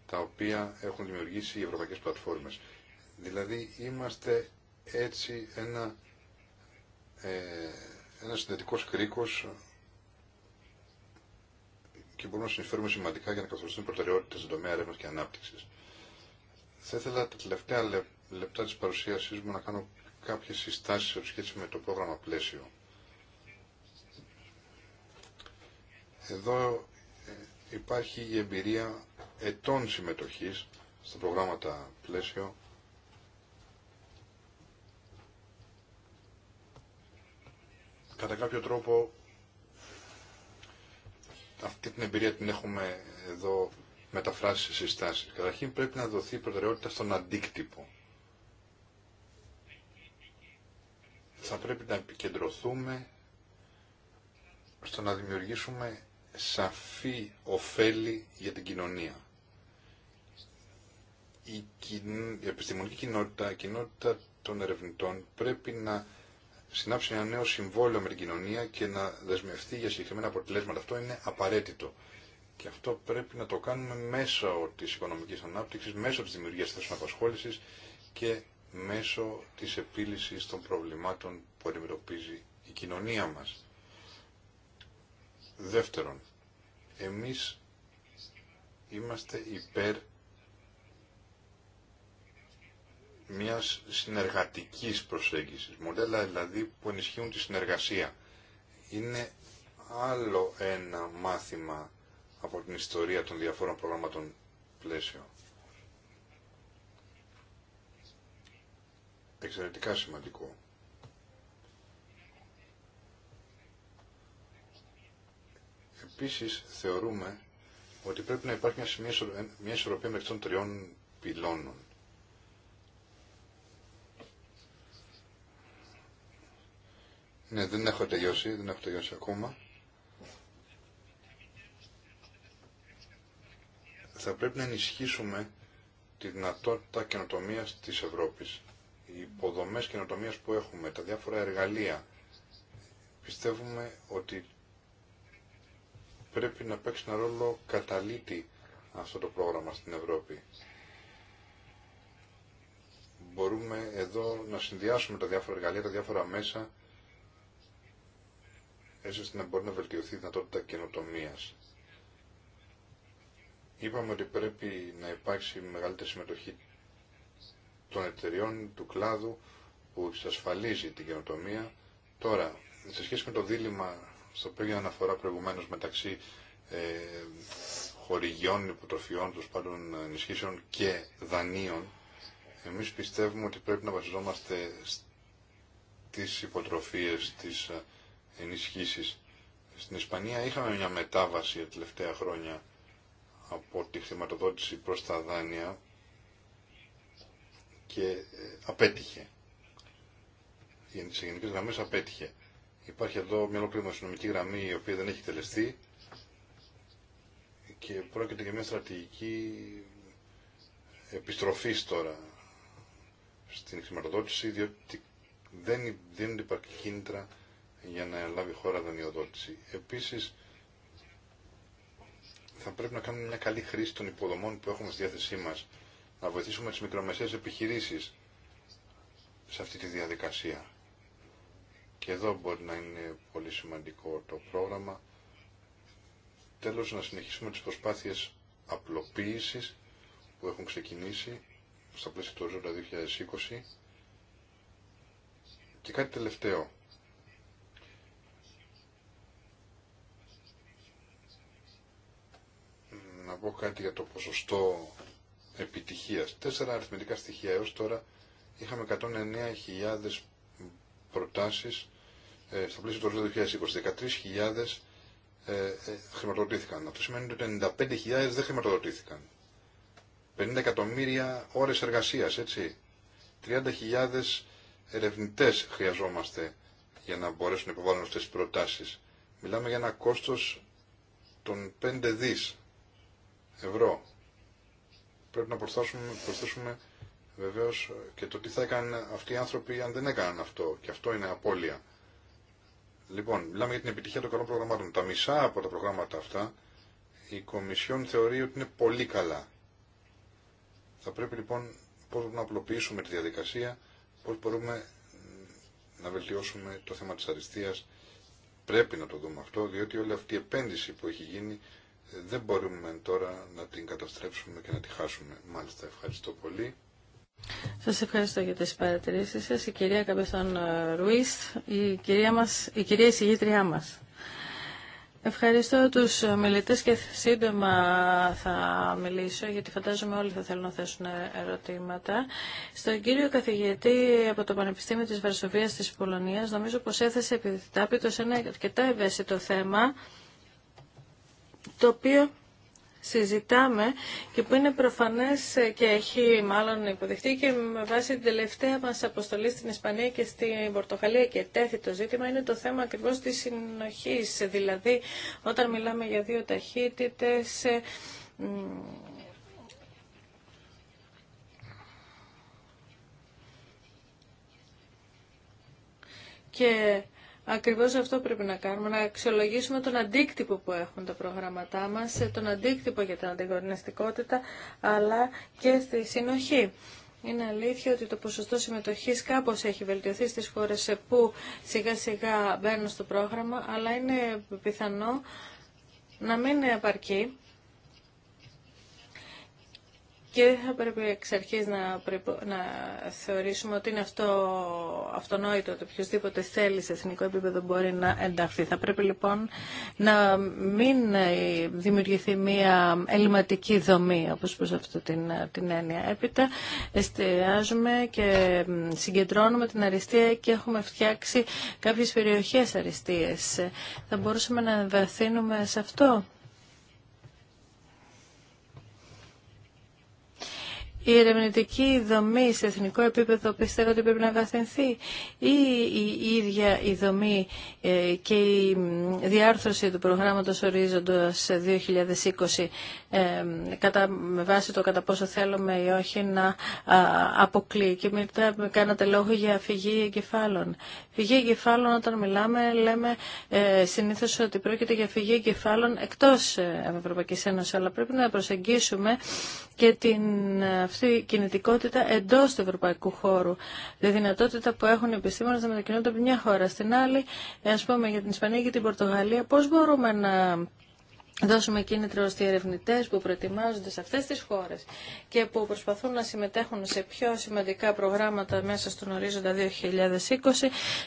τα οποία έχουν δημιουργήσει οι ευρωπαϊκέ πλατφόρμες. Δηλαδή είμαστε έτσι ένα, ε, ένα συνδετικός κρίκος και μπορούμε να συνεισφέρουμε σημαντικά για να καθοριστούν προτεραιότητες στον τομέα έρευνα και ανάπτυξης. Θα ήθελα τα τελευταία λεπτά της παρουσίασής μου να κάνω κάποιες συστάσεις σε σχέση με το πρόγραμμα πλαίσιο. Εδώ ε, υπάρχει η εμπειρία ετών συμμετοχής στα προγράμματα πλαίσιο κατά κάποιο τρόπο αυτή την εμπειρία την έχουμε εδώ μεταφράσει σε συστάσεις. Καταρχήν πρέπει να δοθεί προτεραιότητα στον αντίκτυπο. Θα πρέπει να επικεντρωθούμε στο να δημιουργήσουμε σαφή ωφέλη για την κοινωνία. Η, επιστημονική κοινότητα, η κοινότητα των ερευνητών πρέπει να συνάψει ένα νέο συμβόλαιο με την κοινωνία και να δεσμευτεί για συγκεκριμένα αποτελέσματα. Αυτό είναι απαραίτητο. Και αυτό πρέπει να το κάνουμε μέσω τη οικονομική ανάπτυξη, μέσω τη δημιουργία θέσεων απασχόληση και μέσω τη επίλυση των προβλημάτων που αντιμετωπίζει η κοινωνία μα. Δεύτερον, εμείς είμαστε υπέρ μιας συνεργατικής προσέγγισης, μοντέλα δηλαδή που ενισχύουν τη συνεργασία. Είναι άλλο ένα μάθημα από την ιστορία των διαφόρων προγραμμάτων πλαίσιο. Εξαιρετικά σημαντικό. Επίσης θεωρούμε ότι πρέπει να υπάρχει μια ισορροπία μεταξύ των τριών πυλώνων. Ναι, δεν έχω τελειώσει, δεν έχω τελειώσει ακόμα. Θα πρέπει να ενισχύσουμε τη δυνατότητα καινοτομία τη Ευρώπη. Οι υποδομές καινοτομία που έχουμε, τα διάφορα εργαλεία, πιστεύουμε ότι πρέπει να παίξει ένα ρόλο καταλήτη αυτό το πρόγραμμα στην Ευρώπη. Μπορούμε εδώ να συνδυάσουμε τα διάφορα εργαλεία, τα διάφορα μέσα έτσι ώστε να μπορεί να βελτιωθεί η δυνατότητα καινοτομία. Είπαμε ότι πρέπει να υπάρξει μεγαλύτερη συμμετοχή των εταιριών του κλάδου που εξασφαλίζει την καινοτομία. Τώρα, σε σχέση με το δίλημα στο οποίο έγινε αναφορά προηγουμένω μεταξύ ε, χορηγιών, υποτροφιών, τους πάντων ενισχύσεων και δανείων, εμείς πιστεύουμε ότι πρέπει να βασιζόμαστε στις υποτροφίες, της ενισχύσεις. Στην Ισπανία είχαμε μια μετάβαση τα τελευταία χρόνια από τη χρηματοδότηση προ τα δάνεια και ε, απέτυχε. Σε γενικές γραμμέ απέτυχε. Υπάρχει εδώ μια ολόκληρη γραμμή η οποία δεν έχει τελεστεί και πρόκειται για μια στρατηγική επιστροφή τώρα στην χρηματοδότηση διότι δεν δίνονται υπαρκή κίνητρα για να λάβει χώρα δανειοδότηση. Επίσης, θα πρέπει να κάνουμε μια καλή χρήση των υποδομών που έχουμε στη διάθεσή μας, να βοηθήσουμε τις μικρομεσαίες επιχειρήσεις σε αυτή τη διαδικασία. Και εδώ μπορεί να είναι πολύ σημαντικό το πρόγραμμα. Τέλος, να συνεχίσουμε τις προσπάθειες απλοποίησης που έχουν ξεκινήσει στα πλαίσια του 2020. Και κάτι τελευταίο. να πω κάτι για το ποσοστό επιτυχίας. Τέσσερα αριθμητικά στοιχεία έως τώρα είχαμε 109.000 προτάσεις ε, στο πλαίσιο του 2020. 13.000 ε, ε, χρηματοδοτήθηκαν. Αυτό σημαίνει ότι 95.000 δεν χρηματοδοτήθηκαν. 50 εκατομμύρια ώρες εργασίας, έτσι. 30.000 ερευνητές χρειαζόμαστε για να μπορέσουν να υποβάλουν αυτές τις προτάσεις. Μιλάμε για ένα κόστος των 5 δις ευρώ. Πρέπει να προσθέσουμε, προσθέσουμε βεβαίως και το τι θα έκαναν αυτοί οι άνθρωποι αν δεν έκαναν αυτό. Και αυτό είναι απώλεια. Λοιπόν, μιλάμε για την επιτυχία των καλών προγραμμάτων. Τα μισά από τα προγράμματα αυτά η Κομισιόν θεωρεί ότι είναι πολύ καλά. Θα πρέπει λοιπόν πώς μπορούμε να απλοποιήσουμε τη διαδικασία, πώς μπορούμε να βελτιώσουμε το θέμα της αριστείας. Πρέπει να το δούμε αυτό, διότι όλη αυτή η επένδυση που έχει γίνει δεν μπορούμε τώρα να την καταστρέψουμε και να τη χάσουμε. Μάλιστα, ευχαριστώ πολύ. Σας ευχαριστώ για τις παρατηρήσεις σας. Η κυρία Καπεθόν Ρουίς, η κυρία, μας, η κυρία εισηγήτριά μας. Ευχαριστώ τους μιλητές και σύντομα θα μιλήσω γιατί φαντάζομαι όλοι θα θέλουν να θέσουν ερωτήματα. Στον κύριο καθηγητή από το Πανεπιστήμιο της Βαρσοβίας της Πολωνίας νομίζω πως έθεσε επιτάπητος ένα αρκετά ευαίσθητο θέμα το οποίο συζητάμε και που είναι προφανές και έχει μάλλον υποδεχτεί και με βάση την τελευταία μας αποστολή στην Ισπανία και στην Πορτοχαλία και τέθη το ζήτημα είναι το θέμα ακριβώς της συνοχής. Δηλαδή όταν μιλάμε για δύο ταχύτητες ε, και Ακριβώς αυτό πρέπει να κάνουμε, να αξιολογήσουμε τον αντίκτυπο που έχουν τα προγραμματά μας, τον αντίκτυπο για την αντιγωνιστικότητα, αλλά και στη συνοχή. Είναι αλήθεια ότι το ποσοστό συμμετοχής κάπως έχει βελτιωθεί στις χώρες που σιγά σιγά μπαίνουν στο πρόγραμμα, αλλά είναι πιθανό να μην επαρκεί και θα πρέπει εξ αρχής να, να θεωρήσουμε ότι είναι αυτό αυτονόητο ότι οποιοδήποτε θέλει σε εθνικό επίπεδο μπορεί να ενταχθεί. Θα πρέπει λοιπόν να μην ε, δημιουργηθεί μια ελληματική δομή όπως προς αυτή την, την έννοια. Έπειτα εστιάζουμε και συγκεντρώνουμε την αριστεία και έχουμε φτιάξει κάποιες περιοχές αριστείες. Θα μπορούσαμε να βαθύνουμε σε αυτό. η ερευνητική δομή σε εθνικό επίπεδο πιστεύω ότι πρέπει να βαθενθεί ή η ίδια η δομή ε, και η διάρθρωση του προγράμματος ορίζοντος 2020 ε, κατά, με βάση το κατά πόσο θέλουμε ή όχι να αποκλείει. Και μετά κάνατε λόγο για φυγή εγκεφάλων. Φυγή εγκεφάλων όταν μιλάμε λέμε ε, συνήθως ότι πρόκειται για φυγή εγκεφάλων εκτός ε, Ευρωπαϊκής Ένωσης αλλά πρέπει να προσεγγίσουμε και την Στη κινητικότητα εντό του ευρωπαϊκού χώρου. Τη δυνατότητα που έχουν οι επιστήμονε να μετακινούνται από μια χώρα στην άλλη, ε, α πούμε για την Ισπανία και την Πορτογαλία, πώ μπορούμε να δώσουμε κίνητρο στι ερευνητέ που προετοιμάζονται σε αυτέ τι χώρε και που προσπαθούν να συμμετέχουν σε πιο σημαντικά προγράμματα μέσα στον ορίζοντα 2020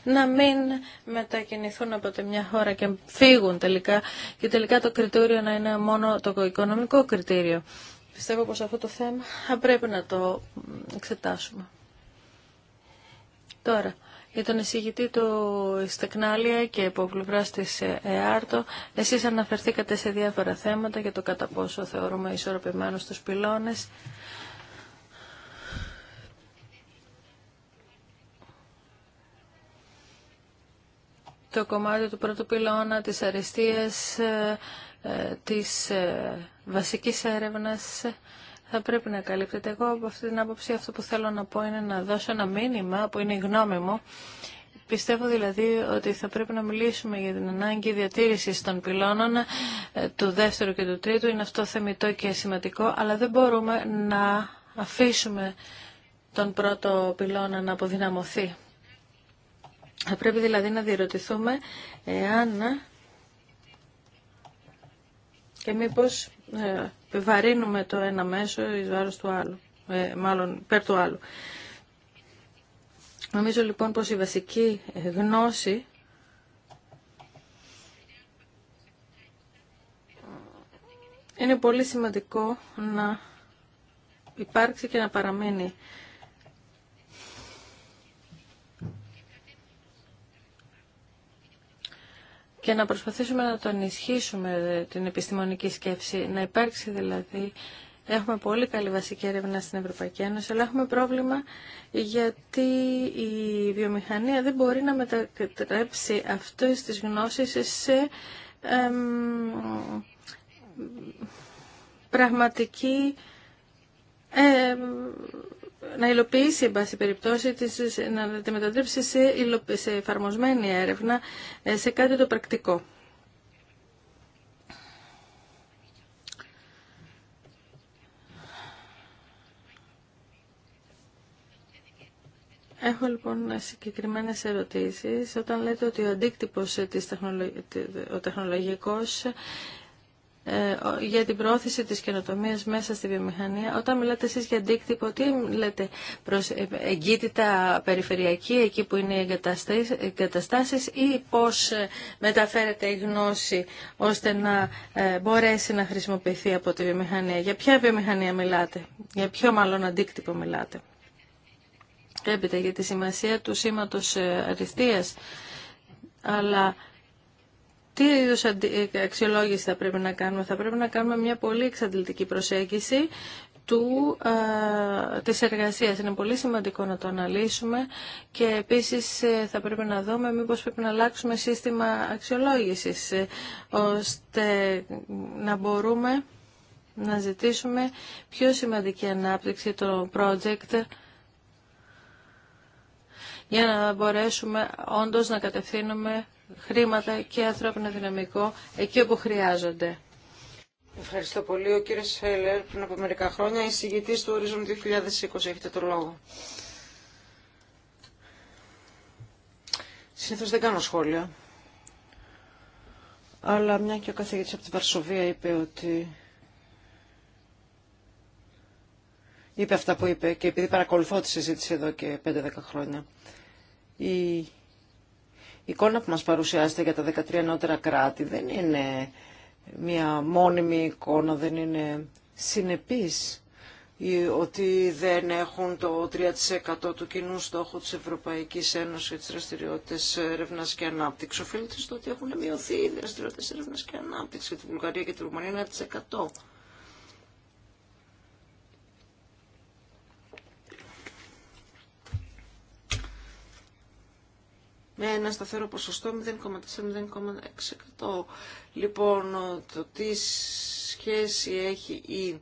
να μην μετακινηθούν από τη μια χώρα και φύγουν τελικά και τελικά το κριτήριο να είναι μόνο το οικονομικό κριτήριο. Πιστεύω πως αυτό το θέμα πρέπει να το εξετάσουμε. Τώρα, για τον εισηγητή του Στεκνάλια και από πλευρά τη ΕΑΡΤΟ, εσεί αναφερθήκατε σε διάφορα θέματα για το κατά πόσο θεωρούμε ισορροπημένου του πυλώνε. Το κομμάτι του πρώτου πυλώνα, της αριστείας, ε, της ε, βασικής έρευνας θα πρέπει να καλύπτεται. Εγώ από αυτή την άποψη αυτό που θέλω να πω είναι να δώσω ένα μήνυμα που είναι η γνώμη μου. Πιστεύω δηλαδή ότι θα πρέπει να μιλήσουμε για την ανάγκη διατήρησης των πυλώνων ε, του δεύτερου και του τρίτου. Είναι αυτό θεμητό και σημαντικό, αλλά δεν μπορούμε να αφήσουμε τον πρώτο πυλώνα να αποδυναμωθεί. Θα πρέπει δηλαδή να διερωτηθούμε εάν και μήπως ε, βαρύνουμε το ένα μέσο εις βάρος του άλλου, ε, μάλλον υπέρ του άλλου. Νομίζω λοιπόν πως η βασική γνώση είναι πολύ σημαντικό να υπάρξει και να παραμείνει και να προσπαθήσουμε να τον ισχύσουμε την επιστημονική σκέψη, να υπάρξει δηλαδή Έχουμε πολύ καλή βασική έρευνα στην Ευρωπαϊκή Ένωση, αλλά έχουμε πρόβλημα γιατί η βιομηχανία δεν μπορεί να μετατρέψει αυτές τις γνώσεις σε πραγματική εμ, να υλοποιήσει, εν πάση περιπτώσει, να τη μετατρέψει σε, σε εφαρμοσμένη έρευνα, ε, σε κάτι το πρακτικό. Έχω λοιπόν συγκεκριμένε ερωτήσει. Όταν λέτε ότι ο αντίκτυπο ε, ο τεχνολογικό ε, για την πρόθεση της καινοτομία μέσα στη βιομηχανία. Όταν μιλάτε εσείς για αντίκτυπο, τι λέτε προς ε, εγκύτητα περιφερειακή, εκεί που είναι οι εγκαταστάσεις ή πώς ε, μεταφέρεται η γνώση ώστε να μπορέσει να χρησιμοποιηθεί από τη βιομηχανία. Για ποια βιομηχανία μιλάτε, για ποιο μάλλον αντίκτυπο μιλάτε. Έπειτα για τη σημασία του σήματος αριστείας, αλλά τι είδου ε, αξιολόγηση θα πρέπει να κάνουμε. Θα πρέπει να κάνουμε μια πολύ εξαντλητική προσέγγιση του, α, της εργασίας. Είναι πολύ σημαντικό να το αναλύσουμε και επίσης ε, θα πρέπει να δούμε μήπως πρέπει να αλλάξουμε σύστημα αξιολόγησης ε, ώστε να μπορούμε να ζητήσουμε πιο σημαντική ανάπτυξη το project για να μπορέσουμε όντως να κατευθύνουμε χρήματα και ανθρώπινο δυναμικό εκεί όπου χρειάζονται. Ευχαριστώ πολύ. Ο κύριος Σελέρ πριν από μερικά χρόνια εισηγητής του Ορίζον 2020. Έχετε το λόγο. Συνήθω δεν κάνω σχόλια. Αλλά μια και ο καθηγητής από τη Βαρσοβία είπε ότι είπε αυτά που είπε και επειδή παρακολουθώ τη συζήτηση εδώ και 5-10 χρόνια. Η η εικόνα που μας παρουσιάζεται για τα 13 νότερα κράτη δεν είναι μια μόνιμη εικόνα, δεν είναι συνεπής ότι δεν έχουν το 3% του κοινού στόχου της Ευρωπαϊκής Ένωσης για τις δραστηριότητες έρευνα και ανάπτυξη. Οφείλεται στο ότι έχουν μειωθεί οι δραστηριότητες έρευνα και ανάπτυξη για τη Βουλγαρία και τη Ρουμανία 1%. με ένα σταθερό ποσοστό 0,4-0,6%. Λοιπόν, το τι σχέση έχει η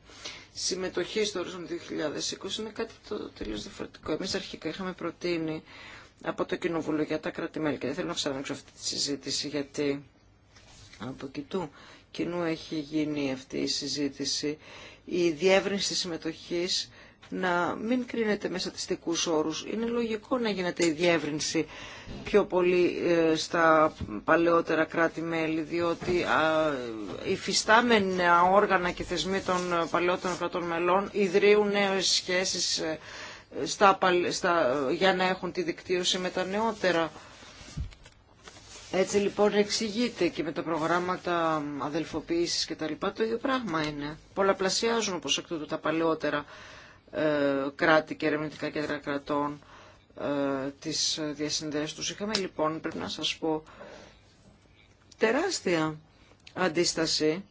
συμμετοχή στο 2020 είναι κάτι το τελείως διαφορετικό. Εμείς αρχικά είχαμε προτείνει από το Κοινοβούλιο για τα κράτη-μέλη και δεν θέλω να ξανανοίξω αυτή τη συζήτηση γιατί από κοιτού κοινού έχει γίνει αυτή η συζήτηση η διεύρυνση της συμμετοχής να μην κρίνεται με στατιστικού όρους. Είναι λογικό να γίνεται η διεύρυνση πιο πολύ ε, στα παλαιότερα κράτη-μέλη, διότι οι φυστάμενα όργανα και θεσμοί των παλαιότερων κρατών μελών ιδρύουν νέε σχέσεις ε, για να έχουν τη δικτύωση με τα νεότερα. Έτσι λοιπόν εξηγείται και με τα προγράμματα αδελφοποίησης και τα λοιπά το ίδιο πράγμα είναι. Πολλαπλασιάζουν όπως εκ τούτου τα παλαιότερα ε, κράτη και ερευνητικά κέντρα κρατών ε, τις διασυνδέσεις τους. Είχαμε λοιπόν, πρέπει να σας πω, τεράστια αντίσταση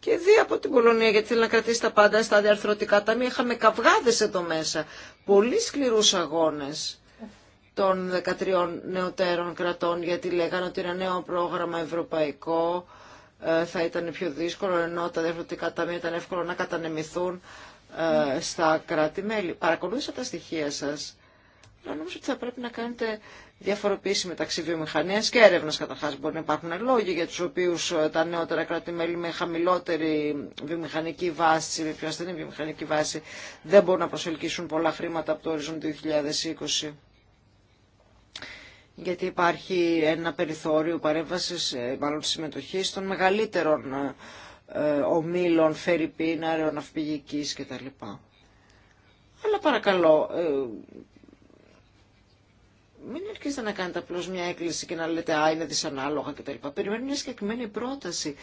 και δει από την Πολωνία γιατί θέλει να κρατήσει τα πάντα στα διαρθρωτικά ταμεία. Είχαμε καυγάδες εδώ μέσα, πολύ σκληρούς αγώνες των 13 νεωτέρων κρατών γιατί λέγανε ότι ένα νέο πρόγραμμα ευρωπαϊκό ε, θα ήταν πιο δύσκολο ενώ τα διαρθρωτικά ταμεία ήταν εύκολο να κατανεμηθούν. Ε, στα κράτη-μέλη. Παρακολούθησα τα στοιχεία σας, αλλά νομίζω ότι θα πρέπει να κάνετε διαφοροποίηση μεταξύ βιομηχανίας και έρευνας καταρχάς. Μπορεί να υπάρχουν λόγοι για τους οποίους ε, τα νεότερα κράτη-μέλη με χαμηλότερη βιομηχανική βάση, με πιο ασθενή βιομηχανική βάση, δεν μπορούν να προσελκύσουν πολλά χρήματα από το ορίζον 2020 γιατί υπάρχει ένα περιθώριο παρέμβασης, ε, μάλλον συμμετοχής των μεγαλύτερων ε, ομίλων, και αεροναυπηγικής κτλ. Αλλά παρακαλώ, ε, μην αρχίσετε να κάνετε απλώ μια έκκληση και να λέτε Α, είναι δυσανάλογα κτλ. Περιμένουμε μια συγκεκριμένη πρόταση.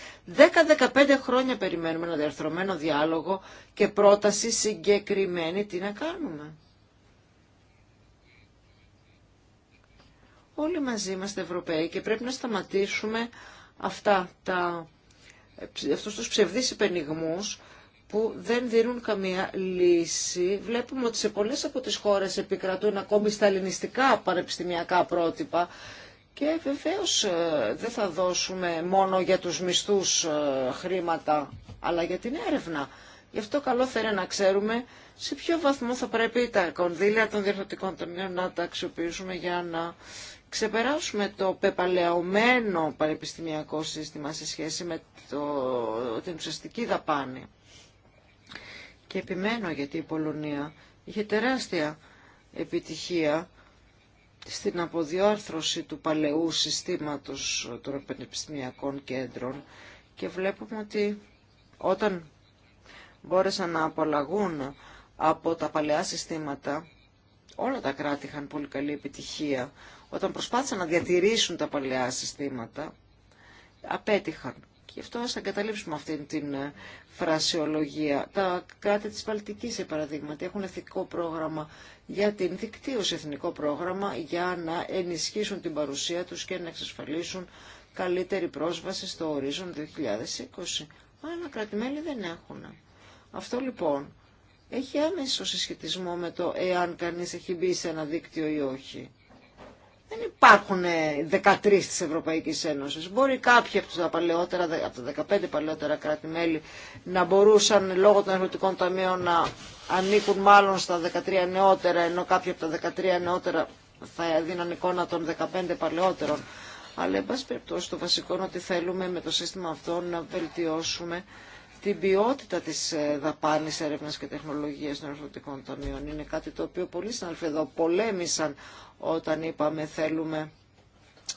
10-15 χρόνια περιμένουμε ένα διαρθρωμένο διάλογο και πρόταση συγκεκριμένη τι να κάνουμε. Όλοι μαζί είμαστε Ευρωπαίοι και πρέπει να σταματήσουμε αυτά τα ε, αυτούς τους ψευδείς υπενιγμούς που δεν δίνουν καμία λύση. Βλέπουμε ότι σε πολλές από τις χώρες επικρατούν ακόμη στα ελληνιστικά πανεπιστημιακά πρότυπα και βεβαίως ε, δεν θα δώσουμε μόνο για τους μισθούς ε, χρήματα αλλά για την έρευνα. Γι' αυτό καλό θα να ξέρουμε σε ποιο βαθμό θα πρέπει τα κονδύλια των διαρθρωτικών ταμείων να τα αξιοποιήσουμε για να ξεπεράσουμε το πεπαλαιωμένο πανεπιστημιακό σύστημα σε σχέση με το, την ουσιαστική δαπάνη. Και επιμένω γιατί η Πολωνία είχε τεράστια επιτυχία στην αποδιόρθρωση του παλαιού συστήματος των πανεπιστημιακών κέντρων και βλέπουμε ότι όταν μπόρεσαν να απαλλαγούν από τα παλαιά συστήματα, όλα τα κράτη είχαν πολύ καλή επιτυχία. Όταν προσπάθησαν να διατηρήσουν τα παλαιά συστήματα, απέτυχαν. Και αυτό θα εγκαταλείψουμε αυτή την ε, φρασιολογία. Τα κράτη της Βαλτικής, σε παραδείγμα, έχουν εθνικό πρόγραμμα για την δικτύωση εθνικό πρόγραμμα για να ενισχύσουν την παρουσία τους και να εξασφαλίσουν καλύτερη πρόσβαση στο ορίζον 2020. Αλλά κράτη-μέλη δεν έχουν. Αυτό λοιπόν έχει άμεσο συσχετισμό με το εάν κανείς έχει μπει σε ένα δίκτυο ή όχι. Δεν υπάρχουν 13 ε, της Ευρωπαϊκής Ένωσης. Μπορεί κάποιοι από τα, παλαιότερα, από τα 15 παλαιότερα κράτη-μέλη να μπορούσαν λόγω των εθνωτικών ταμείων να ανήκουν μάλλον στα 13 νεότερα, ενώ κάποιοι από τα 13 νεότερα θα δίναν εικόνα των 15 παλαιότερων. Αλλά, εν πάση περιπτώσει, το βασικό είναι ότι θέλουμε με το σύστημα αυτό να βελτιώσουμε την ποιότητα της ε, δαπάνης έρευνας και τεχνολογίας των ερθωτικών ταμείων. Είναι κάτι το οποίο πολλοί συνάδελφοι εδώ πολέμησαν όταν είπαμε θέλουμε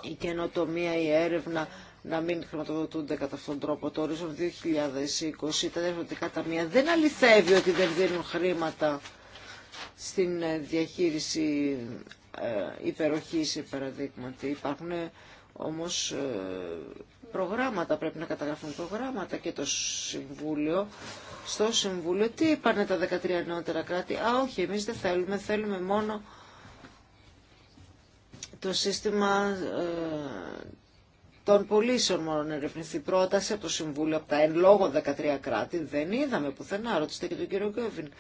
η καινοτομία, η έρευνα να μην χρηματοδοτούνται κατά αυτόν τον τρόπο. Το ορίζον 2020 τα ερευνητικά ταμεία δεν αληθεύει ότι δεν δίνουν χρήματα στην ε, διαχείριση ε, υπεροχής, παραδείγματι. Υπάρχουν όμως προγράμματα, πρέπει να καταγραφούν προγράμματα και το Συμβούλιο. Στο Συμβούλιο τι είπανε τα 13 νεότερα κράτη. Α, όχι, εμείς δεν θέλουμε, θέλουμε μόνο το σύστημα ε, των πωλήσεων μόνο να ερευνηθεί πρόταση από το Συμβούλιο, από τα εν λόγω 13 κράτη. Δεν είδαμε πουθενά, ρωτήστε και τον κύριο Γκέβιν.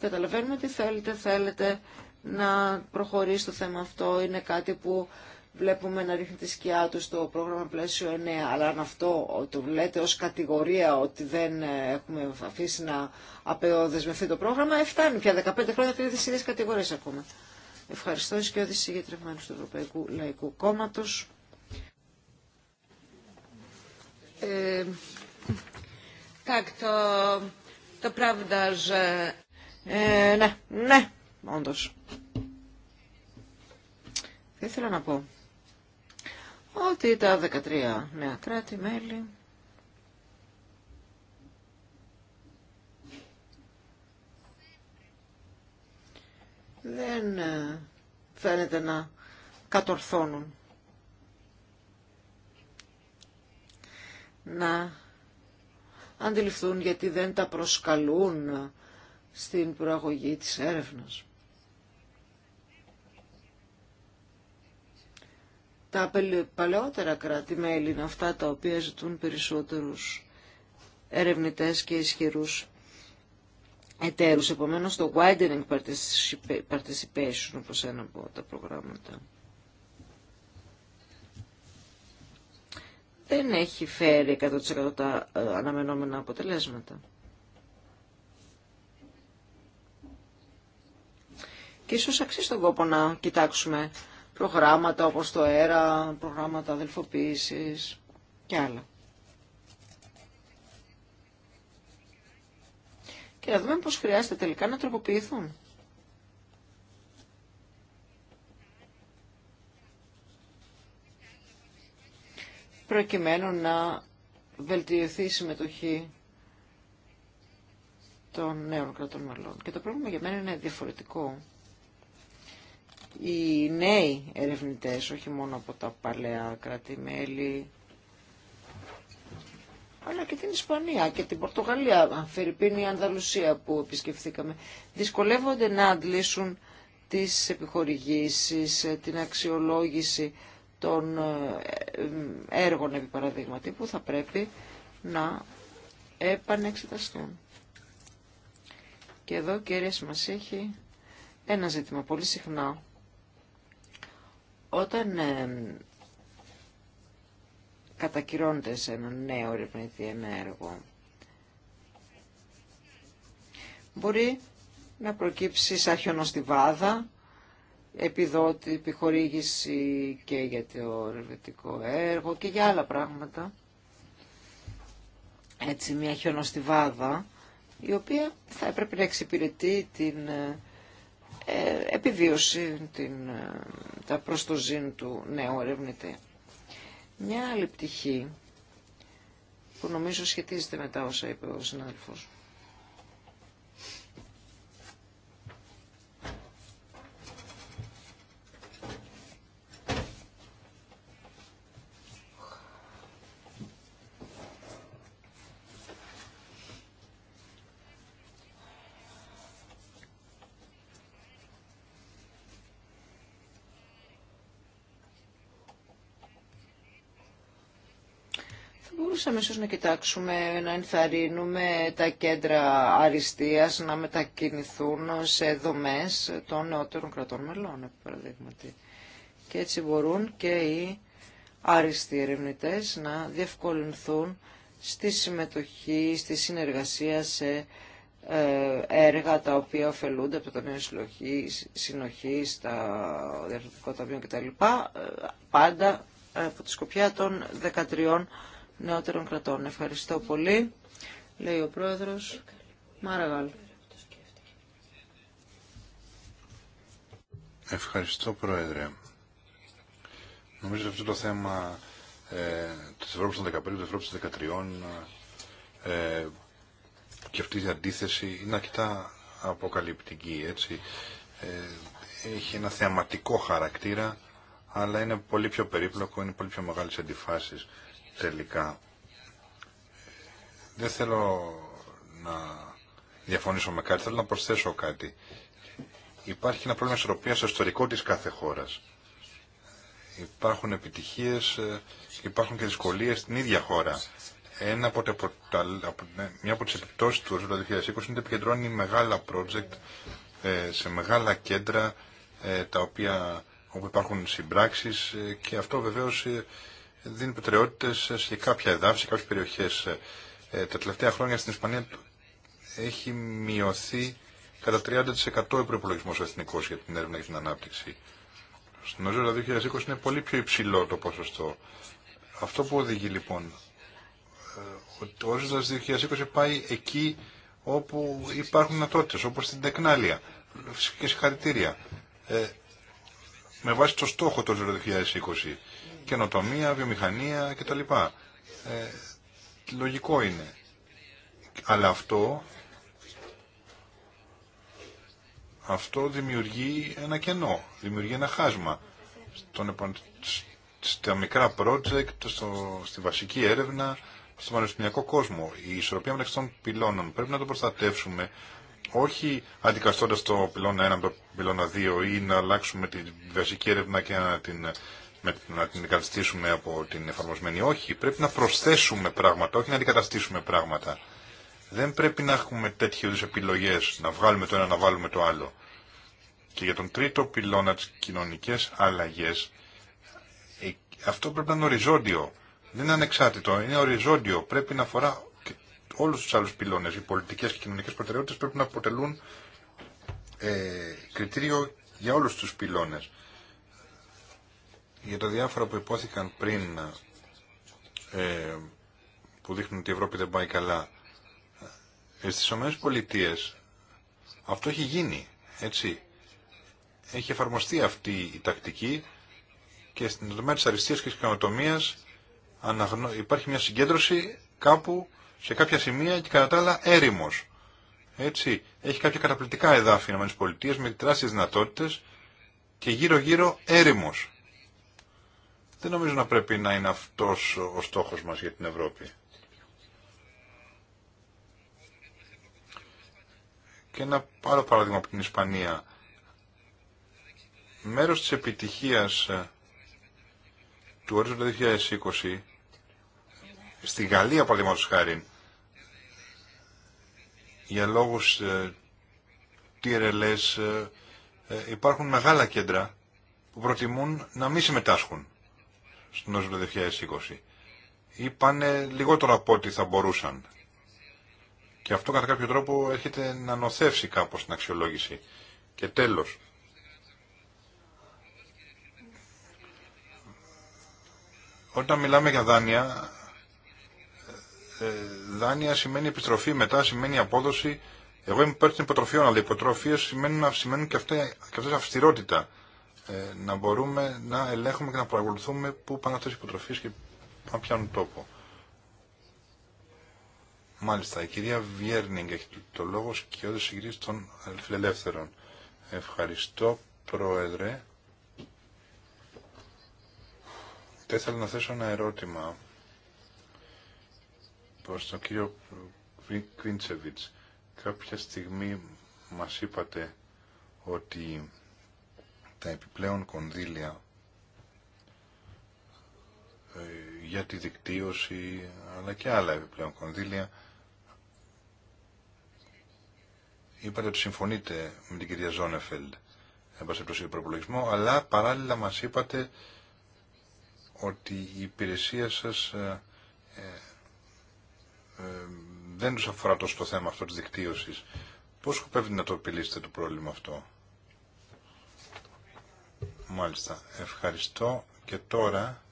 Καταλαβαίνουμε τι θέλετε, θέλετε να προχωρήσει το θέμα αυτό. Είναι κάτι που βλέπουμε να ρίχνει τη σκιά του στο πρόγραμμα πλαίσιο 9, αλλά αν αυτό το λέτε ως κατηγορία ότι δεν ε, έχουμε αφήσει να απεοδεσμευτεί το πρόγραμμα, ε, φτάνει πια 15 χρόνια πήρε τις ίδιες κατηγορίες ακόμα. Ευχαριστώ και για συγκεκριμένου του Ευρωπαϊκού Λαϊκού Κόμματος. Ε, το, το πράγμα, ε, ε, ναι, ναι, όντως. Δεν θέλω να πω ότι τα 13 νέα κράτη-μέλη δεν ε, φαίνεται να κατορθώνουν να αντιληφθούν γιατί δεν τα προσκαλούν στην προαγωγή της έρευνας. τα παλαιότερα κράτη-μέλη είναι αυτά τα οποία ζητούν περισσότερους ερευνητές και ισχυρούς εταίρους. Επομένως το widening participation όπως ένα από τα προγράμματα. Δεν έχει φέρει 100% τα ε, αναμενόμενα αποτελέσματα. Και ίσως αξίζει τον κόπο να κοιτάξουμε προγράμματα όπως το ΕΡΑ, προγράμματα αδελφοποίησης και άλλα. Και να δούμε πώς χρειάζεται τελικά να τροποποιηθούν. προκειμένου να βελτιωθεί η συμμετοχή των νέων κρατών μελών. Και το πρόβλημα για μένα είναι διαφορετικό οι νέοι ερευνητές, όχι μόνο από τα παλαια κρατημέλη, αλλά και την Ισπανία και την Πορτογαλία, Φερρυπίνη, Ανδαλουσία που επισκεφθήκαμε, δυσκολεύονται να αντλήσουν τις επιχορηγήσεις, την αξιολόγηση των ε, έργων, επί που θα πρέπει να επανεξεταστούν. Και εδώ, κύριε, μας έχει ένα ζήτημα πολύ συχνά όταν ε, κατακυρώνεται σε ένα νέο ερευνητή έργο, μπορεί να προκύψει σαν χιονοστιβάδα, επιδότη, επιχορήγηση και για το ερευνητικό έργο και για άλλα πράγματα. Έτσι μια χιονοστιβάδα η οποία θα έπρεπε να εξυπηρετεί την ε, ε, επιβίωση την, ε, τα προστοζήν του νέου ερευνητή. Μια άλλη πτυχή που νομίζω σχετίζεται με τα όσα είπε ο συνάδελφος μπορούσαμε ίσως να κοιτάξουμε, να ενθαρρύνουμε τα κέντρα αριστείας να μετακινηθούν σε δομές των νεότερων κρατών μελών, παραδείγματι. Και έτσι μπορούν και οι άριστοι ερευνητέ να διευκολυνθούν στη συμμετοχή, στη συνεργασία σε ε, έργα τα οποία ωφελούνται από το νέο Συλλογή, Συνοχή, τα Διαρθρωτικό Ταμείο κτλ. Ε, πάντα ε, από τη σκοπιά των 13 νεότερων κρατών. Ευχαριστώ πολύ, λέει ο Πρόεδρος Μάραγαλ. Ευχαριστώ, Πρόεδρε. Νομίζω ότι αυτό το θέμα ε, της Ευρώπης των 15, της Ευρώπης των 13 ε, και αυτή η αντίθεση είναι αρκετά αποκαλυπτική, έτσι. Ε, έχει ένα θεαματικό χαρακτήρα, αλλά είναι πολύ πιο περίπλοκο, είναι πολύ πιο μεγάλες αντιφάσεις τελικά. Δεν θέλω να διαφωνήσω με κάτι, θέλω να προσθέσω κάτι. Υπάρχει ένα πρόβλημα ισορροπία στο ιστορικό της κάθε χώρας. Υπάρχουν επιτυχίες ε, υπάρχουν και δυσκολίες στην ίδια χώρα. Ένα από τα, ναι, μια από τις επιπτώσεις του 2020 είναι ότι επικεντρώνει μεγάλα project ε, σε μεγάλα κέντρα ε, τα οποία όπου υπάρχουν συμπράξεις και αυτό βεβαίως δίνει προτεραιότητε σε κάποια εδάφη, σε κάποιε περιοχέ. Ε, τα τελευταία χρόνια στην Ισπανία έχει μειωθεί κατά 30% ο προπολογισμό εθνικό για την έρευνα και την ανάπτυξη. Στην 2020 είναι πολύ πιο υψηλό το ποσοστό. Αυτό που οδηγεί λοιπόν, ε, ο το 2020 πάει εκεί όπου υπάρχουν δυνατότητε, όπω στην Τεκνάλια. Φυσικά συγχαρητήρια. Ε, με βάση το στόχο το 2020 καινοτομία, βιομηχανία κτλ. Ε, λογικό είναι. Αλλά αυτό, αυτό δημιουργεί ένα κενό, δημιουργεί ένα χάσμα. Στον, στα μικρά project, στο, στη βασική έρευνα, στον πανεπιστημιακό κόσμο. Η ισορροπία μεταξύ των πυλώνων πρέπει να το προστατεύσουμε, όχι αντικαστώντα το πυλώνα 1 από το πυλώνα 2 ή να αλλάξουμε τη βασική έρευνα και να την να την εγκαταστήσουμε από την εφαρμοσμένη. Όχι, πρέπει να προσθέσουμε πράγματα, όχι να αντικαταστήσουμε πράγματα. Δεν πρέπει να έχουμε τέτοιου είδου επιλογέ, να βγάλουμε το ένα, να βάλουμε το άλλο. Και για τον τρίτο πυλώνα τι κοινωνικέ αλλαγέ, ε, αυτό πρέπει να είναι οριζόντιο. Δεν είναι ανεξάρτητο, είναι οριζόντιο. Πρέπει να αφορά όλου του άλλου πυλώνε. Οι πολιτικέ και κοινωνικέ προτεραιότητε πρέπει να αποτελούν ε, κριτήριο για όλου του πυλώνε για τα διάφορα που υπόθηκαν πριν ε, που δείχνουν ότι η Ευρώπη δεν πάει καλά. Ε, στις πολιτείες αυτό έχει γίνει, έτσι. Έχει εφαρμοστεί αυτή η τακτική και στην τομέα της αριστείας και της κανοτομίας υπάρχει μια συγκέντρωση κάπου σε κάποια σημεία και κατά τα άλλα έρημος. Έτσι, έχει κάποια καταπληκτικά εδάφη οι με τεράστιες δυνατότητες και γύρω-γύρω έρημος δεν νομίζω να πρέπει να είναι αυτός ο στόχος μας για την Ευρώπη. Και ένα άλλο παράδειγμα από την Ισπανία. Μέρος της επιτυχίας ε, του του 2020 στη Γαλλία παραδείγματος χάρη για λόγους ε, ε, υπάρχουν μεγάλα κέντρα που προτιμούν να μην συμμετάσχουν στην όσο 2020. Ή πάνε λιγότερο από ό,τι θα μπορούσαν. Και αυτό κατά κάποιο τρόπο έρχεται να νοθεύσει κάπως την αξιολόγηση. Και τέλος. Όταν μιλάμε για δάνεια, ε, δάνεια σημαίνει επιστροφή μετά, σημαίνει απόδοση. Εγώ είμαι υπέρ των υποτροφιών, αλλά οι υποτροφίε σημαίνουν, σημαίνουν και, αυτέ, και αυτές αυστηρότητα. Ε, να μπορούμε να ελέγχουμε και να παρακολουθούμε πού πάνε αυτές οι υποτροφίες και να πιάνουν τόπο. Μάλιστα, η κυρία Βιέρνιγκ έχει το λόγο και οι συγκρίσει των φιλελεύθερων. Ευχαριστώ, Πρόεδρε. Θα ήθελα να θέσω ένα ερώτημα προς τον κύριο Κβίντσεβιτς. Κάποια στιγμή μας είπατε ότι τα επιπλέον κονδύλια ε, για τη δικτύωση αλλά και άλλα επιπλέον κονδύλια. Είπατε ότι συμφωνείτε με την κυρία Ζόνεφελντ το προπολογισμό, αλλά παράλληλα μας είπατε ότι η υπηρεσία σας ε, ε, ε, δεν τους αφορά τόσο το θέμα αυτό της δικτύωσης. Πώς σκοπεύετε να το επιλύσετε το πρόβλημα αυτό. Μάλιστα. Ευχαριστώ. Και τώρα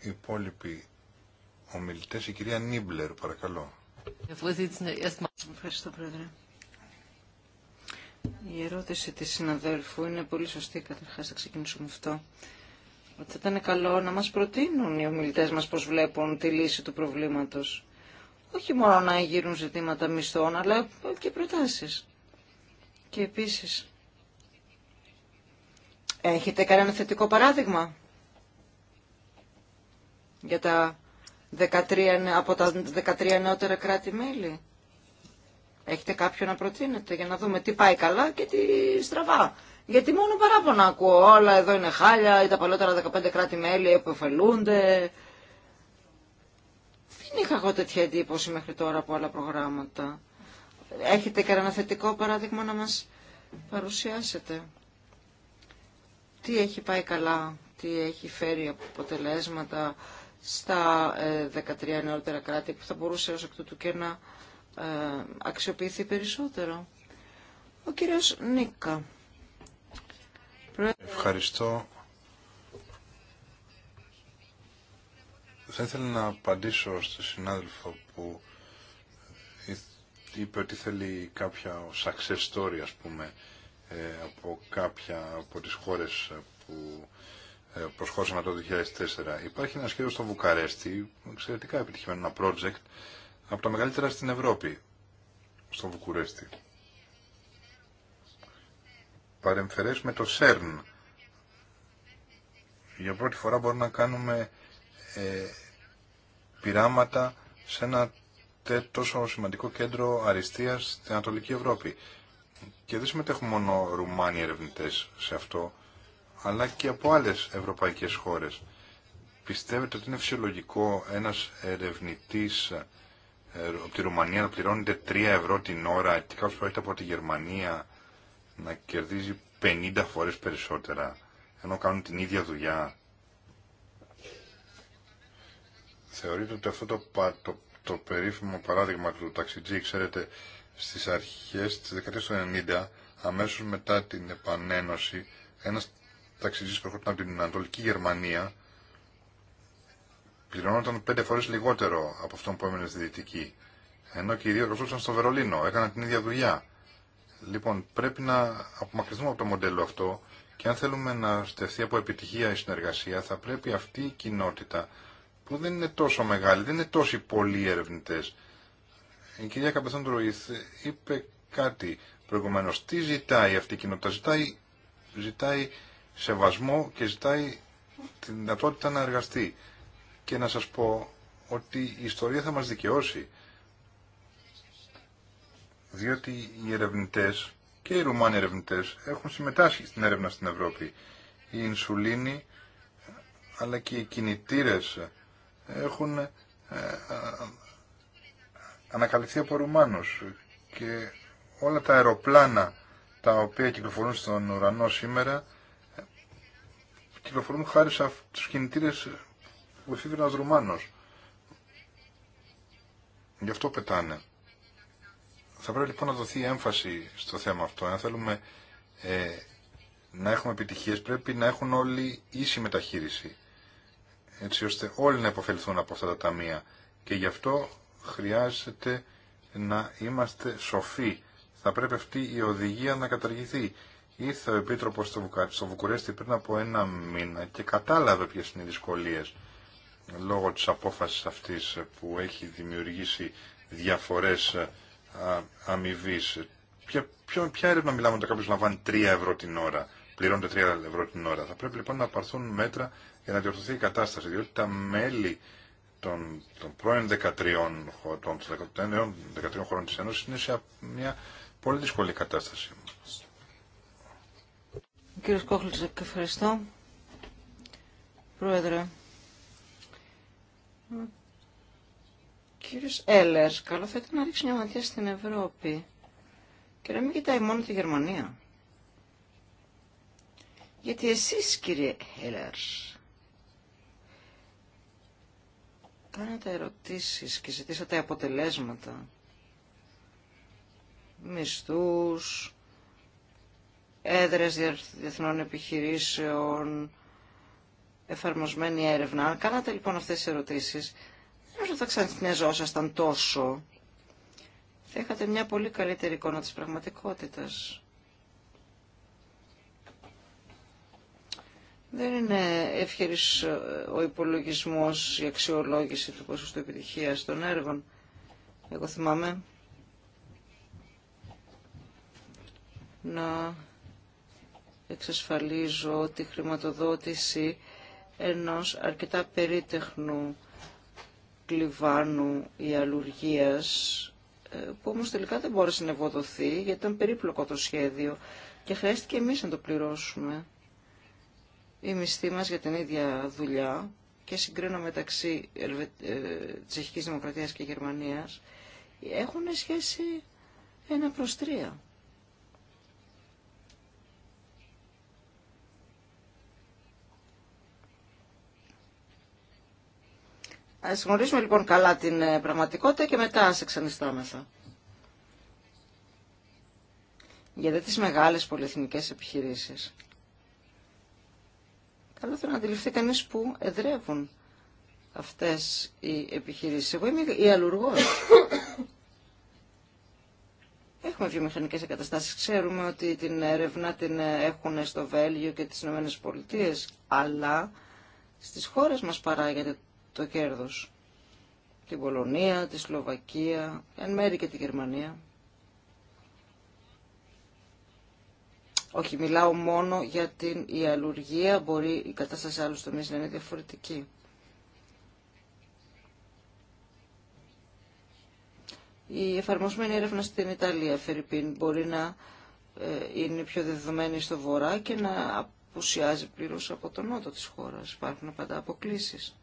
οι υπόλοιποι ομιλητές, η κυρία Νίμπλερ, παρακαλώ. Ευχαριστώ, Πρόεδρε. Η ερώτηση της συναδέλφου είναι πολύ σωστή, καταρχάς θα ξεκινήσουμε αυτό. Ότι θα ήταν καλό να μας προτείνουν οι ομιλητές μας πώς βλέπουν τη λύση του προβλήματος. Όχι μόνο να γύρουν ζητήματα μισθών, αλλά και προτάσεις. Και επίσης, Έχετε κανένα θετικό παράδειγμα για τα 13, από τα 13 νεότερα κράτη-μέλη. Έχετε κάποιο να προτείνετε για να δούμε τι πάει καλά και τι στραβά. Γιατί μόνο παράπονα ακούω. Όλα εδώ είναι χάλια ή τα παλαιότερα 15 κράτη-μέλη επωφελούνται. Δεν είχα εγώ τέτοια εντύπωση μέχρι τώρα από άλλα προγράμματα. Έχετε κανένα θετικό παράδειγμα να μας παρουσιάσετε τι έχει πάει καλά, τι έχει φέρει αποτελέσματα στα 13 ε, νεότερα κράτη που θα μπορούσε ως εκ τούτου και να ε, αξιοποιηθεί περισσότερο. Ο κύριος Νίκα. Ευχαριστώ. Θα ήθελα να απαντήσω στο συνάδελφο που είπε ότι θέλει κάποια success story, ας πούμε, ε, από κάποια από τις χώρες που ε, προσχώρησαν το 2004. Υπάρχει ένα σχέδιο στο Βουκαρέστι, εξαιρετικά επιτυχημένο, ένα project, από τα μεγαλύτερα στην Ευρώπη, στο Βουκουρέστι. Παρεμφερές με το ΣΕΡΝ. Για πρώτη φορά μπορούμε να κάνουμε ε, πειράματα σε ένα τόσο σημαντικό κέντρο αριστείας στην Ανατολική Ευρώπη. Και δεν συμμετέχουν μόνο Ρουμάνοι ερευνητέ σε αυτό, αλλά και από άλλε ευρωπαϊκέ χώρε. Πιστεύετε ότι είναι φυσιολογικό ένα ερευνητή ε, από τη Ρουμανία να πληρώνεται 3 ευρώ την ώρα και κάποιο που έρχεται από τη Γερμανία να κερδίζει 50 φορέ περισσότερα ενώ κάνουν την ίδια δουλειά. Θεωρείτε ότι αυτό το, το, το περίφημο παράδειγμα του ταξιτζή, ξέρετε, στις αρχές της δεκαετίας του 90, αμέσως μετά την επανένωση, ένας ταξιδιώτης έρχονταν από την Ανατολική Γερμανία, πληρώνονταν πέντε φορές λιγότερο από αυτόν που έμενε στη Δυτική. Ενώ και οι δύο εργαζόταν στο Βερολίνο, έκαναν την ίδια δουλειά. Λοιπόν, πρέπει να απομακρυνθούμε από το μοντέλο αυτό και αν θέλουμε να στεφθεί από επιτυχία η συνεργασία, θα πρέπει αυτή η κοινότητα που δεν είναι τόσο μεγάλη, δεν είναι τόσοι πολλοί ερευνητέ, η κυρία Καπεθόντου είπε κάτι προηγουμένω. Τι ζητάει αυτή η κοινότητα. Ζητάει, σεβασμό και ζητάει την δυνατότητα να εργαστεί. Και να σας πω ότι η ιστορία θα μας δικαιώσει. Διότι οι ερευνητές και οι Ρουμάνοι ερευνητές έχουν συμμετάσχει στην έρευνα στην Ευρώπη. Η Ινσουλίνη αλλά και οι κινητήρες έχουν ε, ανακαλυφθεί από Ρουμάνους και όλα τα αεροπλάνα τα οποία κυκλοφορούν στον ουρανό σήμερα ε, κυκλοφορούν χάρη σε τους κινητήρες που ένας Ρουμάνος. Γι' αυτό πετάνε. Θα πρέπει λοιπόν να δοθεί έμφαση στο θέμα αυτό. Αν θέλουμε ε, να έχουμε επιτυχίες πρέπει να έχουν όλοι ίση μεταχείριση. Έτσι ώστε όλοι να υποφελθούν από αυτά τα ταμεία. Και γι' αυτό χρειάζεται να είμαστε σοφοί. Θα πρέπει αυτή η οδηγία να καταργηθεί. Ήρθε ο επίτροπο στο, Βουκα... Βουκουρέστι πριν από ένα μήνα και κατάλαβε ποιε είναι οι δυσκολίες λόγω τη απόφαση αυτή που έχει δημιουργήσει διαφορέ ε, αμοιβή. Ποια, ποια, ποια έρευνα μιλάμε όταν κάποιο λαμβάνει 3 ευρώ την ώρα, πληρώνεται 3 ευρώ την ώρα. Θα πρέπει λοιπόν να παρθούν μέτρα για να διορθωθεί η κατάσταση, διότι τα μέλη των, των πρώην 13, των 13, χωρών της Ένωσης είναι σε μια πολύ δύσκολη κατάσταση. Κύριος Κόχλης, ευχαριστώ. Πρόεδρε. Κύριος Έλερ, καλό θα ήταν να ρίξει μια ματιά στην Ευρώπη και να μην κοιτάει μόνο τη Γερμανία. Γιατί εσείς κύριε Έλερ, Κάνατε ερωτήσεις και ζητήσατε αποτελέσματα. Μισθούς, έδρες διεθνών επιχειρήσεων, εφαρμοσμένη έρευνα. κάνατε λοιπόν αυτές τις ερωτήσεις, δεν θα ξανθυνεζόσασταν τόσο. Θα είχατε μια πολύ καλύτερη εικόνα της πραγματικότητας. Δεν είναι εύχερης ε, ο υπολογισμός, η αξιολόγηση του ποσοστού επιτυχίας των έργων. Εγώ θυμάμαι να εξασφαλίζω τη χρηματοδότηση ενός αρκετά περίτεχνου κλιβάνου ή αλουργίας ε, που όμως τελικά δεν μπόρεσε να ευοδοθεί γιατί ήταν περίπλοκο το σχέδιο και χρειάστηκε εμείς να το πληρώσουμε η μισθοί μας για την ίδια δουλειά και συγκρίνω μεταξύ ε, ε, Τσεχικής Δημοκρατίας και Γερμανίας έχουν σχέση ένα προς τρία. Ας γνωρίσουμε λοιπόν καλά την ε, πραγματικότητα και μετά ας εξανιστάμεθα. γιατί τις μεγάλες πολυεθνικές επιχειρήσεις αλλά θέλω να αντιληφθεί κανείς που εδρεύουν αυτές οι επιχειρήσεις. Εγώ είμαι η αλουργός. Έχουμε βιομηχανικές εγκαταστάσεις. Ξέρουμε ότι την έρευνα την έχουν στο Βέλγιο και τις Ηνωμένες Πολιτείες, αλλά στις χώρες μας παράγεται το κέρδος. Την Πολωνία, τη Σλοβακία, εν μέρη και τη Γερμανία. Όχι, μιλάω μόνο για την ιαλουργία. Μπορεί η κατάσταση σε άλλους τομείς να είναι διαφορετική. Η εφαρμοσμένη έρευνα στην Ιταλία, Φερρυπίν, μπορεί να ε, είναι πιο δεδομένη στο βορρά και να απουσιάζει πλήρω από τον νότο της χώρας. Υπάρχουν πάντα αποκλήσεις.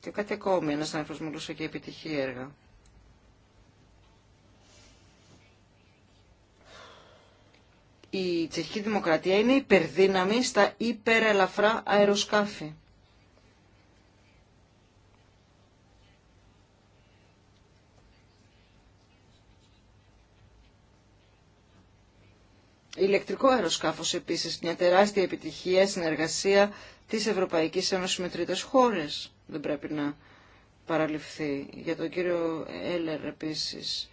Και κάτι ακόμη, ένας άνθρωπος μιλούσε και επιτυχή έργα. η τσεχική δημοκρατία είναι υπερδύναμη στα υπερελαφρά αεροσκάφη. Ηλεκτρικό αεροσκάφος επίσης, μια τεράστια επιτυχία, συνεργασία της Ευρωπαϊκής Ένωσης με τρίτες χώρες. Δεν πρέπει να παραλυφθεί. Για τον κύριο Έλερ επίσης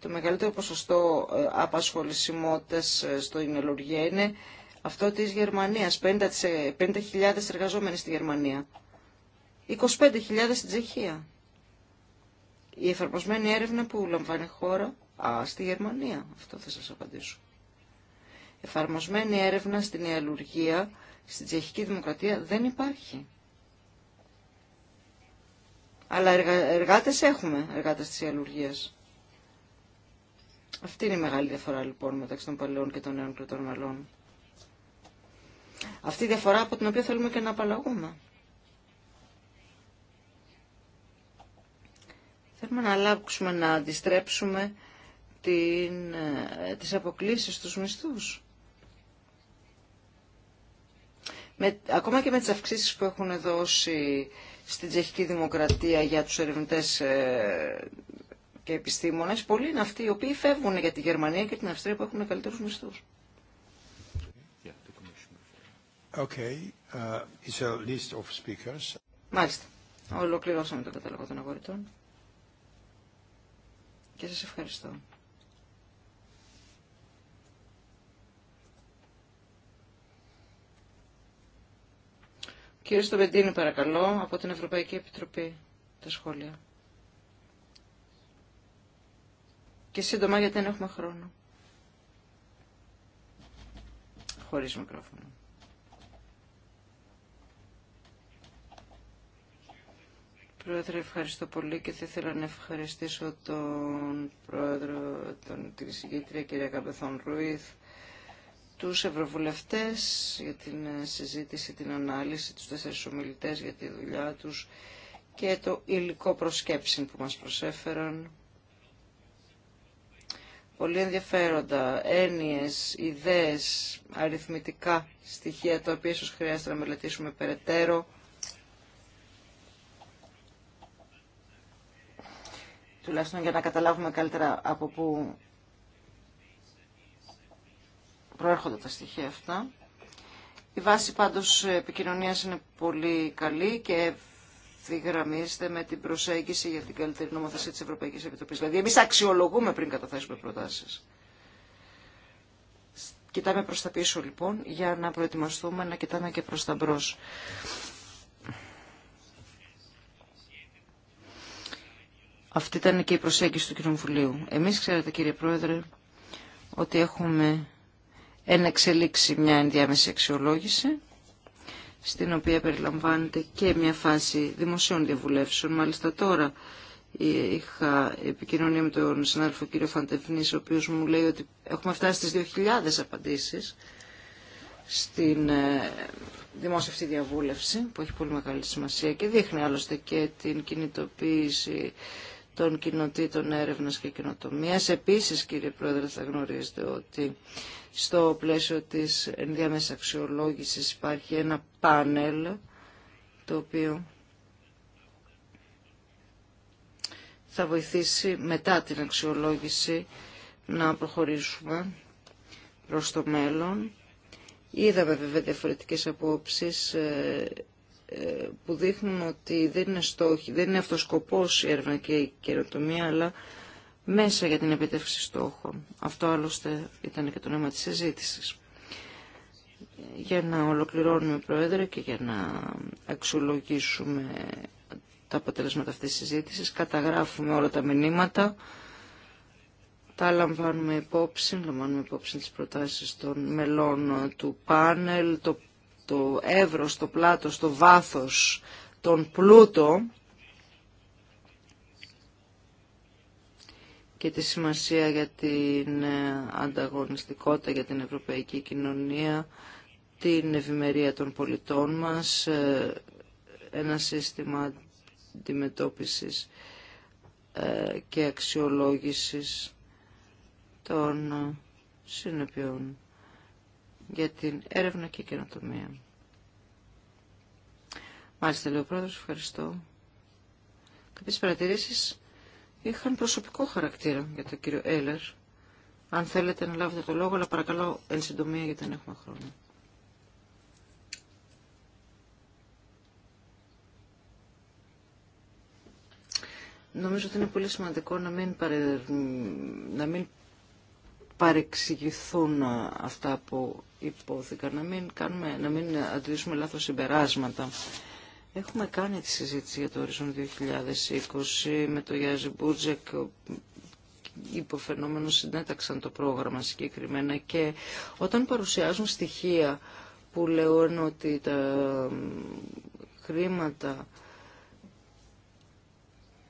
το μεγαλύτερο ποσοστό ε, απασχολησιμότητας ε, στο ημελουργία είναι αυτό της Γερμανίας, 50.000 εργαζόμενοι στη Γερμανία, 25.000 στην Τσεχία. Η εφαρμοσμένη έρευνα που λαμβάνει χώρα α, στη Γερμανία, αυτό θα σας απαντήσω. Εφαρμοσμένη έρευνα στην ιαλουργία, στην Τσεχική Δημοκρατία δεν υπάρχει. Αλλά εργάτες έχουμε, εργάτες της ιαλουργίας. Αυτή είναι η μεγάλη διαφορά λοιπόν μεταξύ των παλαιών και των νέων κρατών μελών. Αυτή η διαφορά από την οποία θέλουμε και να απαλλαγούμε. Θέλουμε να αλλάξουμε, να αντιστρέψουμε την, ε, τις αποκλήσεις στους μισθούς. Με, ακόμα και με τις αυξήσεις που έχουν δώσει στην τσεχική δημοκρατία για τους ερευνητές ε, και επιστήμονες, πολλοί είναι αυτοί οι οποίοι φεύγουν για τη Γερμανία και την Αυστρία που έχουν καλύτερου μισθού. Okay. Uh, Μάλιστα. Ολοκληρώσαμε το κατάλογο των αγορητών. Και σας ευχαριστώ. Κύριε Στομπεντίνη, παρακαλώ, από την Ευρωπαϊκή Επιτροπή, τα σχόλια. και σύντομα γιατί δεν έχουμε χρόνο. Χωρίς μικρόφωνο. Πρόεδρε, ευχαριστώ πολύ και θα ήθελα να ευχαριστήσω τον Πρόεδρο, τον, την συγκήτρια κυρία Καπεθών Ρουίθ, τους Ευρωβουλευτές για την συζήτηση, την ανάλυση, τους τέσσερις ομιλητές για τη δουλειά τους και το υλικό προσκέψη που μας προσέφεραν πολύ ενδιαφέροντα έννοιες, ιδέες, αριθμητικά στοιχεία τα οποία ίσως χρειάζεται να μελετήσουμε περαιτέρω. Τουλάχιστον για να καταλάβουμε καλύτερα από πού προέρχονται τα στοιχεία αυτά. Η βάση πάντως επικοινωνίας είναι πολύ καλή και ευθυγραμμίζεται με την προσέγγιση για την καλύτερη νομοθεσία της Ευρωπαϊκής Επιτροπή. Δηλαδή εμεί αξιολογούμε πριν καταθέσουμε προτάσεις. Κοιτάμε προ τα πίσω λοιπόν για να προετοιμαστούμε να κοιτάμε και προ τα μπρο. Αυτή ήταν και η προσέγγιση του Κοινοβουλίου. Εμείς ξέρετε κύριε Πρόεδρε ότι έχουμε ένα εξελίξει μια ενδιάμεση αξιολόγηση στην οποία περιλαμβάνεται και μια φάση δημοσίων διαβουλεύσεων. Μάλιστα τώρα ε, είχα επικοινωνία με τον συνάδελφο κύριο Φαντεφνής ο οποίος μου λέει ότι έχουμε φτάσει στις 2.000 απαντήσεις στην ε, δημόσια αυτή διαβούλευση, που έχει πολύ μεγάλη σημασία και δείχνει άλλωστε και την κινητοποίηση των κοινοτήτων έρευνας και κοινοτομίας. Επίσης, κύριε Πρόεδρε, θα γνωρίζετε ότι στο πλαίσιο της ενδιάμεσης αξιολόγηση υπάρχει ένα πάνελ το οποίο θα βοηθήσει μετά την αξιολόγηση να προχωρήσουμε προς το μέλλον. Είδαμε βέβαια διαφορετικές απόψεις ε, ε, που δείχνουν ότι δεν είναι στόχοι, δεν είναι αυτός η έρευνα και η καινοτομία, αλλά μέσα για την επιτεύξη στόχων. Αυτό άλλωστε ήταν και το νόημα της συζήτηση. Για να ολοκληρώνουμε, Πρόεδρε, και για να αξιολογήσουμε τα αποτελέσματα αυτής της συζήτησης, καταγράφουμε όλα τα μηνύματα, τα λαμβάνουμε υπόψη, λαμβάνουμε υπόψη τις προτάσεις των μελών του πάνελ, το, το εύρος, το πλάτος, το βάθος, τον πλούτο και τη σημασία για την ε, ανταγωνιστικότητα για την ευρωπαϊκή κοινωνία, την ευημερία των πολιτών μας, ε, ένα σύστημα αντιμετώπισης ε, και αξιολόγησης των συνεπειών για την έρευνα και καινοτομία. Μάλιστα, λέει ευχαριστώ. Κάποιες παρατηρήσεις είχαν προσωπικό χαρακτήρα για τον κύριο Έλερ. Αν θέλετε να λάβετε το λόγο, αλλά παρακαλώ εν συντομία γιατί δεν έχουμε χρόνο. Νομίζω ότι είναι πολύ σημαντικό να μην, παρε... παρεξηγηθούν αυτά που υπόθηκαν, να μην, κάνουμε... να μην αντιλήσουμε λάθος συμπεράσματα. Έχουμε κάνει τη συζήτηση για το Horizon 2020 με το Γιάζι Μπούτζεκ, υποφαινόμενο συνέταξαν το πρόγραμμα συγκεκριμένα και όταν παρουσιάζουν στοιχεία που λένε ότι τα χρήματα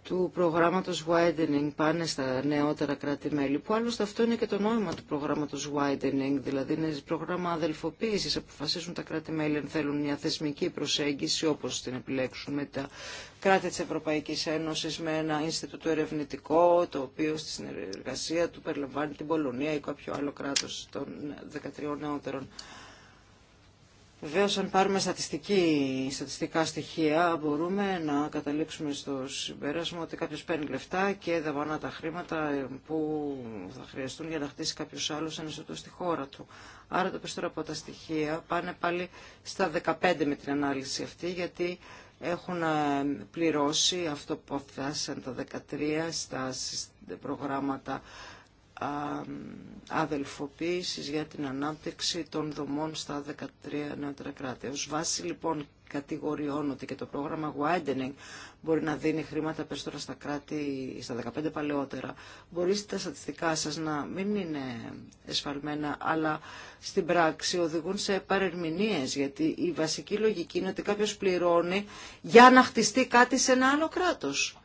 του προγράμματος widening πάνε στα νεότερα κράτη-μέλη, που άλλωστε αυτό είναι και το νόημα του προγράμματος widening, δηλαδή είναι πρόγραμμα αδελφοποίησης, αποφασίζουν τα κράτη-μέλη αν θέλουν μια θεσμική προσέγγιση, όπως την επιλέξουν με τα κράτη της Ευρωπαϊκής Ένωσης, με ένα Ινστιτούτο ερευνητικό, το οποίο στη συνεργασία του περιλαμβάνει την Πολωνία ή κάποιο άλλο κράτος των 13 νεότερων Βεβαίως αν πάρουμε στατιστική, στατιστικά στοιχεία μπορούμε να καταλήξουμε στο συμπέρασμα ότι κάποιος παίρνει λεφτά και δαπανά τα χρήματα που θα χρειαστούν για να χτίσει κάποιος άλλος ανισοτό στη χώρα του. Άρα το περισσότερα από τα στοιχεία πάνε πάλι στα 15 με την ανάλυση αυτή γιατί έχουν ε, πληρώσει αυτό που αποφάσισαν τα 13 στα προγράμματα αδελφοποίησης για την ανάπτυξη των δομών στα 13 νεότερα κράτη. Ως βάση λοιπόν κατηγοριών ότι και το πρόγραμμα Widening μπορεί να δίνει χρήματα περισσότερα στα κράτη, στα 15 παλαιότερα. Μπορεί τα στατιστικά σας να μην είναι εσφαλμένα, αλλά στην πράξη οδηγούν σε παρερμηνίες, γιατί η βασική λογική είναι ότι κάποιος πληρώνει για να χτιστεί κάτι σε ένα άλλο κράτος.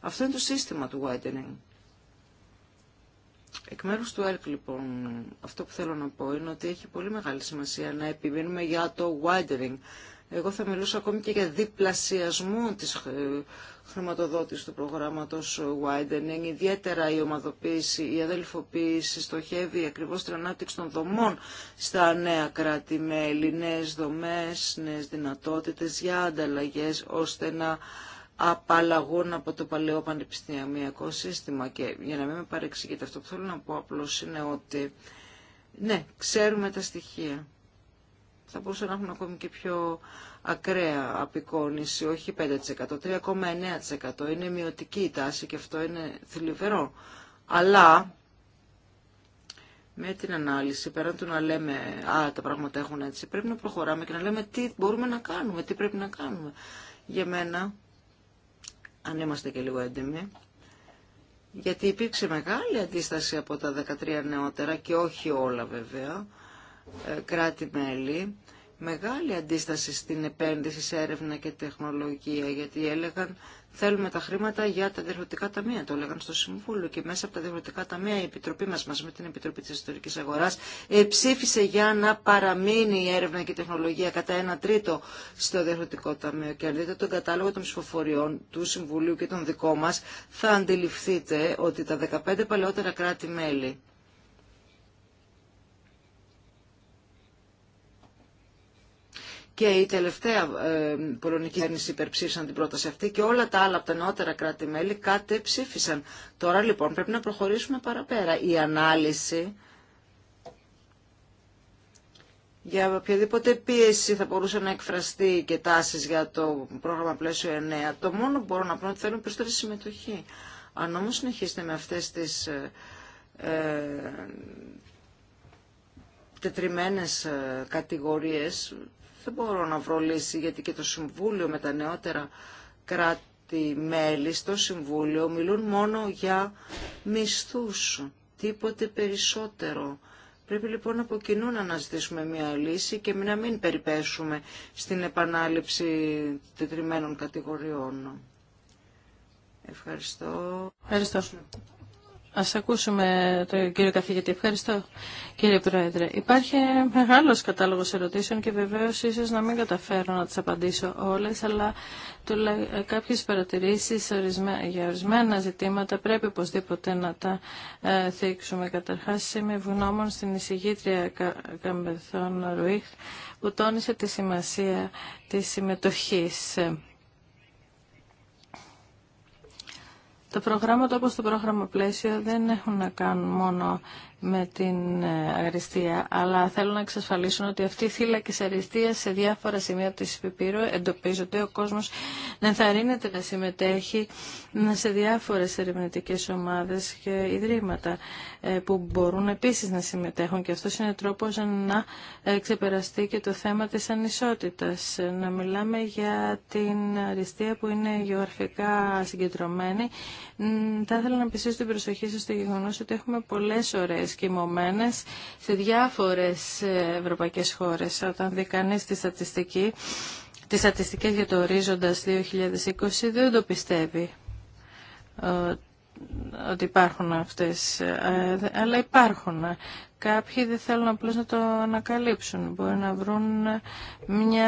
Αυτό είναι το σύστημα του Widening. Εκ μέρου του ΕΛΚ λοιπόν, αυτό που θέλω να πω είναι ότι έχει πολύ μεγάλη σημασία να επιμείνουμε για το widening. Εγώ θα μιλούσα ακόμη και για διπλασιασμό της χρηματοδότησης του προγράμματος widening, ιδιαίτερα η ομαδοποίηση, η αδελφοποίηση στοχεύει ακριβώς την ανάπτυξη των δομών στα νέα με ελληνές δομές, νέες δυνατότητες για ανταλλαγές, ώστε να απαλλαγούν από το παλαιό πανεπιστημιακό σύστημα. Και για να μην με παρεξηγείτε, αυτό που θέλω να πω απλώς είναι ότι ναι, ξέρουμε τα στοιχεία. Θα μπορούσαν να έχουν ακόμη και πιο ακραία απεικόνηση, όχι 5%, 3,9%. Είναι μειωτική η τάση και αυτό είναι θλιβερό. Αλλά με την ανάλυση, πέραν του να λέμε «Α, τα πράγματα έχουν έτσι», πρέπει να προχωράμε και να λέμε τι μπορούμε να κάνουμε, τι πρέπει να κάνουμε. Για μένα αν είμαστε και λίγο έντιμοι, γιατί υπήρξε μεγάλη αντίσταση από τα 13 νεότερα και όχι όλα βέβαια, ε, κράτη-μέλη, μεγάλη αντίσταση στην επένδυση σε έρευνα και τεχνολογία, γιατί έλεγαν Θέλουμε τα χρήματα για τα διευθυντικά ταμεία, το έλεγαν στο Συμβούλιο και μέσα από τα διευθυντικά ταμεία η Επιτροπή μας, μαζί με την Επιτροπή της Ιστορικής Αγοράς, ψήφισε για να παραμείνει η έρευνα και η τεχνολογία κατά ένα τρίτο στο διευθυντικό ταμείο. Και αν δείτε τον κατάλογο των ψηφοφοριών του Συμβουλίου και των δικών μας, θα αντιληφθείτε ότι τα 15 παλαιότερα κράτη-μέλη και η τελευταία ε, πολωνική κυβέρνηση υπερψήφισαν την πρόταση αυτή και όλα τα άλλα από τα νεότερα κράτη-μέλη ψήφισαν. Τώρα λοιπόν πρέπει να προχωρήσουμε παραπέρα. Η ανάλυση για οποιαδήποτε πίεση θα μπορούσε να εκφραστεί και τάσεις για το πρόγραμμα πλαίσιο 9. Το μόνο που μπορώ να πω είναι ότι θέλουν περισσότερη συμμετοχή. Αν όμως συνεχίσετε με αυτές τις ε, ε, ε κατηγορίες, δεν μπορώ να βρω λύση γιατί και το Συμβούλιο με τα νεότερα κράτη-μέλη στο Συμβούλιο μιλούν μόνο για μισθούς, τίποτε περισσότερο. Πρέπει λοιπόν από κοινού να αναζητήσουμε μια λύση και να μην περιπέσουμε στην επανάληψη τετριμένων κατηγοριών. Ευχαριστώ. Ευχαριστώ. Ας ακούσουμε τον κύριο καθηγητή. Ευχαριστώ κύριε Πρόεδρε. Υπάρχει μεγάλος κατάλογος ερωτήσεων και βεβαίως ίσως να μην καταφέρω να τις απαντήσω όλες, αλλά κάποιες παρατηρήσεις για ορισμένα ζητήματα πρέπει οπωσδήποτε να τα ε, θίξουμε. Καταρχάς είμαι ευγνώμων στην εισηγήτρια Καμπεθών Ρουίχ που τόνισε τη σημασία της συμμετοχής ε, Τα προγράμματα όπως το πρόγραμμα πλαίσιο δεν έχουν να κάνουν μόνο με την ε, αριστεία, αλλά θέλω να εξασφαλίσουν ότι αυτή οι θύλακη αριστείας σε διάφορα σημεία τη Επιπύρου εντοπίζονται. Ο κόσμος να ενθαρρύνεται να συμμετέχει σε διάφορε ερευνητικέ ομάδε και ιδρύματα ε, που μπορούν επίση να συμμετέχουν και αυτό είναι τρόπο να ε, ξεπεραστεί και το θέμα τη ανισότητα. Να μιλάμε για την αριστεία που είναι γεωγραφικά συγκεντρωμένη. Θα ήθελα να πιστήσω την προσοχή σα στο γεγονό ότι έχουμε πολλέ ωρε σκημωμένες σε διάφορες ε, ευρωπαϊκές χώρες. Όταν δει κανείς τη στατιστική, τις για το ορίζοντας 2020 δεν το πιστεύει ότι υπάρχουν αυτές, ε, αλλά υπάρχουν. Κάποιοι δεν θέλουν απλώς να το ανακαλύψουν. Μπορεί να βρουν μια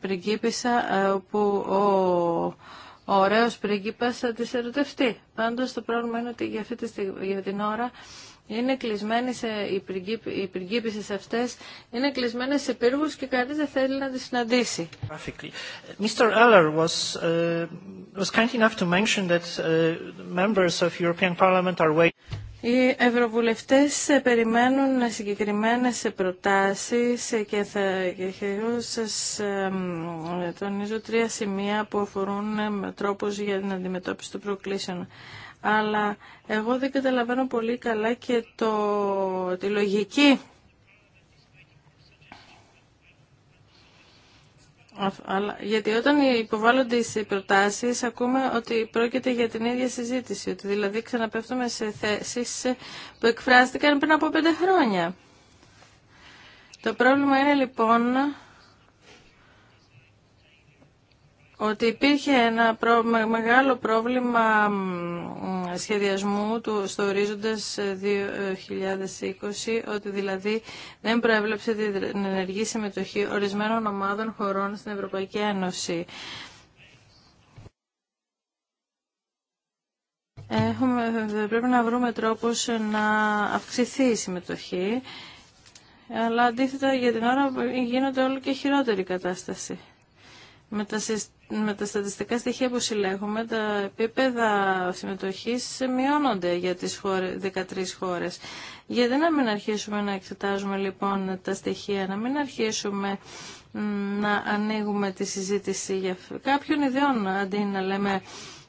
πριγκίπισσα ε, όπου ο ο ωραίος πρίγκιπας θα τις ερωτευτεί. Πάντως το πρόβλημα είναι ότι για, τη για την ώρα είναι κλεισμένοι σε, οι, πριγκίπι, πριγκίπισσες αυτές είναι κλεισμένες σε πύργους και κανείς δεν θέλει να τις συναντήσει. Uh, Mr. Eller was, uh, was kind enough to mention that uh, members of European Parliament are waiting. Οι Ευρωβουλευτές ε, περιμένουν συγκεκριμένες προτάσεις ε, και θα σας τονίζω τρία σημεία που αφορούν ε, τρόπους για την αντιμετώπιση των προκλήσεων αλλά εγώ δεν καταλαβαίνω πολύ καλά και το, τη λογική Γιατί όταν υποβάλλονται οι προτάσεις ακούμε ότι πρόκειται για την ίδια συζήτηση, ότι δηλαδή ξαναπέφτουμε σε θέσεις που εκφράστηκαν πριν από πέντε χρόνια. Το πρόβλημα είναι λοιπόν ότι υπήρχε ένα μεγάλο πρόβλημα σχεδιασμού του στο ορίζοντας 2020, ε, ε, ότι δηλαδή δεν προέβλεψε την ενεργή συμμετοχή ορισμένων ομάδων χωρών στην Ευρωπαϊκή Ένωση. Έχουμε, ε, πρέπει να βρούμε τρόπους να αυξηθεί η συμμετοχή, αλλά αντίθετα για την ώρα γίνεται όλο και χειρότερη κατάσταση. Με τα, στατιστικά στοιχεία που συλλέγουμε, τα επίπεδα συμμετοχής μειώνονται για τις 13 χώρες. Γιατί να μην αρχίσουμε να εξετάζουμε λοιπόν τα στοιχεία, να μην αρχίσουμε να ανοίγουμε τη συζήτηση για κάποιον ιδεών, αντί να λέμε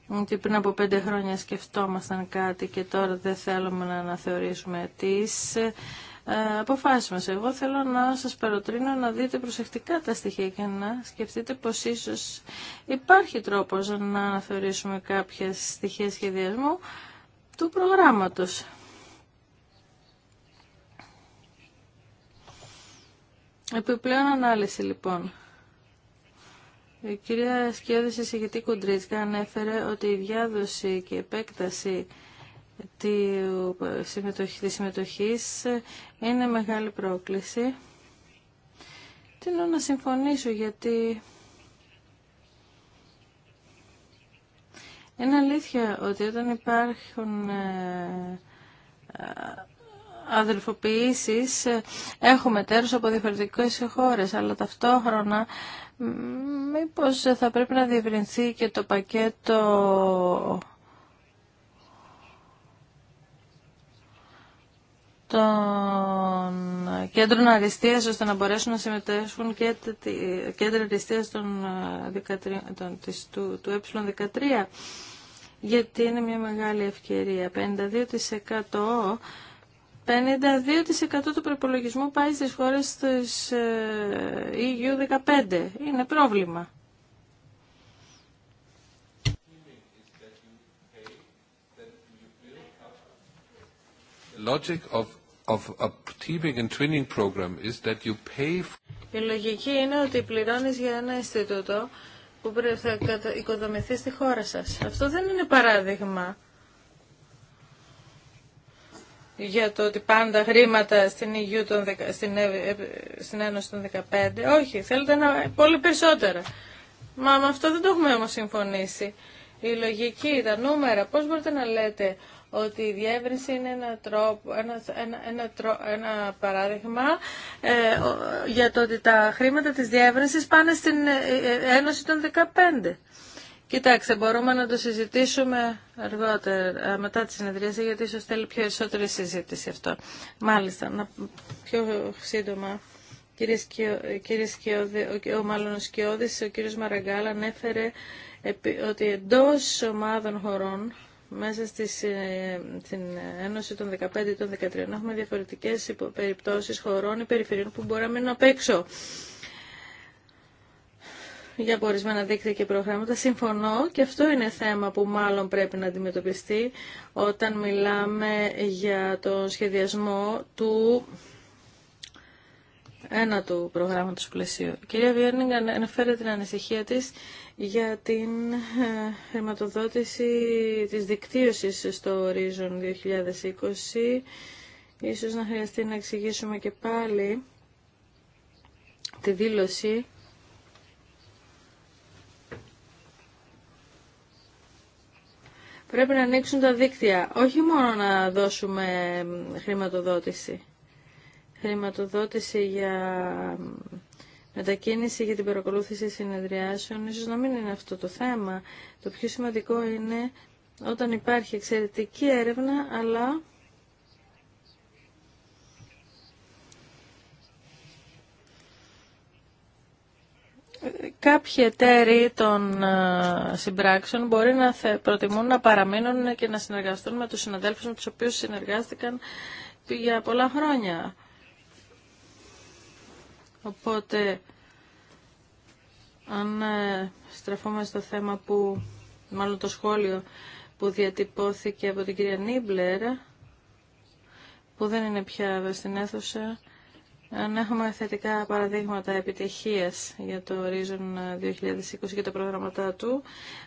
ότι πριν από πέντε χρόνια σκεφτόμασταν κάτι και τώρα δεν θέλουμε να αναθεωρήσουμε τις ε, Εγώ θέλω να σας παροτρύνω να δείτε προσεκτικά τα στοιχεία και να σκεφτείτε πως ίσως υπάρχει τρόπος να αναθεωρήσουμε κάποια στοιχεία σχεδιασμού του προγράμματος. Επιπλέον ανάλυση λοιπόν. Η κυρία Σκιώδης εισηγητή Κουντρίτσκα ανέφερε ότι η διάδοση και η επέκταση της συμμετοχής είναι μεγάλη πρόκληση. εννοώ να συμφωνήσω γιατί είναι αλήθεια ότι όταν υπάρχουν ε, ε, αδελφοποιήσεις ε, έχουμε τέρους από διαφορετικές χώρες αλλά ταυτόχρονα μήπως θα πρέπει να διευρυνθεί και το πακέτο των κέντρων αριστείας ώστε να μπορέσουν να συμμετέχουν και τα κέντρα αριστείας ε, των, της, του, ε13 γιατί είναι μια μεγάλη ευκαιρία. 52% 52% του προπολογισμού πάει στις χώρες της EU15. Ε, είναι πρόβλημα. Logic of of a twinning program is that you pay Η λογική είναι ότι πληρώνεις για ένα Ινστιτούτο που πρέπει να οικοδομηθεί στη χώρα σας. Αυτό δεν είναι παράδειγμα για το ότι πάντα χρήματα στην, στην, στην Ένωση των 15. Όχι, θέλετε να, πολύ περισσότερα. Μα με αυτό δεν το έχουμε όμως συμφωνήσει. Η λογική, τα νούμερα, πώς μπορείτε να λέτε ότι η διεύρυνση είναι ένα, τρόπο, ένα, ένα, ένα παράδειγμα ε, για το ότι τα χρήματα της διεύρυνσης πάνε στην ε, ε, Ένωση των 15. Κοιτάξτε, μπορούμε να το συζητήσουμε αργότερα, ε, μετά τη συνεδρίαση, γιατί ίσως θέλει πιο ισότερη συζήτηση αυτό. Μάλιστα, να, πιο σύντομα. Κύριε Σκιώδη, ο, ο μάλλον ο Σκιώδης, ο κύριος Μαραγκάλα ανέφερε ότι εντός ομάδων χωρών μέσα ε, στην Ένωση των 15 ή των 13 έχουμε διαφορετικές περιπτώσεις χωρών ή περιφερειών που μπορεί να μείνουν απ' έξω για ορισμένα δίκτυα και προγράμματα. Συμφωνώ και αυτό είναι θέμα που μάλλον πρέπει να αντιμετωπιστεί όταν μιλάμε για τον σχεδιασμό του ένα του προγράμματος πλαισίου. Η κυρία Βιέρνιγκ αναφέρεται την ανησυχία της για την ε, χρηματοδότηση της δικτύωσης στο Horizon 2020. Ίσως να χρειαστεί να εξηγήσουμε και πάλι τη δήλωση Πρέπει να ανοίξουν τα δίκτυα, όχι μόνο να δώσουμε χρηματοδότηση χρηματοδότηση για μετακίνηση για την παρακολούθηση συνεδριάσεων, ίσως να μην είναι αυτό το θέμα. Το πιο σημαντικό είναι όταν υπάρχει εξαιρετική έρευνα, αλλά Κάποιοι εταίροι των ε, συμπράξεων μπορεί να προτιμούν να παραμείνουν και να συνεργαστούν με τους συναδέλφους με τους οποίους συνεργάστηκαν για πολλά χρόνια. Οπότε, αν ε, στραφούμε στο θέμα που, μάλλον το σχόλιο που διατυπώθηκε από την κυρία Νίμπλερ, που δεν είναι πια στην αίθουσα, αν έχουμε θετικά παραδείγματα επιτυχίας για το Horizon 2020 και τα προγραμματά του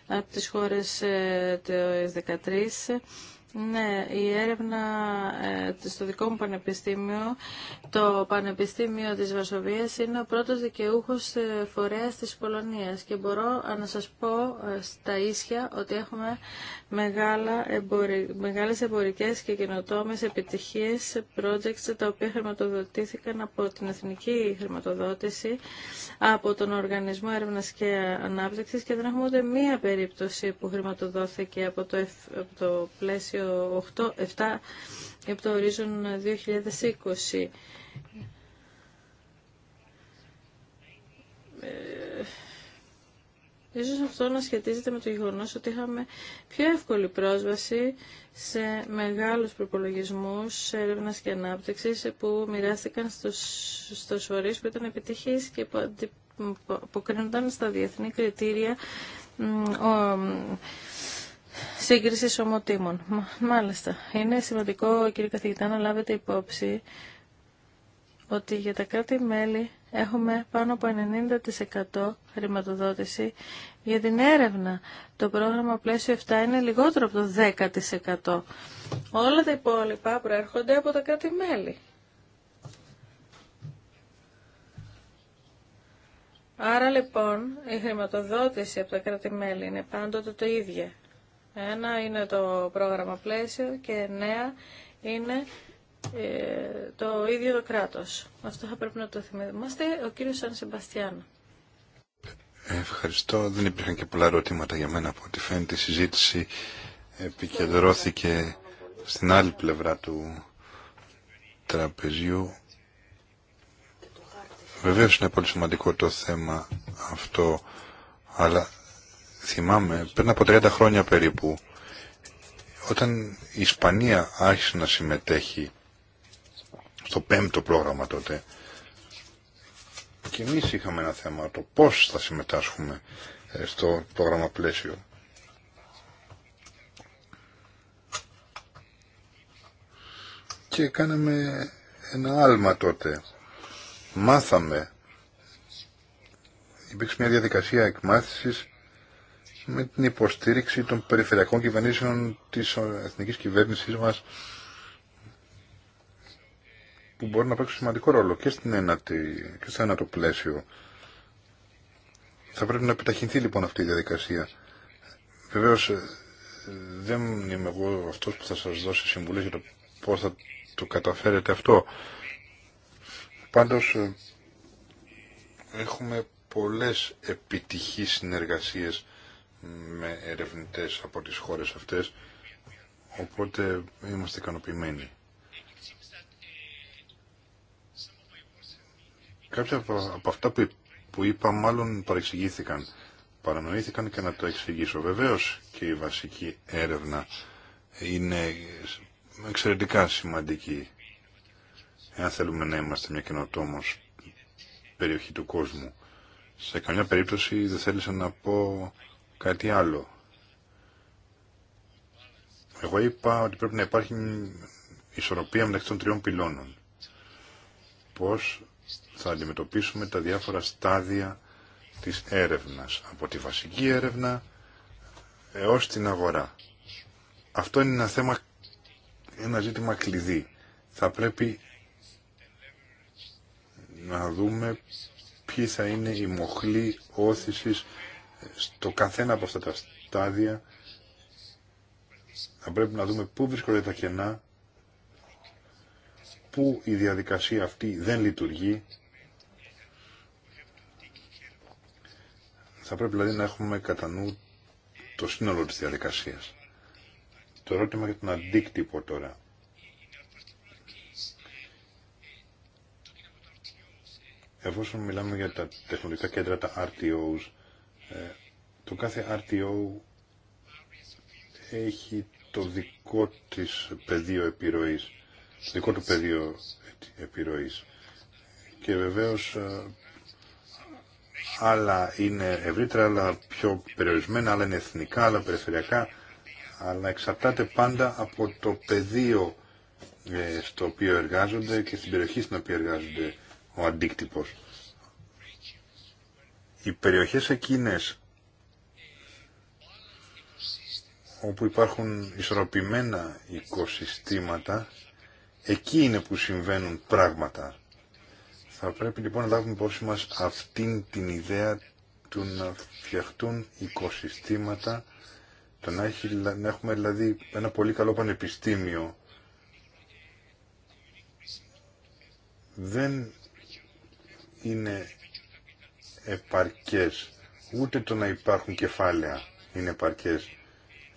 από τις χώρες ε, το 13, ναι, η έρευνα ε, στο δικό μου πανεπιστήμιο, το Πανεπιστήμιο της Βασοβίας είναι ο πρώτος δικαιούχος ε, φορέας της Πολωνίας και μπορώ να σας πω ε, στα ίσια ότι έχουμε μεγάλα εμπορι... μεγάλες εμπορικές και καινοτόμες επιτυχίες projects τα οποία χρηματοδοτήθηκαν από την Εθνική Χρηματοδότηση, από τον Οργανισμό Έρευνας και Ανάπτυξης και δεν έχουμε ούτε μία περίπτωση που χρηματοδόθηκε από το, από το πλαίσιο 8, 7 από το ορίζον 2020. Ε, ίσως αυτό να σχετίζεται με το γεγονός ότι είχαμε πιο εύκολη πρόσβαση σε μεγάλους προπολογισμούς έρευνα και ανάπτυξη που μοιράστηκαν στους, στους που ήταν επιτυχείς και που αποκρίνονταν στα διεθνή κριτήρια σύγκριση ομοτήμων. Μάλιστα. Είναι σημαντικό, κύριε καθηγητά, να λάβετε υπόψη ότι για τα κράτη-μέλη έχουμε πάνω από 90% χρηματοδότηση για την έρευνα. Το πρόγραμμα πλαίσιο 7 είναι λιγότερο από το 10%. Όλα τα υπόλοιπα προέρχονται από τα κράτη-μέλη. Άρα λοιπόν η χρηματοδότηση από τα κράτη-μέλη είναι πάντοτε το ίδιο. Ένα είναι το πρόγραμμα πλαίσιο και νέα είναι ε, το ίδιο το κράτος. Αυτό θα πρέπει να το θυμηθούμε. Ο κύριος Σαν Σεμπαστιάν. Ευχαριστώ. Δεν υπήρχαν και πολλά ερωτήματα για μένα από ό,τι φαίνεται. Η συζήτηση επικεντρώθηκε στην άλλη πλευρά του τραπεζιού. Βεβαίως είναι πολύ σημαντικό το θέμα αυτό, αλλά θυμάμαι πριν από 30 χρόνια περίπου όταν η Ισπανία άρχισε να συμμετέχει στο πέμπτο πρόγραμμα τότε και εμεί είχαμε ένα θέμα το πώς θα συμμετάσχουμε ε, στο πρόγραμμα πλαίσιο. Και κάναμε ένα άλμα τότε. Μάθαμε. Υπήρξε μια διαδικασία εκμάθησης με την υποστήριξη των περιφερειακών κυβερνήσεων της εθνικής κυβέρνησής μας που μπορεί να παίξει σημαντικό ρόλο και, στην ένατη, και στο ένατο πλαίσιο. Θα πρέπει να επιταχυνθεί λοιπόν αυτή η διαδικασία. Βεβαίως ε, δεν είμαι εγώ αυτός που θα σας δώσει συμβουλές για το πώς θα το καταφέρετε αυτό. Πάντως ε, έχουμε πολλές επιτυχείς συνεργασίες με ερευνητές από τις χώρες αυτές, οπότε είμαστε ικανοποιημένοι. Κάποια από αυτά που είπα μάλλον παρεξηγήθηκαν, παρανοήθηκαν και να το εξηγήσω. Βεβαίως και η βασική έρευνα είναι εξαιρετικά σημαντική εάν θέλουμε να είμαστε μια καινοτόμος περιοχή του κόσμου. Σε καμιά περίπτωση δεν θέλησα να πω κάτι άλλο. Εγώ είπα ότι πρέπει να υπάρχει ισορροπία μεταξύ των τριών πυλώνων. Πώς θα αντιμετωπίσουμε τα διάφορα στάδια της έρευνας. Από τη βασική έρευνα έως την αγορά. Αυτό είναι ένα θέμα, ένα ζήτημα κλειδί. Θα πρέπει να δούμε ποιοι θα είναι οι μοχλοί όθησης στο καθένα από αυτά τα στάδια θα πρέπει να δούμε πού βρίσκονται τα κενά, πού η διαδικασία αυτή δεν λειτουργεί. Θα πρέπει δηλαδή να έχουμε κατά νου το σύνολο της διαδικασίας. Το ερώτημα για τον αντίκτυπο τώρα. Εφόσον μιλάμε για τα τεχνολογικά κέντρα, τα RTOs, ε, το κάθε RTO έχει το δικό της πεδίο επιρροής, δικό του πεδίο επιρροής. Και βεβαίως ε, άλλα είναι ευρύτερα, άλλα πιο περιορισμένα, άλλα είναι εθνικά, άλλα περιφερειακά, αλλά εξαρτάται πάντα από το πεδίο ε, στο οποίο εργάζονται και στην περιοχή στην οποία εργάζονται ο αντίκτυπος. Οι περιοχές εκείνες όπου υπάρχουν ισορροπημένα οικοσυστήματα, εκεί είναι που συμβαίνουν πράγματα. Θα πρέπει λοιπόν να λάβουμε υπόψη μας αυτήν την ιδέα του να φτιαχτούν οικοσυστήματα, το να, έχει, να έχουμε δηλαδή ένα πολύ καλό πανεπιστήμιο. Δεν είναι επαρκές. Ούτε το να υπάρχουν κεφάλαια είναι επαρκές,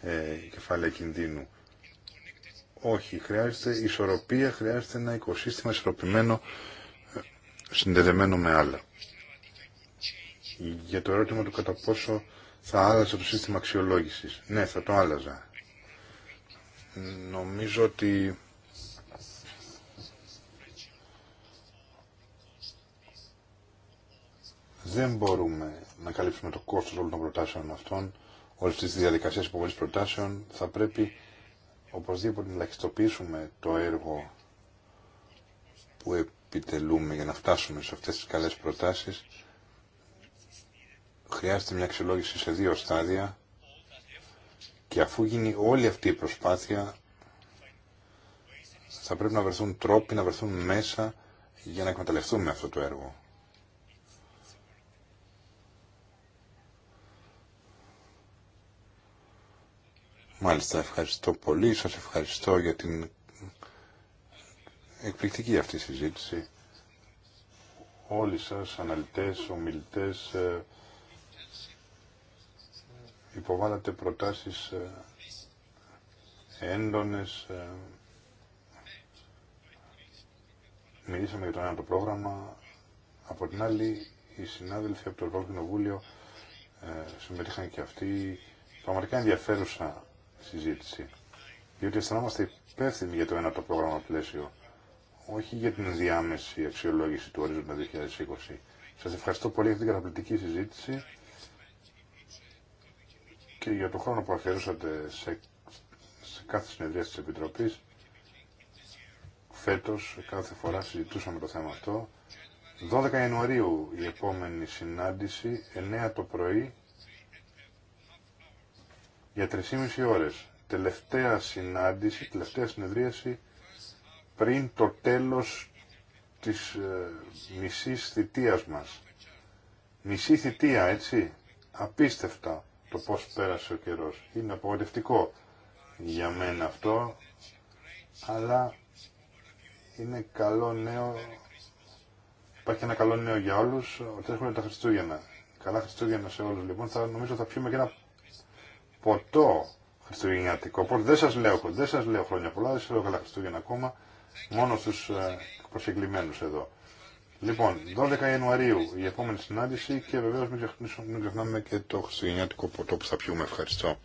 ε, κεφάλαια κινδύνου. Όχι, χρειάζεται ισορροπία, χρειάζεται ένα οικοσύστημα ισορροπημένο, ε, συνδεδεμένο με άλλα. Για το ερώτημα του κατά πόσο θα άλλαζα το σύστημα αξιολόγησης. Ναι, θα το άλλαζα. Νομίζω ότι δεν μπορούμε να καλύψουμε το κόστος όλων των προτάσεων αυτών, όλη αυτή τη διαδικασία υποβολή προτάσεων. Θα πρέπει οπωσδήποτε να ελαχιστοποιήσουμε το έργο που επιτελούμε για να φτάσουμε σε αυτέ τι καλέ προτάσει. Χρειάζεται μια αξιολόγηση σε δύο στάδια και αφού γίνει όλη αυτή η προσπάθεια θα πρέπει να βρεθούν τρόποι, να βρεθούν μέσα για να εκμεταλλευτούμε αυτό το έργο. Μάλιστα, ευχαριστώ πολύ. Σας ευχαριστώ για την εκπληκτική αυτή συζήτηση. Όλοι σας, αναλυτές, ομιλητές, ε, υποβάλλατε προτάσεις ε, έντονες. Ε, μιλήσαμε για το ένα το πρόγραμμα. Από την άλλη, οι συνάδελφοι από το Ευρώπινο Βούλιο συμμετείχαν και αυτοί. Πραγματικά ενδιαφέρουσα συζήτηση. Διότι αισθανόμαστε υπεύθυνοι για το ένα το πρόγραμμα πλαίσιο, όχι για την διάμεση αξιολόγηση του ορίζοντα 2020. Σας ευχαριστώ πολύ για την καταπληκτική συζήτηση και για τον χρόνο που αφιερώσατε σε, σε κάθε συνεδρία της Επιτροπής. Φέτος, κάθε φορά συζητούσαμε το θέμα αυτό. 12 Ιανουαρίου η επόμενη συνάντηση, 9 το πρωί, για 3,5 ώρες. Τελευταία συνάντηση, τελευταία συνεδρίαση πριν το τέλος της ε, μισής θητείας μας. Μισή θητεία, έτσι. Απίστευτα το πώς πέρασε ο καιρός. Είναι απογοητευτικό για μένα αυτό, αλλά είναι καλό νέο. Υπάρχει ένα καλό νέο για όλους, ότι έχουν τα Χριστούγεννα. Καλά Χριστούγεννα σε όλους. Λοιπόν, θα, νομίζω θα πιούμε και ένα ποτό χριστουγεννιάτικο. Οπότε δεν σα λέω, δεν λέω χρόνια πολλά, δεν σας λέω καλά Χριστούγεννα ακόμα, μόνο στους ε, προσεγγλημένου εδώ. Λοιπόν, 12 Ιανουαρίου η επόμενη συνάντηση και βεβαίως μην ξεχνάμε και το χριστουγεννιάτικο ποτό που θα πιούμε. Ευχαριστώ.